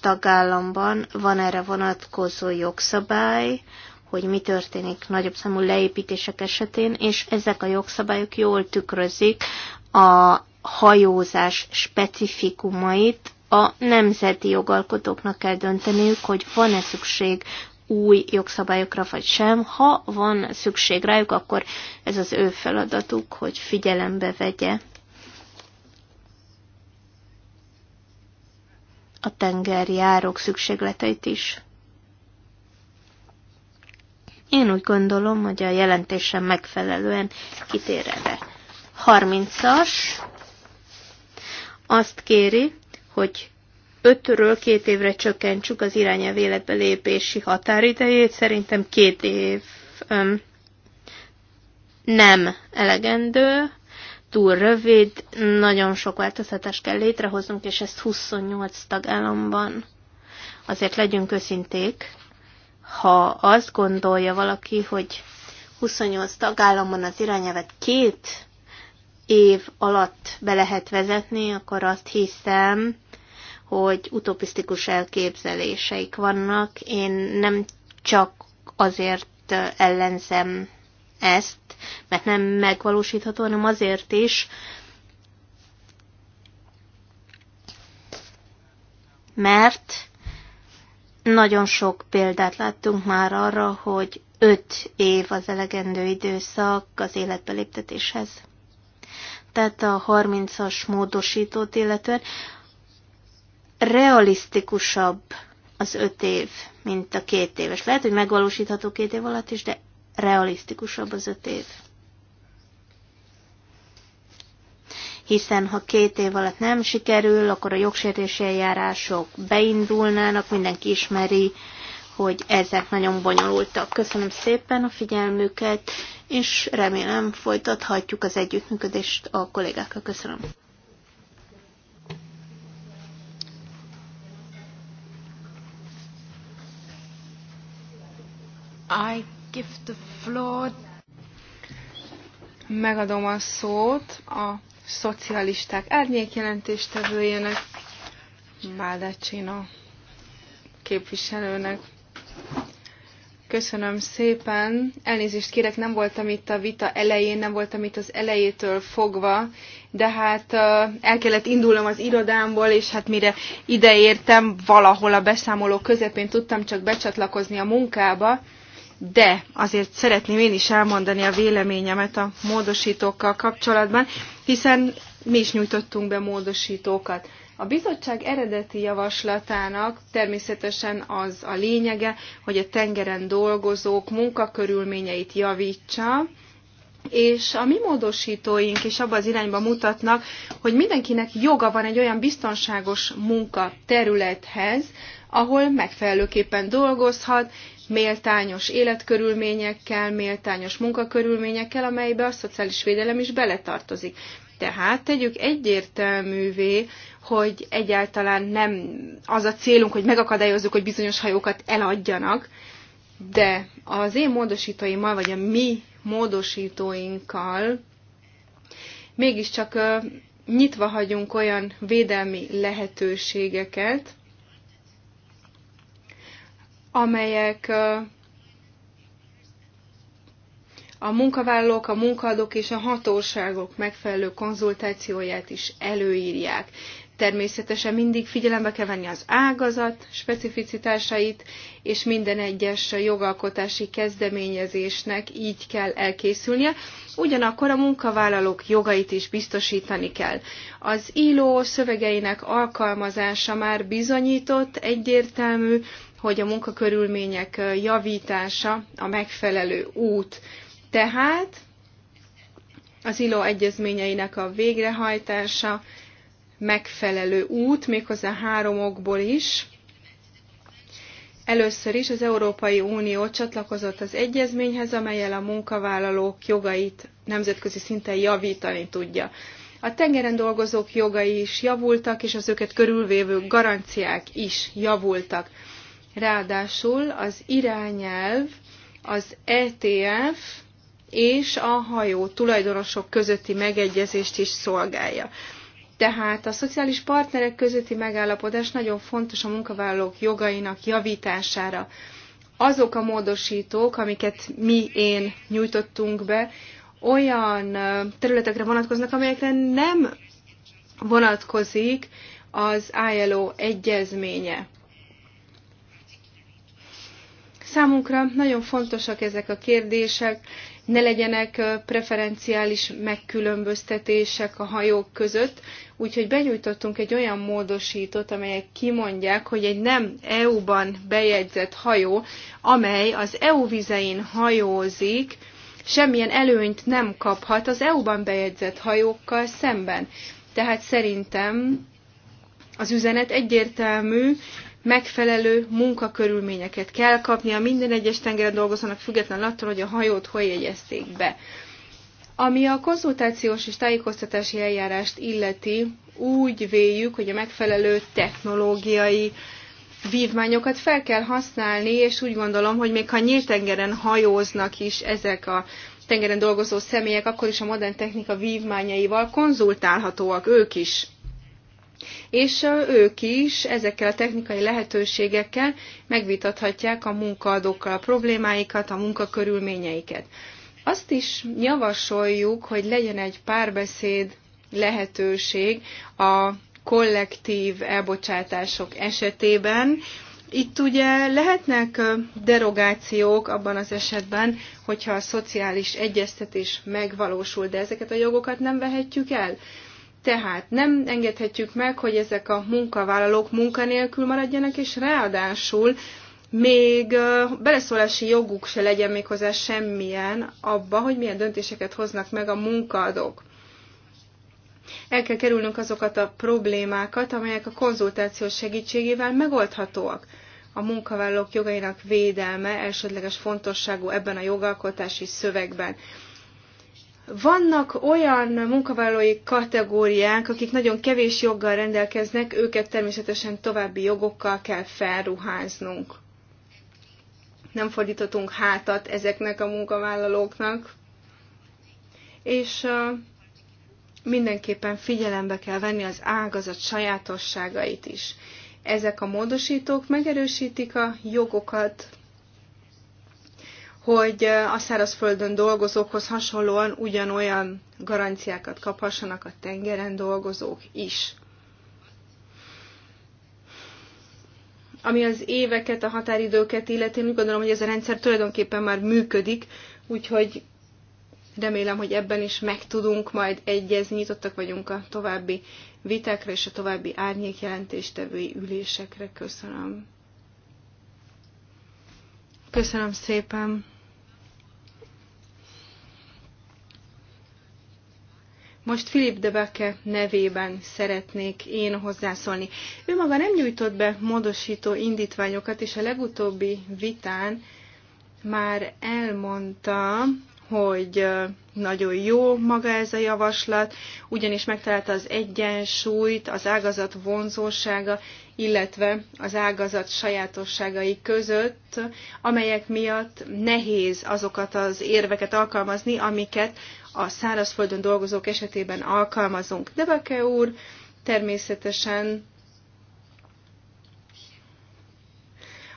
tagállamban van erre vonatkozó jogszabály, hogy mi történik nagyobb számú leépítések esetén, és ezek a jogszabályok jól tükrözik a hajózás specifikumait a nemzeti jogalkotóknak kell dönteniük, hogy van-e szükség új jogszabályokra vagy sem. Ha van szükség rájuk, akkor ez az ő feladatuk, hogy figyelembe vegye a tengerjárók szükségleteit is. Én úgy gondolom, hogy a jelentésem megfelelően kitér erre. 30-as azt kéri, hogy ötről két évre csökkentsük az irányelv életbe lépési határidejét. Szerintem két év öm, nem elegendő, túl rövid, nagyon sok változtatást kell létrehoznunk, és ezt 28 tagállamban. Azért legyünk őszinték, ha azt gondolja valaki, hogy 28 tagállamban az irányelvet két év alatt be lehet vezetni, akkor azt hiszem, hogy utopisztikus elképzeléseik vannak. Én nem csak azért ellenzem ezt, mert nem megvalósítható, hanem azért is, mert nagyon sok példát láttunk már arra, hogy öt év az elegendő időszak az életbeléptetéshez tehát a 30-as módosítót illetően realisztikusabb az öt év, mint a két éves. Lehet, hogy megvalósítható két év alatt is, de realisztikusabb az öt év. Hiszen ha két év alatt nem sikerül, akkor a jogsértési eljárások beindulnának, mindenki ismeri hogy ezek nagyon bonyolultak. Köszönöm szépen a figyelmüket, és remélem folytathatjuk az együttműködést a kollégákkal. Köszönöm. I give the floor. Megadom a szót a szocialisták árnyékjelentéstevőjének, Máldácsina képviselőnek. Köszönöm szépen. Elnézést kérek, nem voltam itt a vita elején, nem voltam itt az elejétől fogva, de hát el kellett indulnom az irodámból, és hát mire ideértem, valahol a beszámoló közepén tudtam csak becsatlakozni a munkába, de azért szeretném én is elmondani a véleményemet a módosítókkal kapcsolatban, hiszen mi is nyújtottunk be módosítókat. A bizottság eredeti javaslatának természetesen az a lényege, hogy a tengeren dolgozók munkakörülményeit javítsa, és a mi módosítóink is abba az irányba mutatnak, hogy mindenkinek joga van egy olyan biztonságos munka területhez, ahol megfelelőképpen dolgozhat, méltányos életkörülményekkel, méltányos munkakörülményekkel, amelybe a szociális védelem is beletartozik. Tehát tegyük egyértelművé, hogy egyáltalán nem az a célunk, hogy megakadályozzuk, hogy bizonyos hajókat eladjanak, de az én módosítóimmal, vagy a mi módosítóinkkal mégiscsak nyitva hagyunk olyan védelmi lehetőségeket, amelyek a munkavállalók, a munkadók és a hatóságok megfelelő konzultációját is előírják. Természetesen mindig figyelembe kell venni az ágazat specificitásait, és minden egyes jogalkotási kezdeményezésnek így kell elkészülnie. Ugyanakkor a munkavállalók jogait is biztosítani kell. Az ILO szövegeinek alkalmazása már bizonyított egyértelmű, hogy a munkakörülmények javítása a megfelelő út tehát az ILO egyezményeinek a végrehajtása megfelelő út, méghozzá három okból is. Először is az Európai Unió csatlakozott az egyezményhez, amelyel a munkavállalók jogait nemzetközi szinten javítani tudja. A tengeren dolgozók jogai is javultak, és az őket körülvévő garanciák is javultak. Ráadásul az irányelv, az ETF és a hajó tulajdonosok közötti megegyezést is szolgálja. Tehát a szociális partnerek közötti megállapodás nagyon fontos a munkavállalók jogainak javítására. Azok a módosítók, amiket mi, én nyújtottunk be, olyan területekre vonatkoznak, amelyekre nem vonatkozik az ILO egyezménye. Számunkra nagyon fontosak ezek a kérdések, ne legyenek preferenciális megkülönböztetések a hajók között, úgyhogy benyújtottunk egy olyan módosítót, amelyek kimondják, hogy egy nem EU-ban bejegyzett hajó, amely az EU vizein hajózik, semmilyen előnyt nem kaphat az EU-ban bejegyzett hajókkal szemben. Tehát szerintem az üzenet egyértelmű, megfelelő munkakörülményeket kell kapnia, minden egyes tengeren dolgozónak függetlenül attól, hogy a hajót hol jegyezték be. Ami a konzultációs és tájékoztatási eljárást illeti, úgy véljük, hogy a megfelelő technológiai vívmányokat fel kell használni, és úgy gondolom, hogy még ha nyílt tengeren hajóznak is ezek a tengeren dolgozó személyek, akkor is a modern technika vívmányaival konzultálhatóak ők is és ők is ezekkel a technikai lehetőségekkel megvitathatják a munkaadókkal a problémáikat, a munkakörülményeiket. Azt is javasoljuk, hogy legyen egy párbeszéd lehetőség a kollektív elbocsátások esetében. Itt ugye lehetnek derogációk abban az esetben, hogyha a szociális egyeztetés megvalósul, de ezeket a jogokat nem vehetjük el. Tehát nem engedhetjük meg, hogy ezek a munkavállalók munkanélkül maradjanak, és ráadásul még beleszólási joguk se legyen méghozzá semmilyen abba, hogy milyen döntéseket hoznak meg a munkaadók. El kell kerülnünk azokat a problémákat, amelyek a konzultáció segítségével megoldhatóak. A munkavállalók jogainak védelme elsődleges fontosságú ebben a jogalkotási szövegben. Vannak olyan munkavállalói kategóriák, akik nagyon kevés joggal rendelkeznek, őket természetesen további jogokkal kell felruháznunk. Nem fordíthatunk hátat ezeknek a munkavállalóknak, és mindenképpen figyelembe kell venni az ágazat sajátosságait is. Ezek a módosítók megerősítik a jogokat hogy a szárazföldön dolgozókhoz hasonlóan ugyanolyan garanciákat kaphassanak a tengeren dolgozók is. Ami az éveket, a határidőket illeti, úgy gondolom, hogy ez a rendszer tulajdonképpen már működik, úgyhogy remélem, hogy ebben is meg tudunk majd egyezni, nyitottak vagyunk a további vitákra és a további árnyékjelentéstevői ülésekre. Köszönöm. Köszönöm szépen. Most Philip de Beke nevében szeretnék én hozzászólni. Ő maga nem nyújtott be módosító indítványokat, és a legutóbbi vitán már elmondta, hogy nagyon jó maga ez a javaslat, ugyanis megtalálta az egyensúlyt, az ágazat vonzósága, illetve az ágazat sajátosságai között, amelyek miatt nehéz azokat az érveket alkalmazni, amiket a szárazföldön dolgozók esetében alkalmazunk. Debeke úr természetesen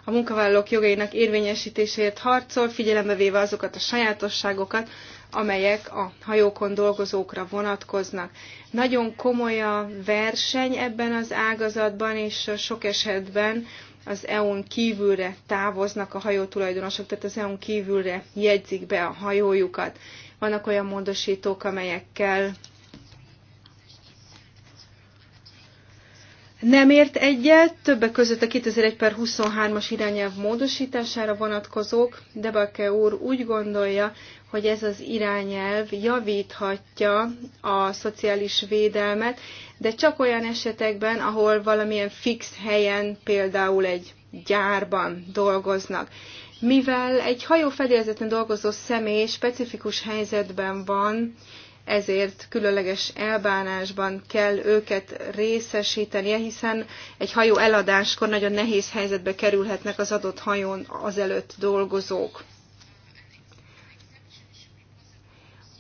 a munkavállalók jogainak érvényesítéséért harcol, figyelembe véve azokat a sajátosságokat, amelyek a hajókon dolgozókra vonatkoznak. Nagyon komoly a verseny ebben az ágazatban, és sok esetben az EU-n kívülre távoznak a hajótulajdonosok, tehát az EU-n kívülre jegyzik be a hajójukat. Vannak olyan módosítók, amelyekkel nem ért egyet, többek között a 2001 per 23-as irányelv módosítására vonatkozók, de úr úgy gondolja, hogy ez az irányelv javíthatja a szociális védelmet, de csak olyan esetekben, ahol valamilyen fix helyen, például egy gyárban dolgoznak. Mivel egy hajó fedélzeten dolgozó személy specifikus helyzetben van, ezért különleges elbánásban kell őket részesítenie, hiszen egy hajó eladáskor nagyon nehéz helyzetbe kerülhetnek az adott hajón azelőtt dolgozók.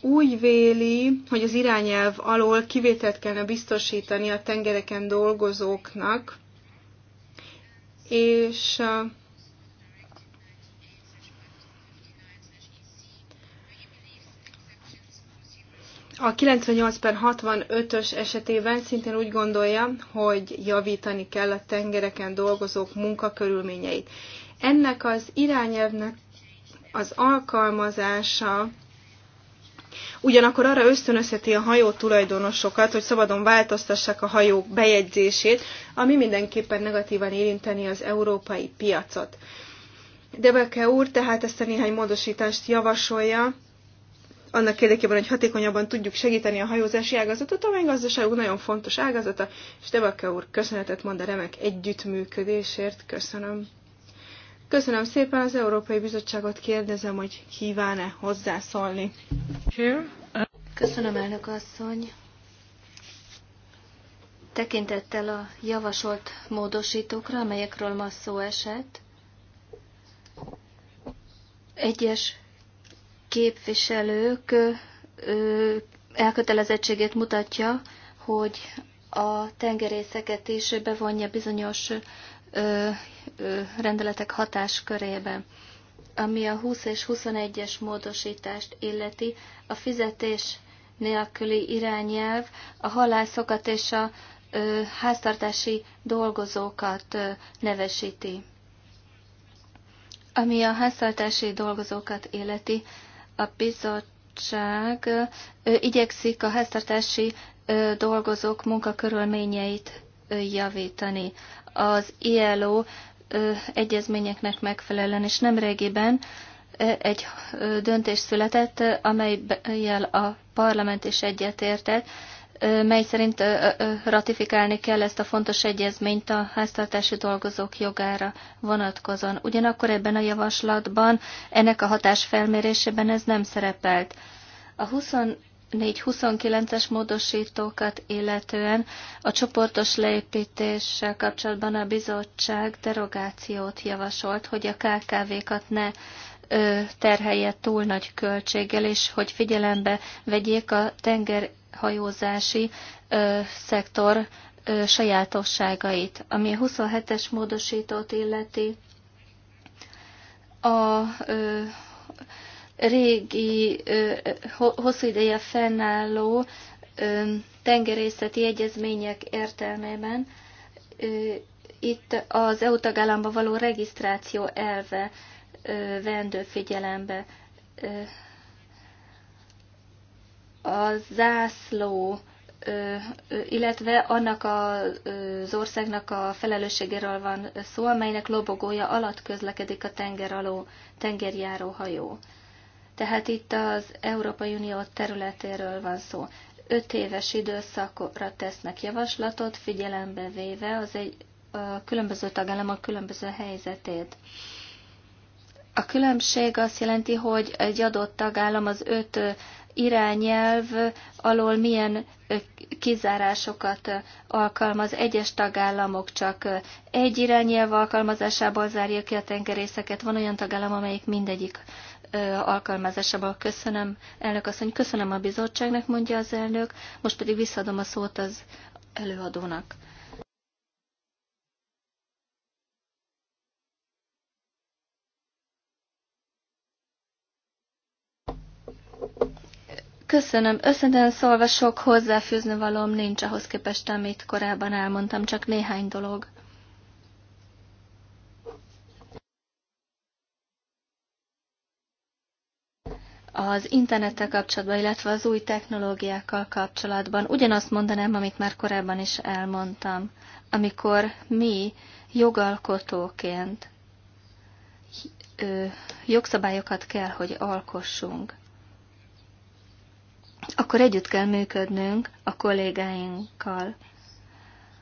Úgy véli, hogy az irányelv alól kivételt kellene biztosítani a tengereken dolgozóknak, és A 98 per 65-ös esetében szintén úgy gondolja, hogy javítani kell a tengereken dolgozók munkakörülményeit. Ennek az irányelvnek az alkalmazása ugyanakkor arra ösztönözheti a hajó tulajdonosokat, hogy szabadon változtassák a hajók bejegyzését, ami mindenképpen negatívan érinteni az európai piacot. Debeke úr tehát ezt a néhány módosítást javasolja, annak érdekében, hogy hatékonyabban tudjuk segíteni a hajózási ágazatot, amely gazdaságunk nagyon fontos ágazata, és Debakka úr köszönetet mond a remek együttműködésért. Köszönöm. Köszönöm szépen az Európai Bizottságot, kérdezem, hogy kíván-e hozzászólni. Köszönöm, elnök asszony. Tekintettel a javasolt módosítókra, amelyekről ma szó esett, egyes képviselők elkötelezettségét mutatja, hogy a tengerészeket is bevonja bizonyos rendeletek hatáskörébe. Ami a 20 és 21-es módosítást illeti, a fizetés nélküli irányelv a halászokat és a háztartási dolgozókat nevesíti. Ami a háztartási dolgozókat életi, a bizottság igyekszik a háztartási dolgozók munkakörülményeit javítani. Az ILO egyezményeknek megfelelően, és nem régiben egy döntés született, amelyel a parlament is egyetértett, mely szerint ratifikálni kell ezt a fontos egyezményt a háztartási dolgozók jogára vonatkozóan. Ugyanakkor ebben a javaslatban, ennek a hatás felmérésében ez nem szerepelt. A 24-29-es módosítókat illetően a csoportos leépítéssel kapcsolatban a bizottság derogációt javasolt, hogy a KKV-kat ne terhelje túl nagy költséggel, és hogy figyelembe vegyék a tenger hajózási ö, szektor ö, sajátosságait. Ami a 27-es módosítót illeti, a ö, régi, ö, hosszú ideje fennálló ö, tengerészeti egyezmények értelmében ö, itt az EU tagállamba való regisztráció elve ö, vendő figyelembe. Ö, a zászló, illetve annak az országnak a felelősségéről van szó, amelynek lobogója alatt közlekedik a tenger aló, tengerjáró hajó. Tehát itt az Európai Unió területéről van szó. Öt éves időszakra tesznek javaslatot, figyelembe véve az egy, a különböző tagállamok különböző helyzetét. A különbség azt jelenti, hogy egy adott tagállam az öt irányelv alól milyen kizárásokat alkalmaz. Egyes tagállamok csak egy irányelv alkalmazásából zárja ki a tengerészeket. Van olyan tagállam, amelyik mindegyik alkalmazásából. Köszönöm, elnök asszony, köszönöm a bizottságnak, mondja az elnök. Most pedig visszadom a szót az előadónak. Köszönöm. Összeden szólva sok hozzáfűzni valóm nincs ahhoz képest, amit korábban elmondtam, csak néhány dolog. az internettel kapcsolatban, illetve az új technológiákkal kapcsolatban ugyanazt mondanám, amit már korábban is elmondtam. Amikor mi jogalkotóként jogszabályokat kell, hogy alkossunk, akkor együtt kell működnünk a kollégáinkkal,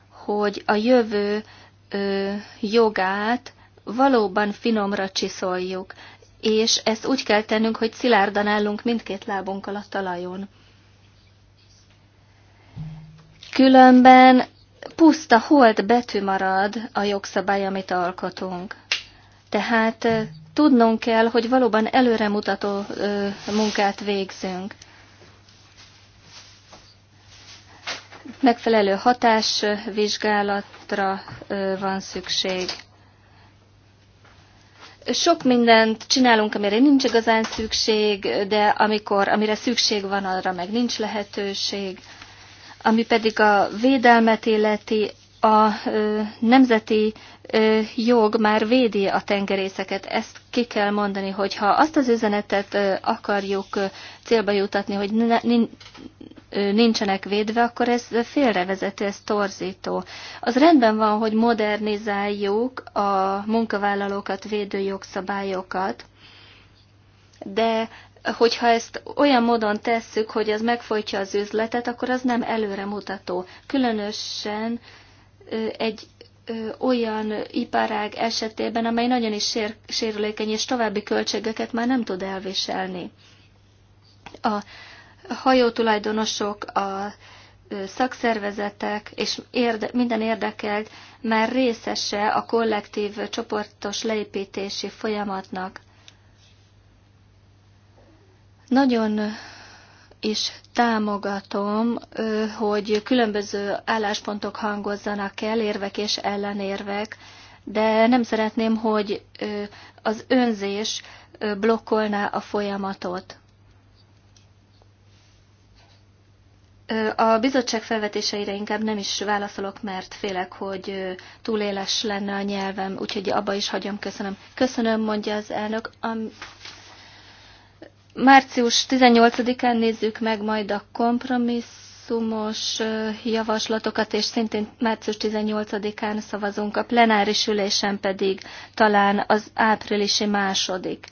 hogy a jövő ö, jogát valóban finomra csiszoljuk, és ezt úgy kell tennünk, hogy szilárdan állunk mindkét lábunkkal a talajon. Különben puszta holt betű marad a jogszabály, amit alkotunk. Tehát tudnunk kell, hogy valóban előremutató munkát végzünk. Megfelelő hatásvizsgálatra van szükség. Sok mindent csinálunk, amire nincs igazán szükség, de amikor, amire szükség van, arra meg nincs lehetőség. Ami pedig a védelmet illeti, a ö, nemzeti ö, jog már védi a tengerészeket. Ezt ki kell mondani, hogyha azt az üzenetet ö, akarjuk ö, célba jutatni, hogy ne, nincsenek védve, akkor ez félrevezető, ez torzító. Az rendben van, hogy modernizáljuk a munkavállalókat védő jogszabályokat, de hogyha ezt olyan módon tesszük, hogy az megfojtja az üzletet, akkor az nem előremutató. Különösen egy olyan iparág esetében, amely nagyon is sér, sérülékeny, és további költségeket már nem tud elviselni. A hajótulajdonosok, a szakszervezetek és érde, minden érdekelt már részese a kollektív csoportos leépítési folyamatnak. Nagyon is támogatom, hogy különböző álláspontok hangozzanak el, érvek és ellenérvek, de nem szeretném, hogy az önzés blokkolná a folyamatot. A bizottság felvetéseire inkább nem is válaszolok, mert félek, hogy túléles lenne a nyelvem, úgyhogy abba is hagyom, köszönöm. Köszönöm, mondja az elnök. A március 18-án nézzük meg majd a kompromisszumos javaslatokat, és szintén március 18-án szavazunk, a plenáris ülésen pedig talán az áprilisi második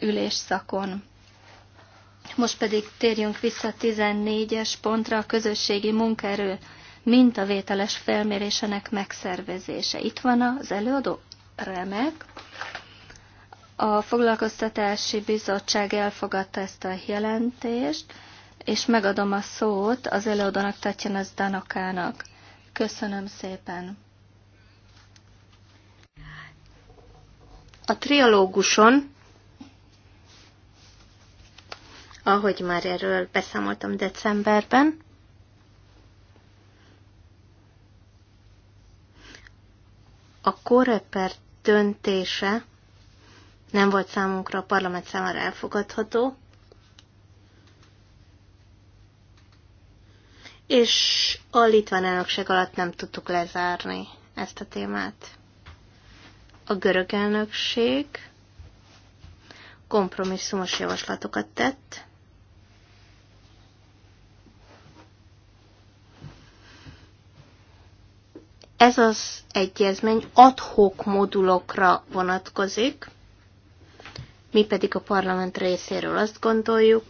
ülésszakon. Most pedig térjünk vissza 14-es pontra a közösségi munkaerő mintavételes felmérésének megszervezése. Itt van az előadó? Remek. A Foglalkoztatási Bizottság elfogadta ezt a jelentést, és megadom a szót az előadónak Tatjana Zdanokának. Köszönöm szépen. A trialóguson ahogy már erről beszámoltam decemberben. A koreper döntése nem volt számunkra a parlament számára elfogadható, és a litván elnökség alatt nem tudtuk lezárni ezt a témát. A görög elnökség kompromisszumos javaslatokat tett, Ez az egyezmény adhok modulokra vonatkozik, mi pedig a parlament részéről azt gondoljuk,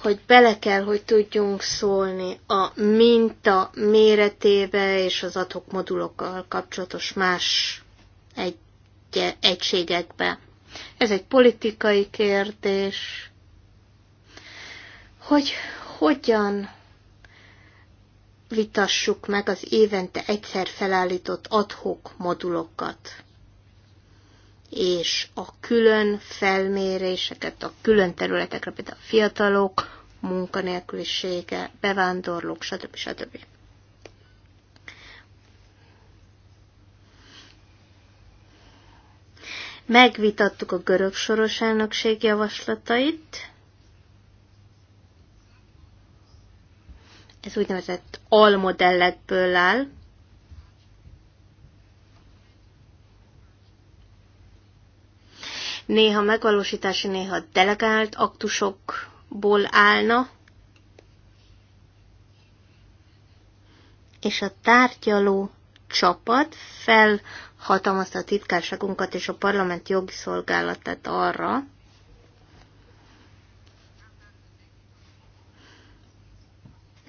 hogy bele kell, hogy tudjunk szólni a minta méretébe és az adhok modulokkal kapcsolatos más egy, egységekbe. Ez egy politikai kérdés, hogy hogyan vitassuk meg az évente egyszer felállított adhok modulokat, és a külön felméréseket a külön területekre, például a fiatalok, munkanélkülisége, bevándorlók, stb. stb. Megvitattuk a görög soros elnökség javaslatait, ez úgynevezett almodellekből áll, néha megvalósítási, néha delegált aktusokból állna, és a tárgyaló csapat felhatalmazta a titkárságunkat és a parlament jogi szolgálatát arra,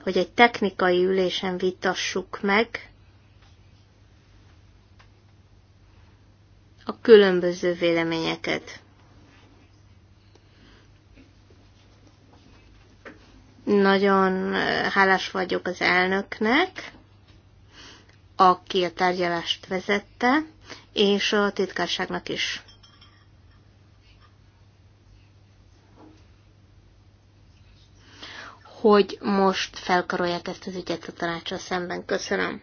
hogy egy technikai ülésen vitassuk meg a különböző véleményeket. Nagyon eh, hálás vagyok az elnöknek, aki a tárgyalást vezette, és a titkárságnak is. hogy most felkarolják ezt az ügyet a tanácsal szemben. Köszönöm.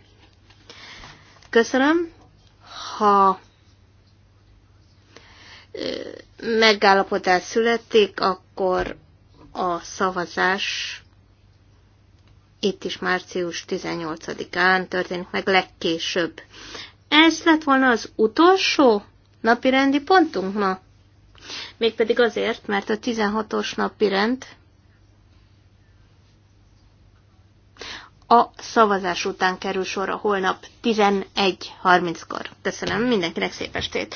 Köszönöm. Ha megállapodás születik, akkor a szavazás itt is március 18-án történik meg legkésőbb. Ez lett volna az utolsó napirendi pontunk ma. Mégpedig azért, mert a 16-os napirend a szavazás után kerül sor a holnap 11.30-kor. Köszönöm mindenkinek szép estét!